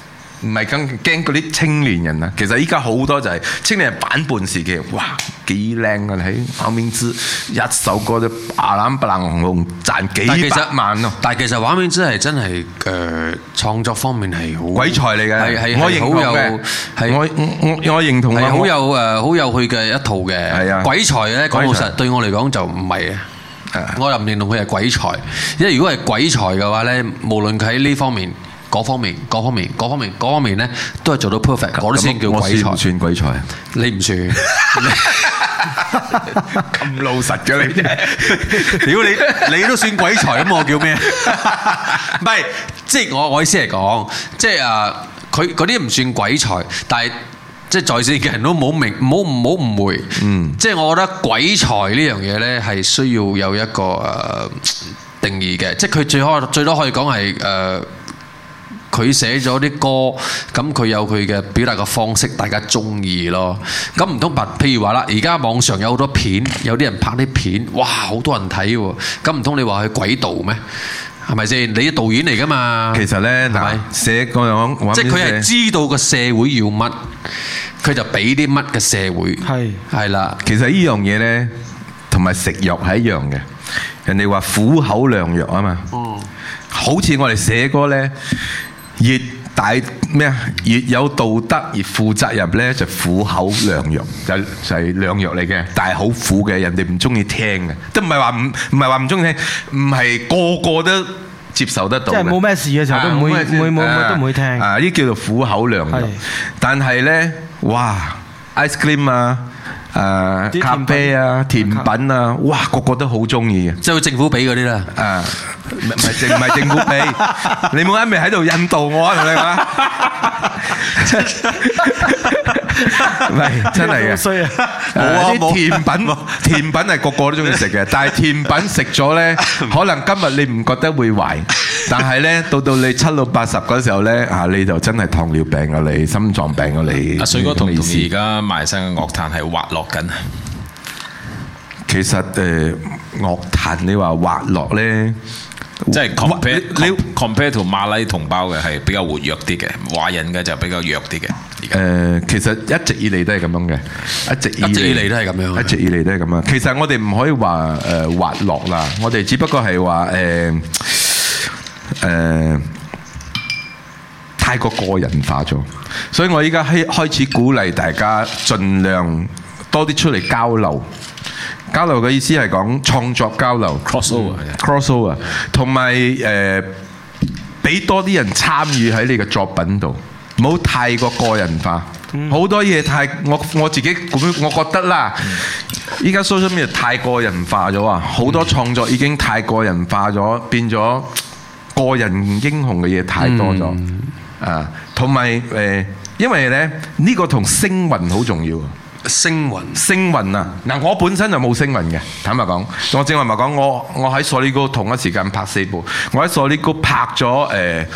唔係咁驚嗰啲青年人啊，其實依家好多就係青年版本時期，哇幾靚啊！喺畫面之一首歌都牙籃白冷紅,紅賺幾百萬咯。但係其實畫面之係真係誒、呃、創作方面係好鬼才嚟嘅，係係可以，好有係我我我,我認同係、啊、好有誒好有佢嘅一套嘅。係啊，鬼才咧講老實才對我嚟講就唔係啊，我又唔認同佢係鬼才，因為如果係鬼才嘅話咧，無論佢喺呢方面。各方面，各方面，各方面，各方面咧，都係做到 perfect，我啲先叫鬼才。我算唔算鬼才？你唔算咁 [laughs] [laughs] 老實嘅你啫，屌你！你都算鬼才咁， [laughs] 我叫咩？唔係，即係我我意思嚟講，即係啊，佢嗰啲唔算鬼才，但係即係在線嘅人都冇明，冇唔好誤會。嗯，即係我覺得鬼才呢樣嘢咧，係需要有一個誒、呃、定義嘅，即係佢最多最多可以講係誒。呃佢寫咗啲歌，咁佢有佢嘅表達嘅方式，大家中意咯。咁唔通，譬如話啦，而家網上有好多片，有啲人拍啲片，哇，好多人睇喎、啊。咁唔通你話佢鬼道咩？係咪先？你導演嚟㗎嘛？其實咧，嗱，寫講即係佢係知道個社會要乜，佢、嗯、就俾啲乜嘅社會。係係啦，的其實呢樣嘢呢，同埋食藥係一樣嘅。人哋話苦口良藥啊嘛。嗯、好似我哋寫歌呢。越大咩啊？越有道德、越負責任咧，就是、苦口良藥，就就係良藥嚟嘅。但係好苦嘅，人哋唔中意聽嘅，都唔係話唔唔係話唔中意聽，唔係個個都接受得到。即係冇咩事嘅時候都唔會唔會冇冇都唔會聽。啊，呢叫做苦口良藥。是但係咧，哇，ice cream 啊！誒、uh, 甜咖啡啊，甜品啊，哇、啊，個、啊、嘩個都好中意嘅，即係政府俾嗰啲啦。誒，唔係政唔係政府俾， [laughs] 你冇一味喺度引導我同你講。 [laughs] [laughs] [laughs] 喂，真係啊，衰啊冇。甜品，甜品係個個都中意食嘅，但係甜品食咗咧，可能今日你唔覺得會壞，但係咧到到你七老八十嗰時候咧，吓你就真係糖尿病啊你，心臟病啊你。阿水哥同同而家埋身嘅樂壇係滑落緊。其實誒，樂壇你話滑落咧，即係 compare，你 compare 同馬拉同胞嘅係比較活躍啲嘅，華人嘅就比較弱啲嘅。誒，其實一直以嚟都係咁樣嘅，一直以嚟都係咁樣，一直以嚟都係咁樣！其實我哋唔可以話誒滑落啦，我哋只不過係話誒誒太過個人化咗，所以我依家開開始鼓勵大家盡量多啲出嚟交流，交流嘅意思係講創作交流，cross over，cross over，同埋誒俾多啲人參與喺你嘅作品度。冇太過個人化，好、嗯、多嘢太我我自己我覺得啦。依家 social media 太個人化咗啊！好、嗯、多創作已經太個人化咗，變咗個人英雄嘅嘢太多咗、嗯、啊！同埋誒，因為咧呢、呢個同聲韻好重要。聲韻聲韻啊，聲韻聲韻啊！嗱，我本身就冇聲韻嘅，坦白講。我正話咪講，我我喺索尼哥同一時間拍四部，我喺索尼哥拍咗誒。呃呃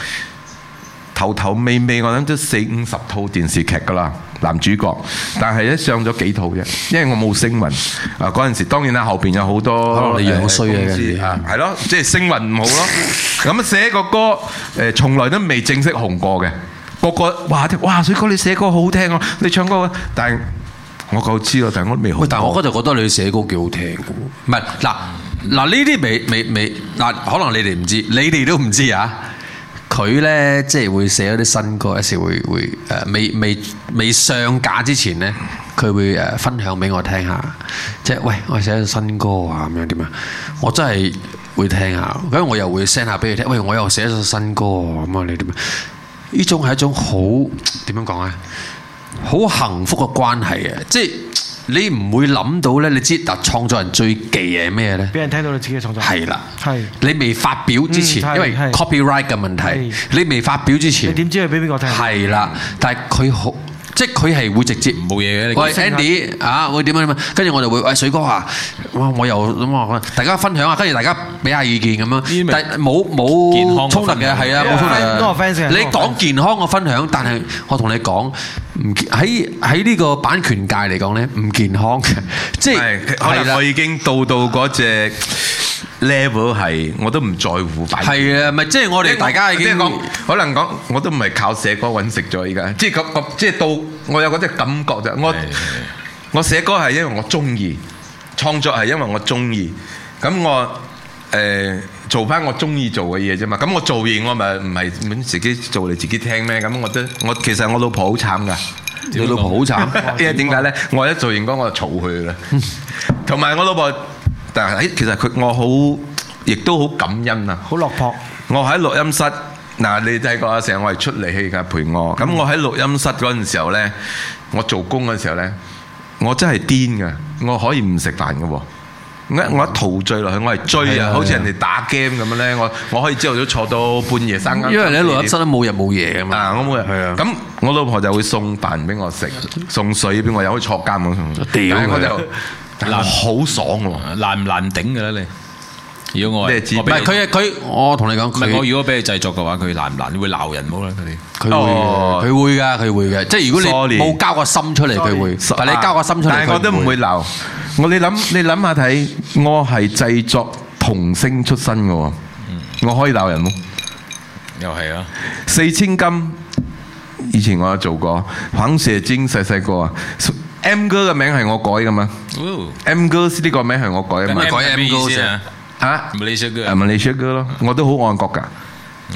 頭頭尾尾我諗都四五十套電視劇噶啦男主角，但係一上咗幾套啫，因為我冇聲韻啊嗰陣時，當然啦後邊有好多你樣好衰嘅嘢啊，係咯，即係聲韻唔好咯。咁寫個歌誒，從來都未正式紅過嘅，個個話啲哇，水哥你寫歌好聽啊，你唱歌，但係我夠知啊，但係我未紅。但係我哥就覺得你寫歌幾好聽嘅，唔係嗱嗱呢啲未未未嗱，可能你哋唔知，你哋都唔知啊。佢呢，即係會寫一啲新歌，有時會會誒、呃、未未未上架之前呢，佢會誒、呃、分享俾我聽下，即係喂我寫咗新歌啊咁樣點啊？我真係會聽下，因為我又會 send 下俾佢聽，喂我又寫咗新歌咁啊？你點啊？呢種係一種好點樣講啊？好幸福嘅關係嘅，即係。你唔會諗到咧，你知嗱，創作人最忌係咩咧？俾人聽到你自己的創作係啦，係了是你未發表之前，嗯、因為 copyright 嘅問題，是你未發表之前，你點知佢俾邊個聽？係啦，但係佢好。即係佢係會直接唔好嘢嘅。喂，Andy，啊，會點樣點樣？跟住我就會，喂，水哥啊，哇，我又咁啊，大家分享下，跟住大家俾下意見咁樣，但係冇冇衝突嘅，係啊，冇衝突啊。你講健康嘅分享，但係我同你講，唔喺喺呢個版權界嚟講咧，唔健康嘅，即係係我已經到到嗰隻 Level 係我都唔在乎，係啊，咪即係我哋大家已經講，可能講，我都唔係靠寫歌揾食咗依家，即係個個即係到我有嗰啲感覺，就我我寫歌係因為我中意創作，係因為我中意，咁我誒做翻我中意做嘅嘢啫嘛，咁我做完我咪唔係揾自己做嚟自己聽咩？咁我都我其實我老婆好慘噶，你老婆好慘，因為點解咧？我一做完歌我就嘈佢啦，同埋我老婆。但係，其實佢我好，亦都好感恩啊！好落魄，我喺錄音室嗱，你睇過啊？成日我係出力氣嘅陪我，咁、嗯、我喺錄音室嗰陣時候呢，我做工嘅時候呢，我真係癲嘅，我可以唔食飯嘅喎、啊。嗯、我一陶醉落去，我係追啊，嗯、好似人哋打 game 咁樣呢。我我可以朝頭早坐到半夜三更。因為你喺錄音室都冇日冇夜啊嘛。嗯、我冇日。係、嗯、啊。咁我老婆就會送飯俾我食，送水俾我，又可以坐監咁。 [laughs] 我就嗱，好爽嘅喎，難唔難頂嘅咧你？如果我唔係佢，佢我同你講，唔係我如果俾你製作嘅話，佢難唔難？你會鬧人冇咧？佢佢會嘅，佢會噶，佢會嘅。即係如果你冇交個心出嚟，佢會。但係你交個心出嚟，但係我都唔會鬧。我你諗你諗下睇，我係製作童星出身嘅，我可以鬧人冇？又係啊！四千金，以前我有做過，黃雪晶細細個啊。M-Girls 嘅名係我改噶嘛？M-Girls 呢個名係我改啊！咪改 M-Girls 先啊！啊，Malaysia Girls，Malaysia Girls 咯，我都好愛國噶。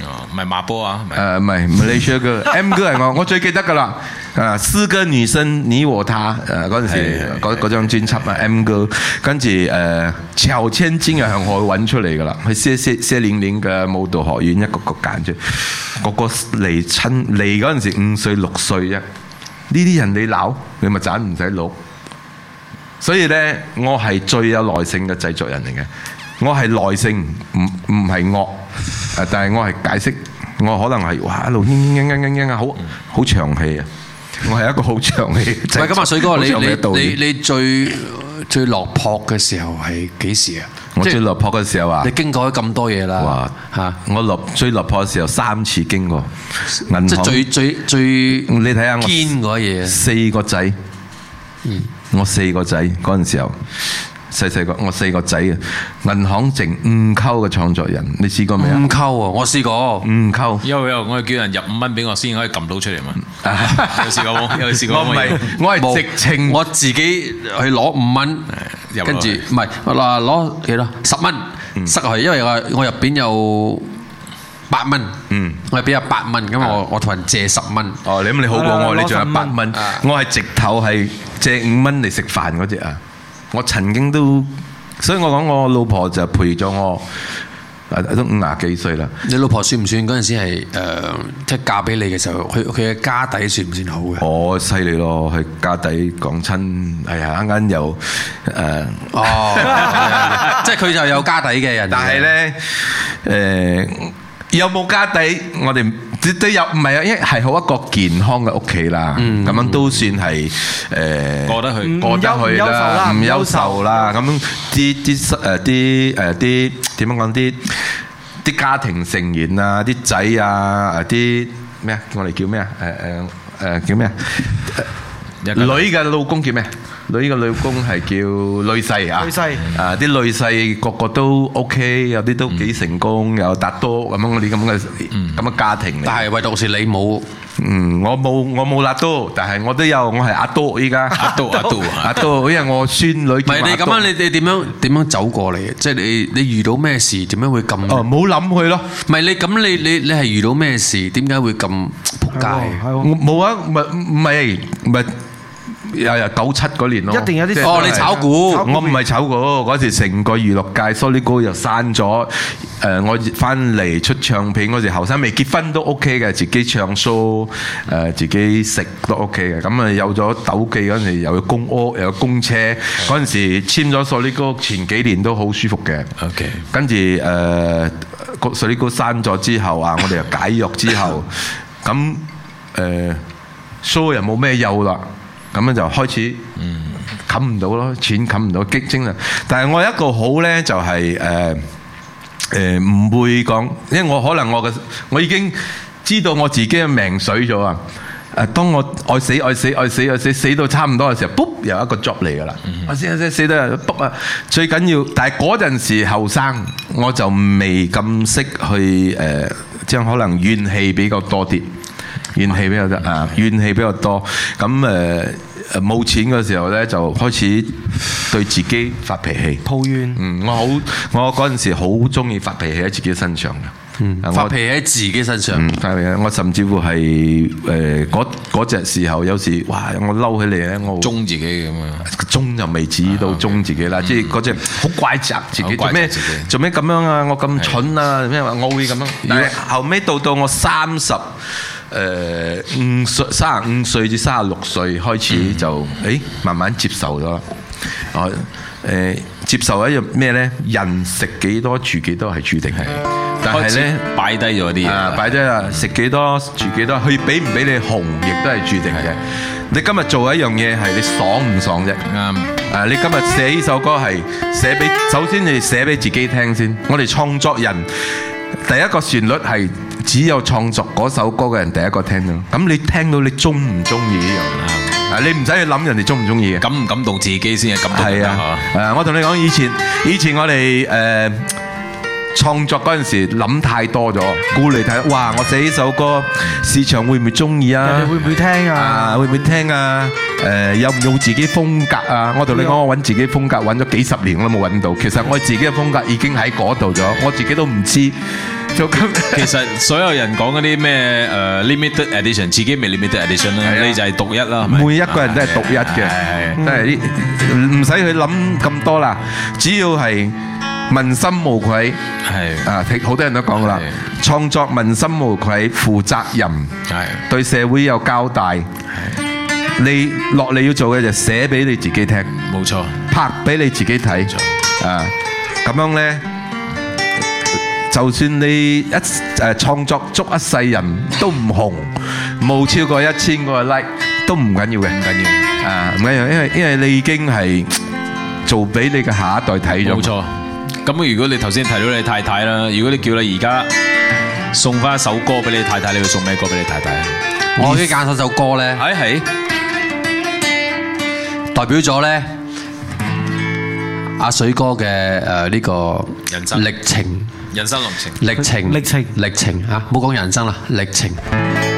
哦，唔係馬波啊，誒唔係 Malaysia Girls，M-Girls 係我我最記得噶啦。啊，四個女生你我他，誒嗰陣時嗰嗰張專輯啊，M-Girls，跟住誒趙千金又係我搵出嚟噶啦，佢些些些年年嘅舞蹈學院一個個揀出，個個嚟親嚟嗰陣時五歲六歲啫。呢啲人你鬧，你咪盞唔使錄。所以咧，我係最有耐性嘅製作人嚟嘅。我係耐性，唔唔係惡，但係我係解釋。我可能係哇一路 ing ing 啊，好好長氣啊。我係一個好長氣。喂、嗯，咁 [laughs] 啊，水哥，你你你你最最落魄嘅時候係幾時啊？我最落魄嘅時候啊，你經過咗咁多嘢啦，嚇哇！啊、我落最落魄嘅時候三次經過，即係最最最，最最你睇下我堅嗰嘢，四個仔，嗯，我四個仔嗰陣時候。細細個我四個仔啊，銀行淨五扣嘅創作人，你試過未啊？五扣啊，我試過五扣。因為，我係叫人入五蚊俾我先，我可以撳到出嚟嘛？有試過冇？有試過。我唔係，我係直情我自己去攞五蚊，跟住唔係嗱攞幾多？十蚊塞去，因為個我入邊有八蚊，我入邊有八蚊，咁我我同人借十蚊。哦，咁你好過我，你仲有八蚊。我係直頭係借五蚊嚟食飯嗰隻啊！我曾經都，所以我講我老婆就陪咗我都五廿幾歲啦。你老婆算唔算嗰陣時係、呃、即係嫁俾你嘅時候，佢佢嘅家底算唔算好嘅？我犀利咯，佢家底講親係呀，啱啱、啊、有誒。呃、哦， [laughs] [laughs] 即係佢就有家底嘅人。 [laughs] 但係咧誒，有冇家底我哋？亦都有唔係啊，因為係好一個健康嘅屋企啦，咁、嗯、樣都算係誒、呃、過得去，過得去唔憂愁啦。咁啲啲誒啲誒啲點樣講啲啲家庭成員啊，啲仔啊，誒啲咩啊，叫我哋叫咩啊？誒誒誒叫咩啊？ [laughs] 女嘅老公叫咩？女嘅老公係叫女婿啊。女婿啊，啲女婿個個都 O K，有啲都幾成功，有阿多咁樣嗰啲咁嘅咁嘅家庭。但係唯獨是你冇。嗯，我冇，我冇阿多。但係我都有，我係阿多依家。阿多阿多阿多，因為我孫女。唔係你咁樣，你你點樣點樣走過嚟？即係你你遇到咩事，點樣會咁？哦，唔好諗佢咯。唔係你咁，你你你係遇到咩事？點解會咁仆街？冇啊，唔係唔係唔係。又又九七嗰年咯，一定有啲哦！你炒股，我唔係炒股。嗰時成個娛樂界，Soley 哥又散咗。誒，我翻嚟出唱片，嗰時後生未結婚都 OK 嘅，自己唱 show 誒，自己食都 OK 嘅。咁啊，有咗斗記嗰陣時，又有公屋，又有公車。嗰陣時簽咗 Soley 哥，前幾年都好舒服嘅。OK，跟住誒，Soley 哥散咗之後啊，我哋又解約之後，咁誒，show 又冇咩憂啦。咁樣就開始冚唔到咯，錢冚唔到，激精啦！但係我一個好呢，就係誒誒唔會講，因為我可能我嘅我已經知道我自己嘅命水咗啊！誒、呃，當我愛死愛死愛死愛死死到差唔多嘅時候，卜又一個 job 嚟噶啦！Mm hmm. 我死死死得卜啊！最緊要，但係嗰陣時後生，我就未咁識去誒，即、呃、可能怨氣比較多啲。怨氣比較得啊，怨氣比較多。咁誒，冇錢嘅時候咧，就開始對自己發脾氣，抱怨很。嗯，我好，我嗰陣時好中意發脾氣喺自己身上嘅。嗯，發脾氣喺自己身上。發脾氣、嗯。我甚至乎係誒，嗰嗰隻時候有時候，哇！我嬲起嚟咧，我會中自己咁啊。中就未至於到中自己啦，即係嗰隻好怪責自己做咩？做咩咁樣啊？我咁蠢啊？咩話？我會咁樣。但係後尾到到我三十。誒，五歲三十五歲至三十六歲開始就誒，慢慢接受咗。我誒，接受一樣咩咧？人食幾多住幾多係注定係，但係咧擺低咗啲。擺低啊！食幾多住幾多，佢俾唔俾你紅亦都係注定嘅。你今日做一樣嘢係你爽唔爽啫？啱。誒，你今日寫呢首歌係寫俾，首先你寫俾自己聽先。我哋創作人第一個旋律係。只有創作嗰首歌嘅人第一個聽到，咁你聽到你鍾唔鍾意呢樣啊？ [music] 你唔使去諗人哋鍾唔鍾意嘅，感唔感動自己先係感動啊！誒、啊，我同你講，以前以前我哋誒、呃、創作嗰陣時諗太多咗，顧慮睇哇，我寫呢首歌市場會唔會鍾意啊？ [music] 會唔會聽啊？ [music] 會唔會聽啊？誒、呃，有唔用自己風格啊？我同你講，我揾自己風格揾咗幾十年我都冇揾到。其實我自己嘅風格已經喺嗰度咗，對我自己都唔知。就其實所有人講嗰啲咩誒 limited edition，自己未 limited edition 啦、啊，你就係獨一啦。啊、是每一個人都係獨一嘅，都係唔使去諗咁多啦。只要係問心無愧，係對啊，好多人都講啦，對創作問心無愧，負責任，係對社會有交代。對對你落嚟要做嘅就寫俾你自己聽，冇錯，拍俾你自己睇，冇錯，啊，咁樣咧，就算你一誒創作足一世人都唔紅，冇超過一千個 like 都唔緊要嘅，唔緊要，啊，唔緊要，因為因為你已經係做俾你嘅下一代睇咗，冇錯。咁啊，如果你頭先提到你太太啦，如果你叫你而家送翻一首歌俾你太太，你會送咩歌俾你太太？我會揀首首歌咧，係係。代表咗呢阿水哥嘅誒呢個歷程，人生歷程人生人生，歷程，歷程，歷程嚇，唔好講人生啦，歷程。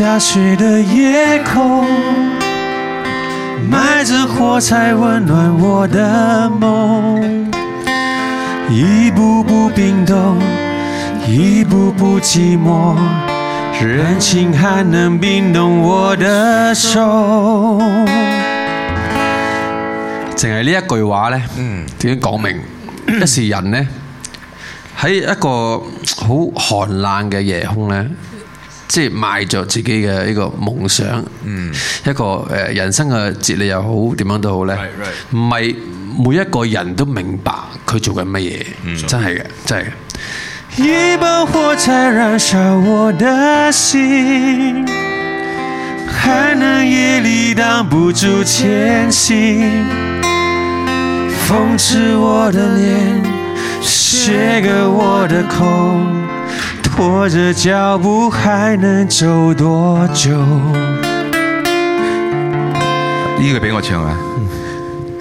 下雪的夜空，賣着火柴温暖我的夢。一步步冰凍，一步步寂寞，人情還能冰凍我的手。淨係呢一句話咧，點樣講、嗯、明？ [coughs] 一時人咧，喺一個好寒冷嘅夜空咧。即係賣著自己嘅一個夢想，嗯、一個誒人生嘅哲理又好，點樣都好咧。唔係 Right, right. 每一個人都明白佢做緊乜嘢，真係嘅，真係嘅。或者腳步還能走多久？呢個給我唱啊！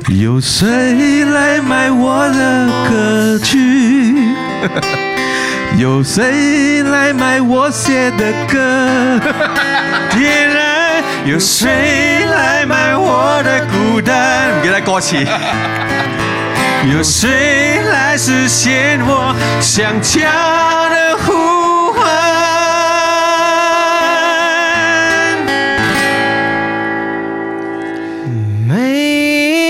有誰來買我的歌曲？有誰來買我寫的歌？點燃！有誰來買我的孤單？給他歌曲有誰來實現我，我想家的呼喚？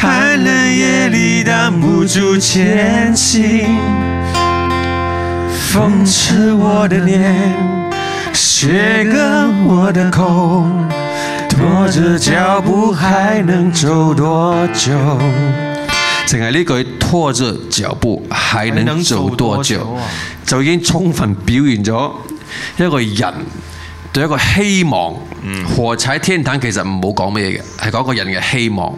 寒冷夜裏擋不住前行，風刺我的臉，雪割我的口，拖着腳步還能走多久？淨係呢句拖着腳步還能走多久，就已經充分表現咗一個人對一個希望。火柴天堂其實唔好講咩嘢嘅，係講個人嘅希望。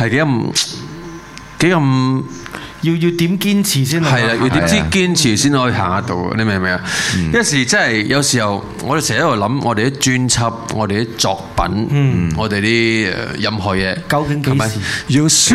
係幾咁幾咁要要點堅持先？係啦、啊，要點知堅持先可以行得到？你明唔明啊？一時真係有時候，我哋成日喺度諗，我哋啲專輯，我哋啲作品，嗯、我哋啲任何嘢，究竟幾時？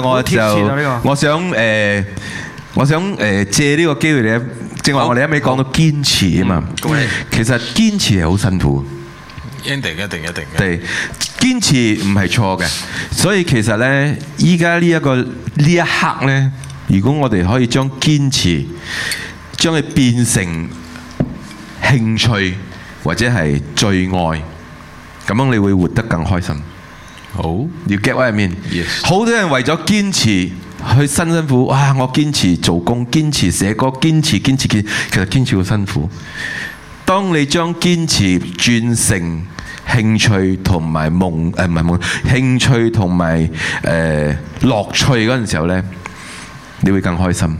我就、啊、我想誒、呃，我想誒、呃、借呢個機會嚟，正話我哋一味講到堅持啊嘛。嗯、其實堅持係好辛苦一。一定一定一定。對，堅持唔係錯嘅。所以其實咧，依家呢一個呢一刻咧，如果我哋可以將堅持，將佢變成興趣或者係最愛，咁樣你會活得更開心。好，要 get 喺入面。好多人為咗堅持去辛辛苦，哇！我堅持做工，堅持寫歌，堅持堅持堅，其實堅持好辛苦。當你將堅持轉成興趣同埋夢誒，唔係夢，興趣同埋誒樂趣嗰陣時候呢，你會更開心。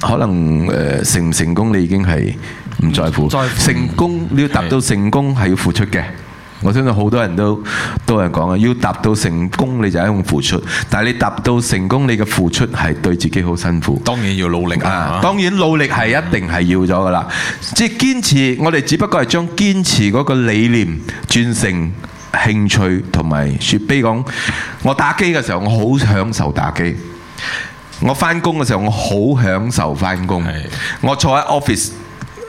可能誒、呃、成唔成功，你已經係唔在乎。在乎苦成功，你要達到成功係要付出嘅。我相信好多人都都係講啊，要達到成功你就係一種付出，但係你達到成功你嘅付出係對自己好辛苦。當然要努力啊！當然努力係一定係要咗㗎喇，即係、嗯、堅持。我哋只不過係將堅持嗰個理念轉成興趣同埋說，比如講我打機嘅時候我好享受打機，我返工嘅時候我好享受返工，的我坐喺 office。誒誒、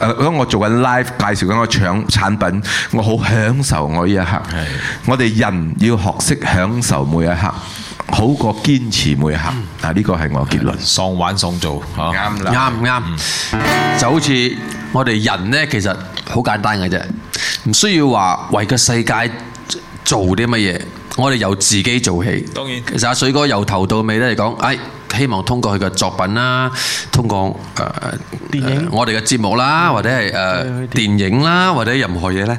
呃，我做緊 live 介紹緊個搶產品，我好享受我呢一刻。係，我哋人要學識享受每一刻，好過的堅持每一刻。嗱、嗯，呢個係我結論。喪玩喪做，啱啱唔啱？了就好似我哋人呢，其實好簡單嘅啫，唔需要話為個世界做啲乜嘢，我哋由自己做起。當然，其實阿水哥由頭到尾咧嚟講，哎。希望通過佢嘅作品啦，通過誒、呃影呃、我哋嘅節目啦，或者係誒、呃、電影啦，影或者任何嘢呢，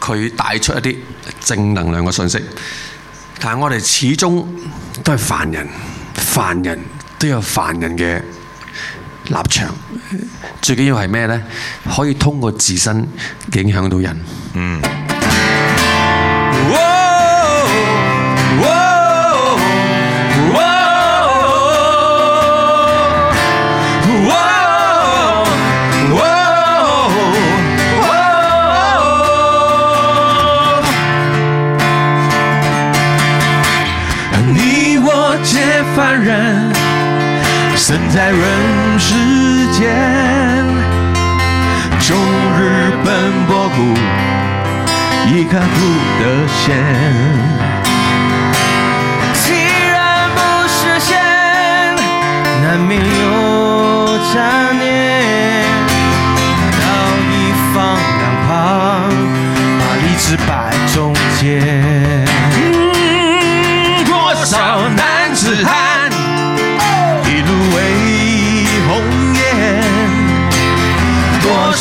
佢帶出一啲正能量嘅信息。但係我哋始終都係凡人，凡人都有凡人嘅立場。最緊要係咩呢？可以通過自身影響到人。嗯。凡人生在人世間，終日奔波苦，一刻不得閒。既然不是仙，難免有雜念，道義放兩旁，把利字擺中間。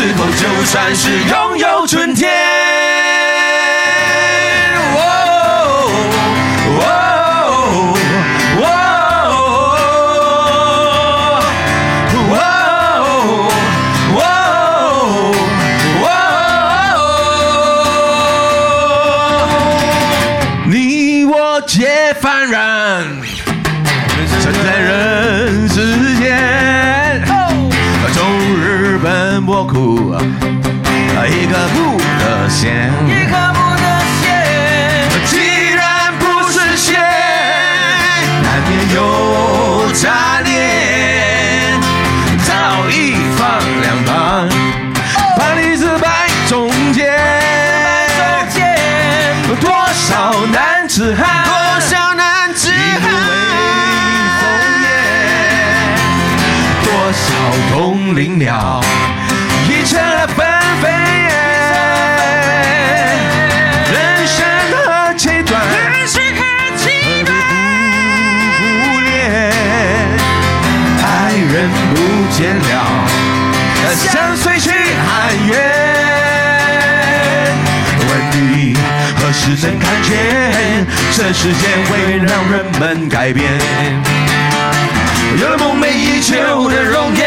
是否就算是擁有春天？這世界會讓人們改變。有了夢寐以求的容顏，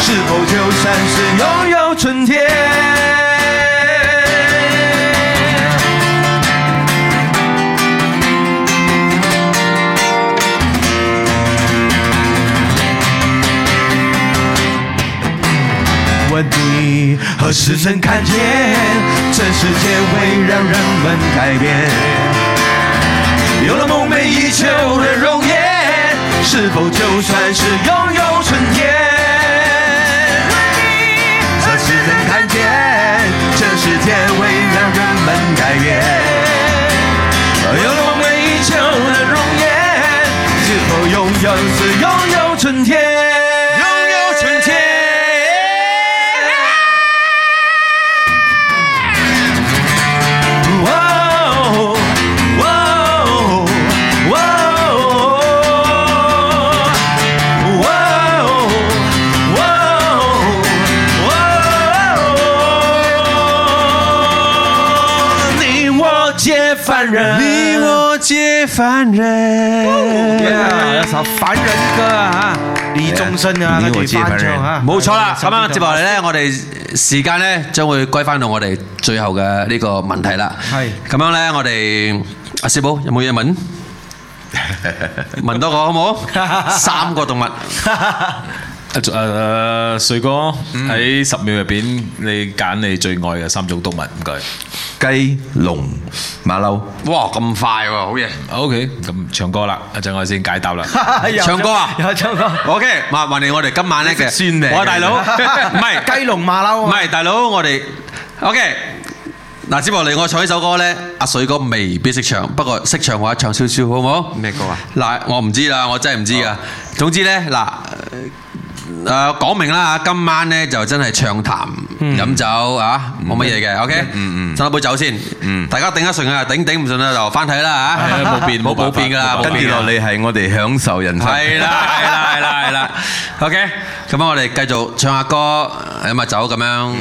是否就算是擁有春天？我哋何時曾看見？這世界會讓人們改變。有了夢寐以求的容顏，是否就算是擁有,有春天？何時能看見這世界為讓人們改變？有了夢寐以求的容顏，遠是否永遠是擁有,有。凡人、哦，一首凡人歌啊，李宗盛啊，頒獎冇錯啦。咁啊，接落嚟咧，我哋時間咧將會歸翻到我哋最後嘅呢個問題啦。係是，咁樣咧，我哋阿師傅，有冇嘢問？ [laughs] 問多個好冇？ [laughs] 三個動物。 [laughs] 阿阿水哥喺十秒入邊，你揀你最愛嘅三種動物，唔該，雞、龍、馬騮。哇，咁快喎，好嘢。O K，咁唱歌啦，一陣我先解答啦。唱歌啊，有得唱歌。O K，唔係懷念我哋今晚咧嘅算命，我大佬唔係雞龍馬騮，唔係大佬，我哋 O K。嗱，接落嚟我唱呢首歌咧，阿水哥未必識唱，不過識唱嘅話唱少少好唔好？咩歌啊？嗱，我唔知啦，我真係唔知㗎。總之咧，嗱。誒，講明啦吓，今晚咧就真係暢談、飲酒啊，冇乜嘢嘅，OK？嗯嗯，先攞杯酒先，大家頂得順啊，頂頂唔順咧就翻睇啦吓。冇變，冇冇變噶啦，跟住落嚟係我哋享受人生。係啦係啦係啦係啦，OK？咁啊，我哋繼續唱下歌，飲下酒咁樣，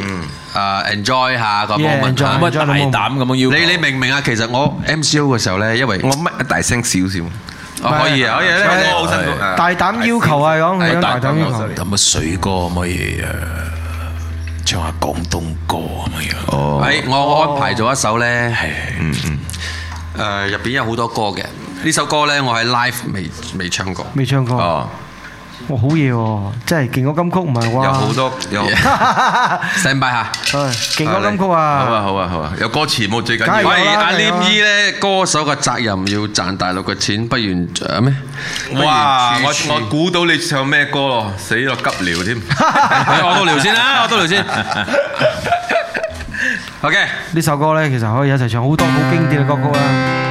誒，enjoy 下，冇問題，排膽咁樣要。你你明唔明啊？其實我 MCO 嘅時候咧，因為我乜一大聲少少。啊，可以啊，可以咧，大膽要求啊，咁，大膽要求。咁乜水哥可唔可以誒，唱下廣東歌咁樣？哦，係，我安排咗一首咧，係，嗯嗯，誒，入邊有好多歌嘅，呢首歌咧，我喺 live 未未唱過，未唱過啊。好嘢喎！真係勁歌金曲唔係哇！有好多，有，細買下。勁歌金曲啊！好啊好啊好啊！有歌詞冇最緊要？梗係啦。阿 M E 咧，歌手嘅責任要賺大陸嘅錢，不願獎咩？哇！我我估到你唱咩歌咯？死咯，急聊添。我多聊先啦，我多聊先。OK，呢首歌咧，其實可以一齊唱好多好經典嘅歌曲啊！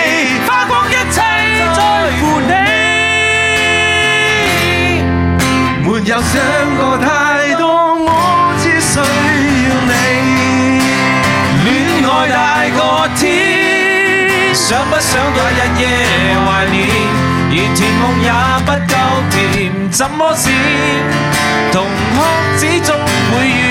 又想過太多，我只需要你。戀愛大過天，想不想在日夜懷念？而甜夢也不夠甜，怎麼剪？同學始終會遇。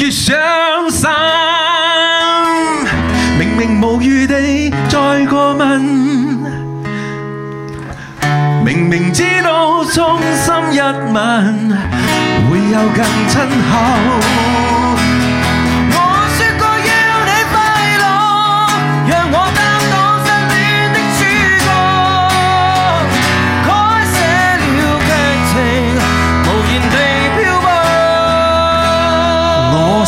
越傷心，明明無餘地再過問，明明知道衷心一吻，會有更親厚。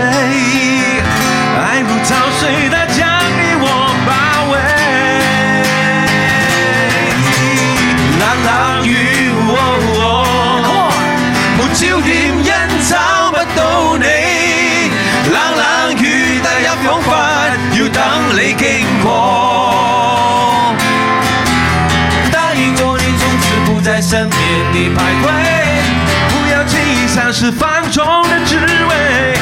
愛如潮水，它將你我包圍。冷冷雨，沒焦點，因、哦、找、哦、Come on. 不到你。冷冷雨，踏入港灣，要等你經過。答應我，你從此不在深夜裏，你徘徊，不要輕易嘗試放縱的滋味。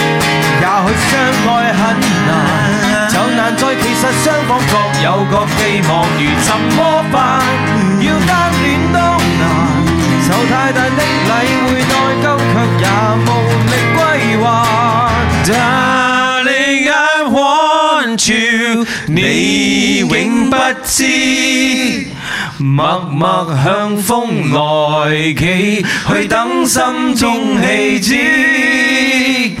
相愛很難，就難在其實雙方各有各寄望，如怎麼辦？要單戀都難，受太大的禮,禮會內疚，卻也無力歸還。Darling，I want you，你永不知，默默向風來企，去等心中氣節。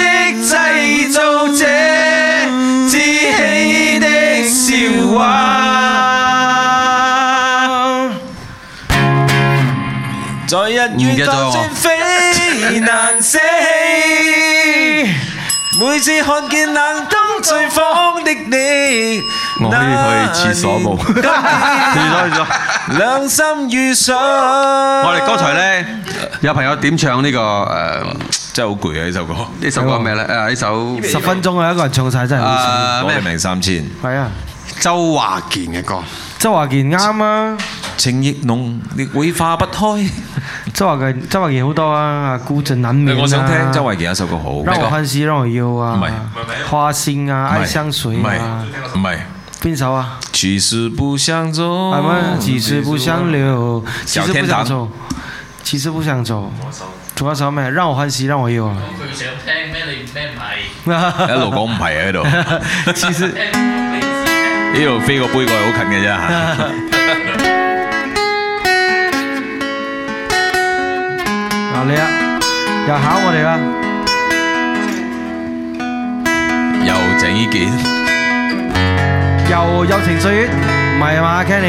每次看見冷燈醉坊的你，難得兩心如水。 [laughs] 我哋剛才咧有朋友點唱呢、呢個誒、呃，真係好攰啊！呢首歌，呢首歌咩咧？誒、呃、呢首十分鐘啊，一個人唱晒，真係好誒咩名？三千？係啊，周華健嘅歌。周華健啱啊，情義濃，你會化不開。周華健，周華健好多啊，孤枕難眠。我想聽周華健一首歌，好，「哪個？讓我歡喜讓我憂啊，花心啊，愛相隨啊？唔係。邊首啊？其實不想走，其實不想留。其實不想走，其實不想走。仲有首咩？讓我歡喜讓我憂啊。佢想聽咩你唔咩唔係？一路講唔係喺度，其實。呢度飛個過杯蓋過好近嘅啫， [laughs] 嗱 [music] 你啊，又考我哋啦，又整件，又友情歲月，唔係嘛？聽你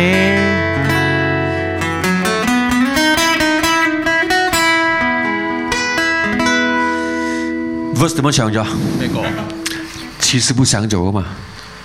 verse 點樣唱咗？呢個其實不想做啊嘛。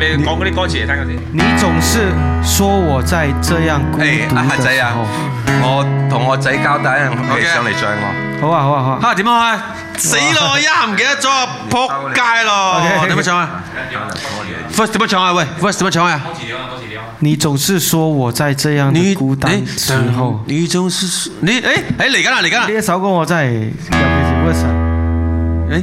你總是說我在這樣的孤單時候。誒，阿仔啊，我同我仔交代，我上嚟追我。」好啊好啊好。吓點樣開？死咯，一唔記得咗扑街咯。點樣唱啊？First 點樣唱啊？喂，First 點樣唱啊？你總是說我在這樣你孤單時候。你總是你誒誒嚟緊啦嚟緊啦。呢首歌我真係。欸欸欸欸呃欸欸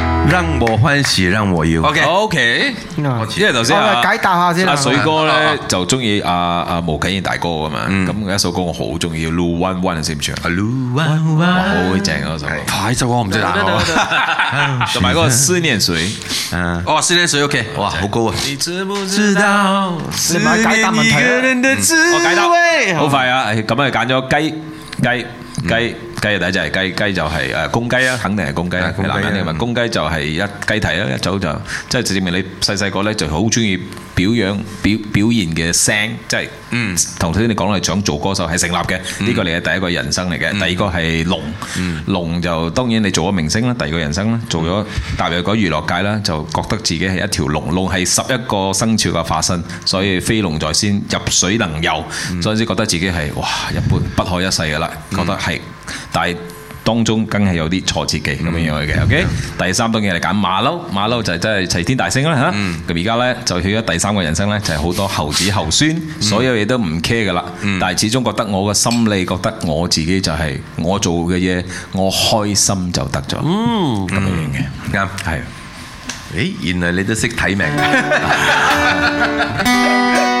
讓我歡喜讓我憂。OK OK，因為頭先解答下先阿水哥咧就中意阿阿毛景賢大哥噶嘛，咁有一首歌我好中意，路彎彎你識唔識啊？路彎彎，好正嗰首。快一首歌，我唔識打啦。同埋嗰個思念水，嗯，哦，思念水 OK，哇，好高啊。你知唔知道你唔好解答問題啦。我解答。好快啊，咁啊，揀咗雞雞雞。雞第一隻，雞雞就係誒公雞啦，肯定係公雞啊。肯定公雞就係一雞蹄啦，啊，一早就即係、就是、證明你細細個咧就好中意表揚表表現嘅聲，即、就、係、是、嗯。頭先你講你想做歌手係成立嘅，呢個你係第一個人生嚟嘅。嗯、第二個係龍，嗯、龍就當然你做咗明星啦，第二個人生啦，做咗踏入嗰娛樂界啦，就覺得自己係一條龍，龍係十一個生肖嘅化身，所以飛龍在先，入水能游，嗯、所以先覺得自己係哇一般不可一世嘅啦，覺得係。嗯但係當中，梗係有啲挫折嘅咁樣樣嘅，OK、嗯。第三當然係揀馬騮，馬騮就真係齊天大聖啦吓。咁而家咧就去咗第三個人生咧，就係、是、好多猴子猴孫，mm. 所有嘢都唔 care 噶啦。Mm. 但係始終覺得我嘅心理覺得我自己就係我做嘅嘢，我開心就得咗。咁、mm. 樣樣嘅啱係。誒、mm.，原來你都識睇命。 [laughs] [music]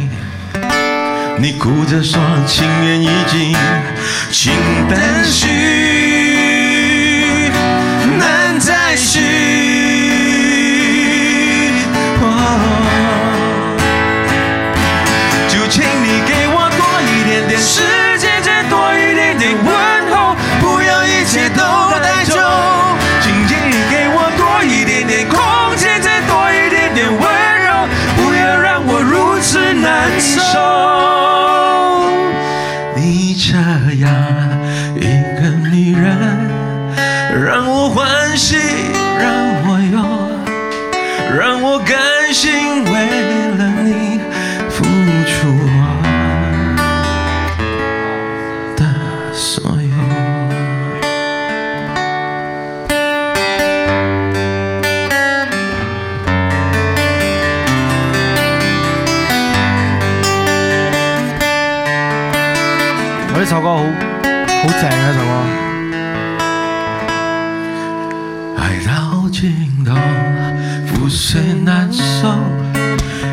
你哭着說情緣已盡，情斷續。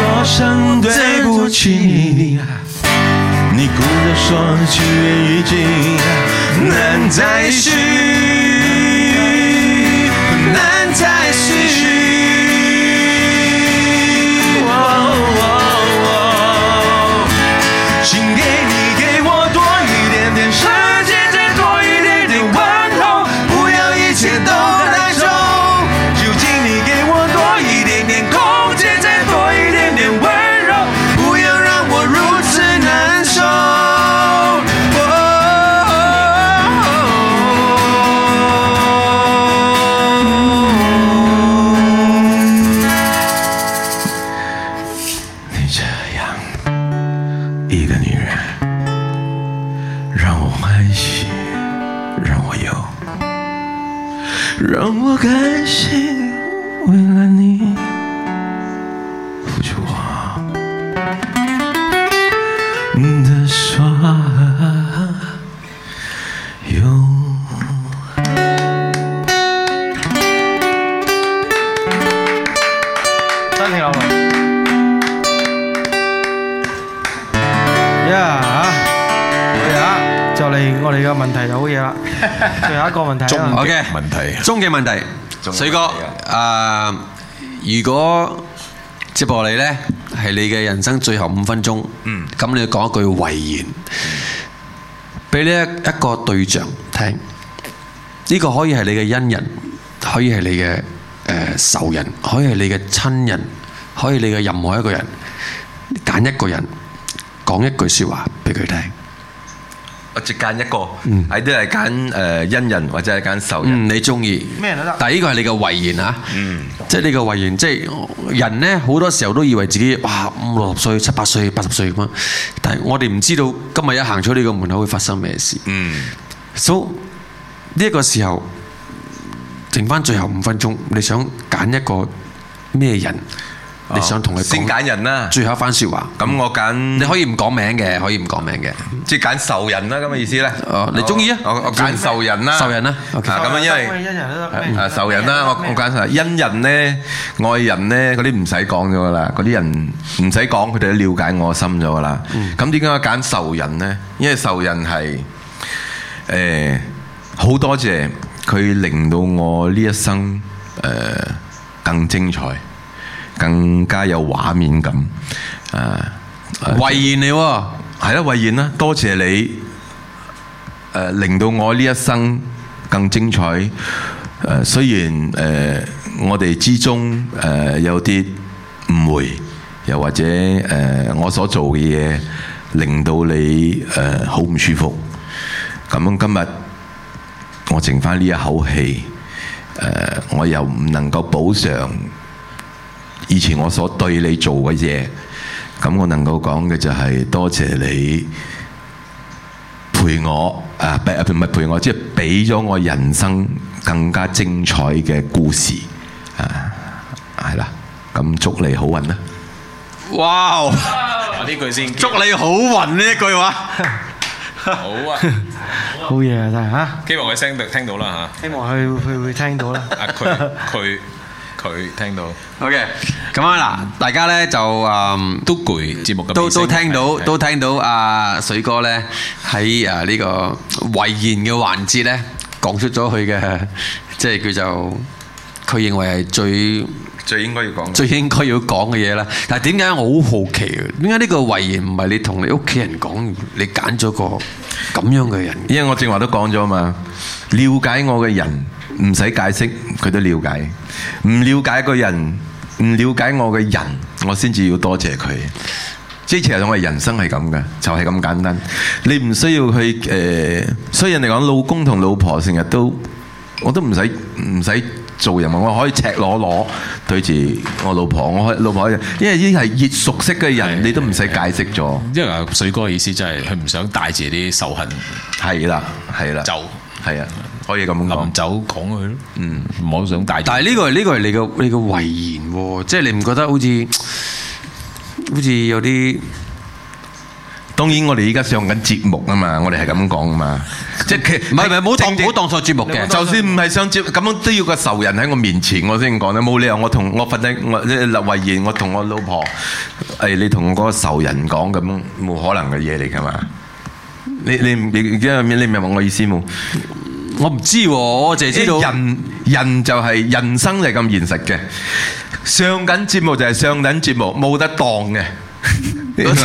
說聲對不起、啊，你哭着說情緣已盡難、啊、再續。終極問題，終極問題，水哥，誒，如果接駁你咧，係你嘅人生最後五分鐘，嗯，咁你講一句遺言，俾呢一個對象聽，呢個可以係你嘅恩人，可以係你嘅誒仇人，可以係你嘅親人，可以你嘅任何一個人，揀一個人講一句說話俾佢聽。即揀一個，喺都係揀誒恩人或者係揀仇人，嗯、你中意咩人都得。第一個係你嘅遺言啊！即係你個遺言，即係、嗯就是、人咧好多時候都以為自己哇五六十歲、七八歲、八十歲咁樣，但係我哋唔知道今日一行出呢個門口會發生咩事。嗯、so，呢個時候剩翻最後五分鐘，你想揀一個咩人？你想同佢先揀人啦，最後一番説話。咁我揀，你可以唔講名嘅，可以唔講名嘅。即係揀仇人啦，咁嘅意思咧。哦，你中意啊？我揀仇人啦，仇人啦。啊，咁樣因為恩人咧，啊仇人啦，我我揀仇人，恩人咧、愛人咧嗰啲唔使講咗啦，嗰啲人唔使講，佢哋都瞭解我心咗啦。咁點解我揀仇人咧？因為仇人係誒好多謝佢令到我呢一生誒更精彩。更加有畫面感、呃呃、啊！慧賢你係啦，慧賢啦，多謝你誒、呃，令到我呢一生更精彩。誒、呃，雖然誒、呃、我哋之中誒、呃、有啲誤會，又或者誒、呃、我所做嘅嘢令到你誒好唔舒服。咁、呃、今日我剩返呢一口氣，誒、呃、我又唔能夠補償。以前我所對你做嘅嘢，咁我能夠講嘅就係多謝,謝你陪我啊，唔係陪我，即係俾咗我人生更加精彩嘅故事啊，係啦，咁祝你好運啦！哇、wow, Wow,！呢句先，祝你好運呢一句話， [laughs] 好啊， [laughs] 好嘢啊真係嚇，希望佢聲聽到啦嚇，啊、希望佢佢會,會聽到啦，啊佢佢。佢聽到，OK，咁啊嗱，大家咧就嗯都攰，節目咁都都聽到，都聽到阿水哥咧喺啊呢個遺言嘅環節咧講出咗佢嘅，即係叫做佢認為係最最應該要講、最應該要講嘅嘢啦。但係點解我好好奇？點解呢個遺言唔係你同你屋企人講？你揀咗個咁樣嘅人？因為我正話都講咗嘛，瞭解我嘅人唔使解釋，佢都瞭解。唔了解個人，唔了解我嘅人，我先至要多謝佢。即係其實我人生係咁嘅，就係咁簡單。你唔需要去誒，所以人哋講老公同老婆成日都，我都唔使唔使做人，我可以赤裸裸對住我老婆，我老婆因為呢係越熟悉嘅人，的你都唔使解釋咗。因為阿水哥嘅意思，就係佢唔想帶住啲仇恨。係啦，係啦，就係啊。可以咁臨走講佢咯，嗯，唔好想大。但係呢個呢個係你個你個遺言，即係你唔覺得好似好似有啲？當然，我哋依家上緊節目啊嘛，我哋係咁講啊嘛，即係唔係唔係唔好唔好當錯節目嘅。就算唔係上節咁樣，都要個仇人喺我面前，我先講咧。冇理由我同我反正我立遺言，我同我老婆，誒，你同我嗰個仇人講咁，冇可能嘅嘢嚟噶嘛？你你你而家你明唔明我意思冇？我唔知，我淨係知道人人就係人生就係咁現實嘅。上緊節目就係上緊節目，冇得當嘅。唔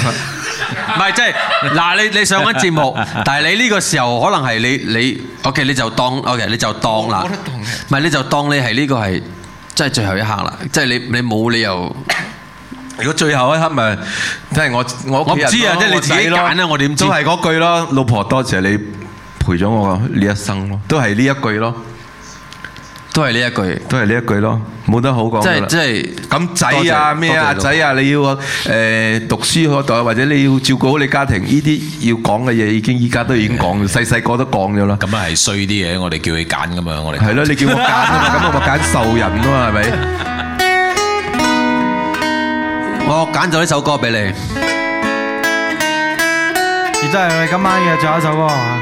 係即係嗱，你你上緊節目，但係你呢個時候可能係你你 OK，你就當 OK，你就當啦。冇得當嘅。唔係你就當你係呢個係即係最後一刻啦，即係你你冇理由。如果最後一刻咪即係我我我唔知啊，即係你自己揀啦，我點知？都係嗰句咯，老婆多謝你。陪咗我呢一生咯，都係呢一句咯，都係呢一句，都係呢一句咯，冇得好講噶啦。即係即係咁仔啊，咩啊仔啊，你要誒讀書好代，或者你要照顧好你家庭，呢啲要講嘅嘢，已經依家都已經講，細細個都講咗啦。咁啊係衰啲嘢，我哋叫佢揀咁樣，我哋係咯，你叫我揀啊嘛，咁我咪揀仇人啊嘛，係咪？我揀咗呢首歌俾你，亦都係我哋今晚嘅最後一首歌啊。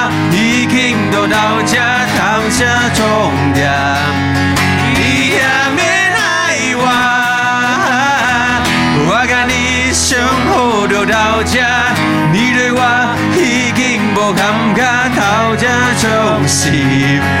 到到這，湯茶沖涼，你也免愛我？我跟你相處到到這，你對我已經無感覺，到這就是。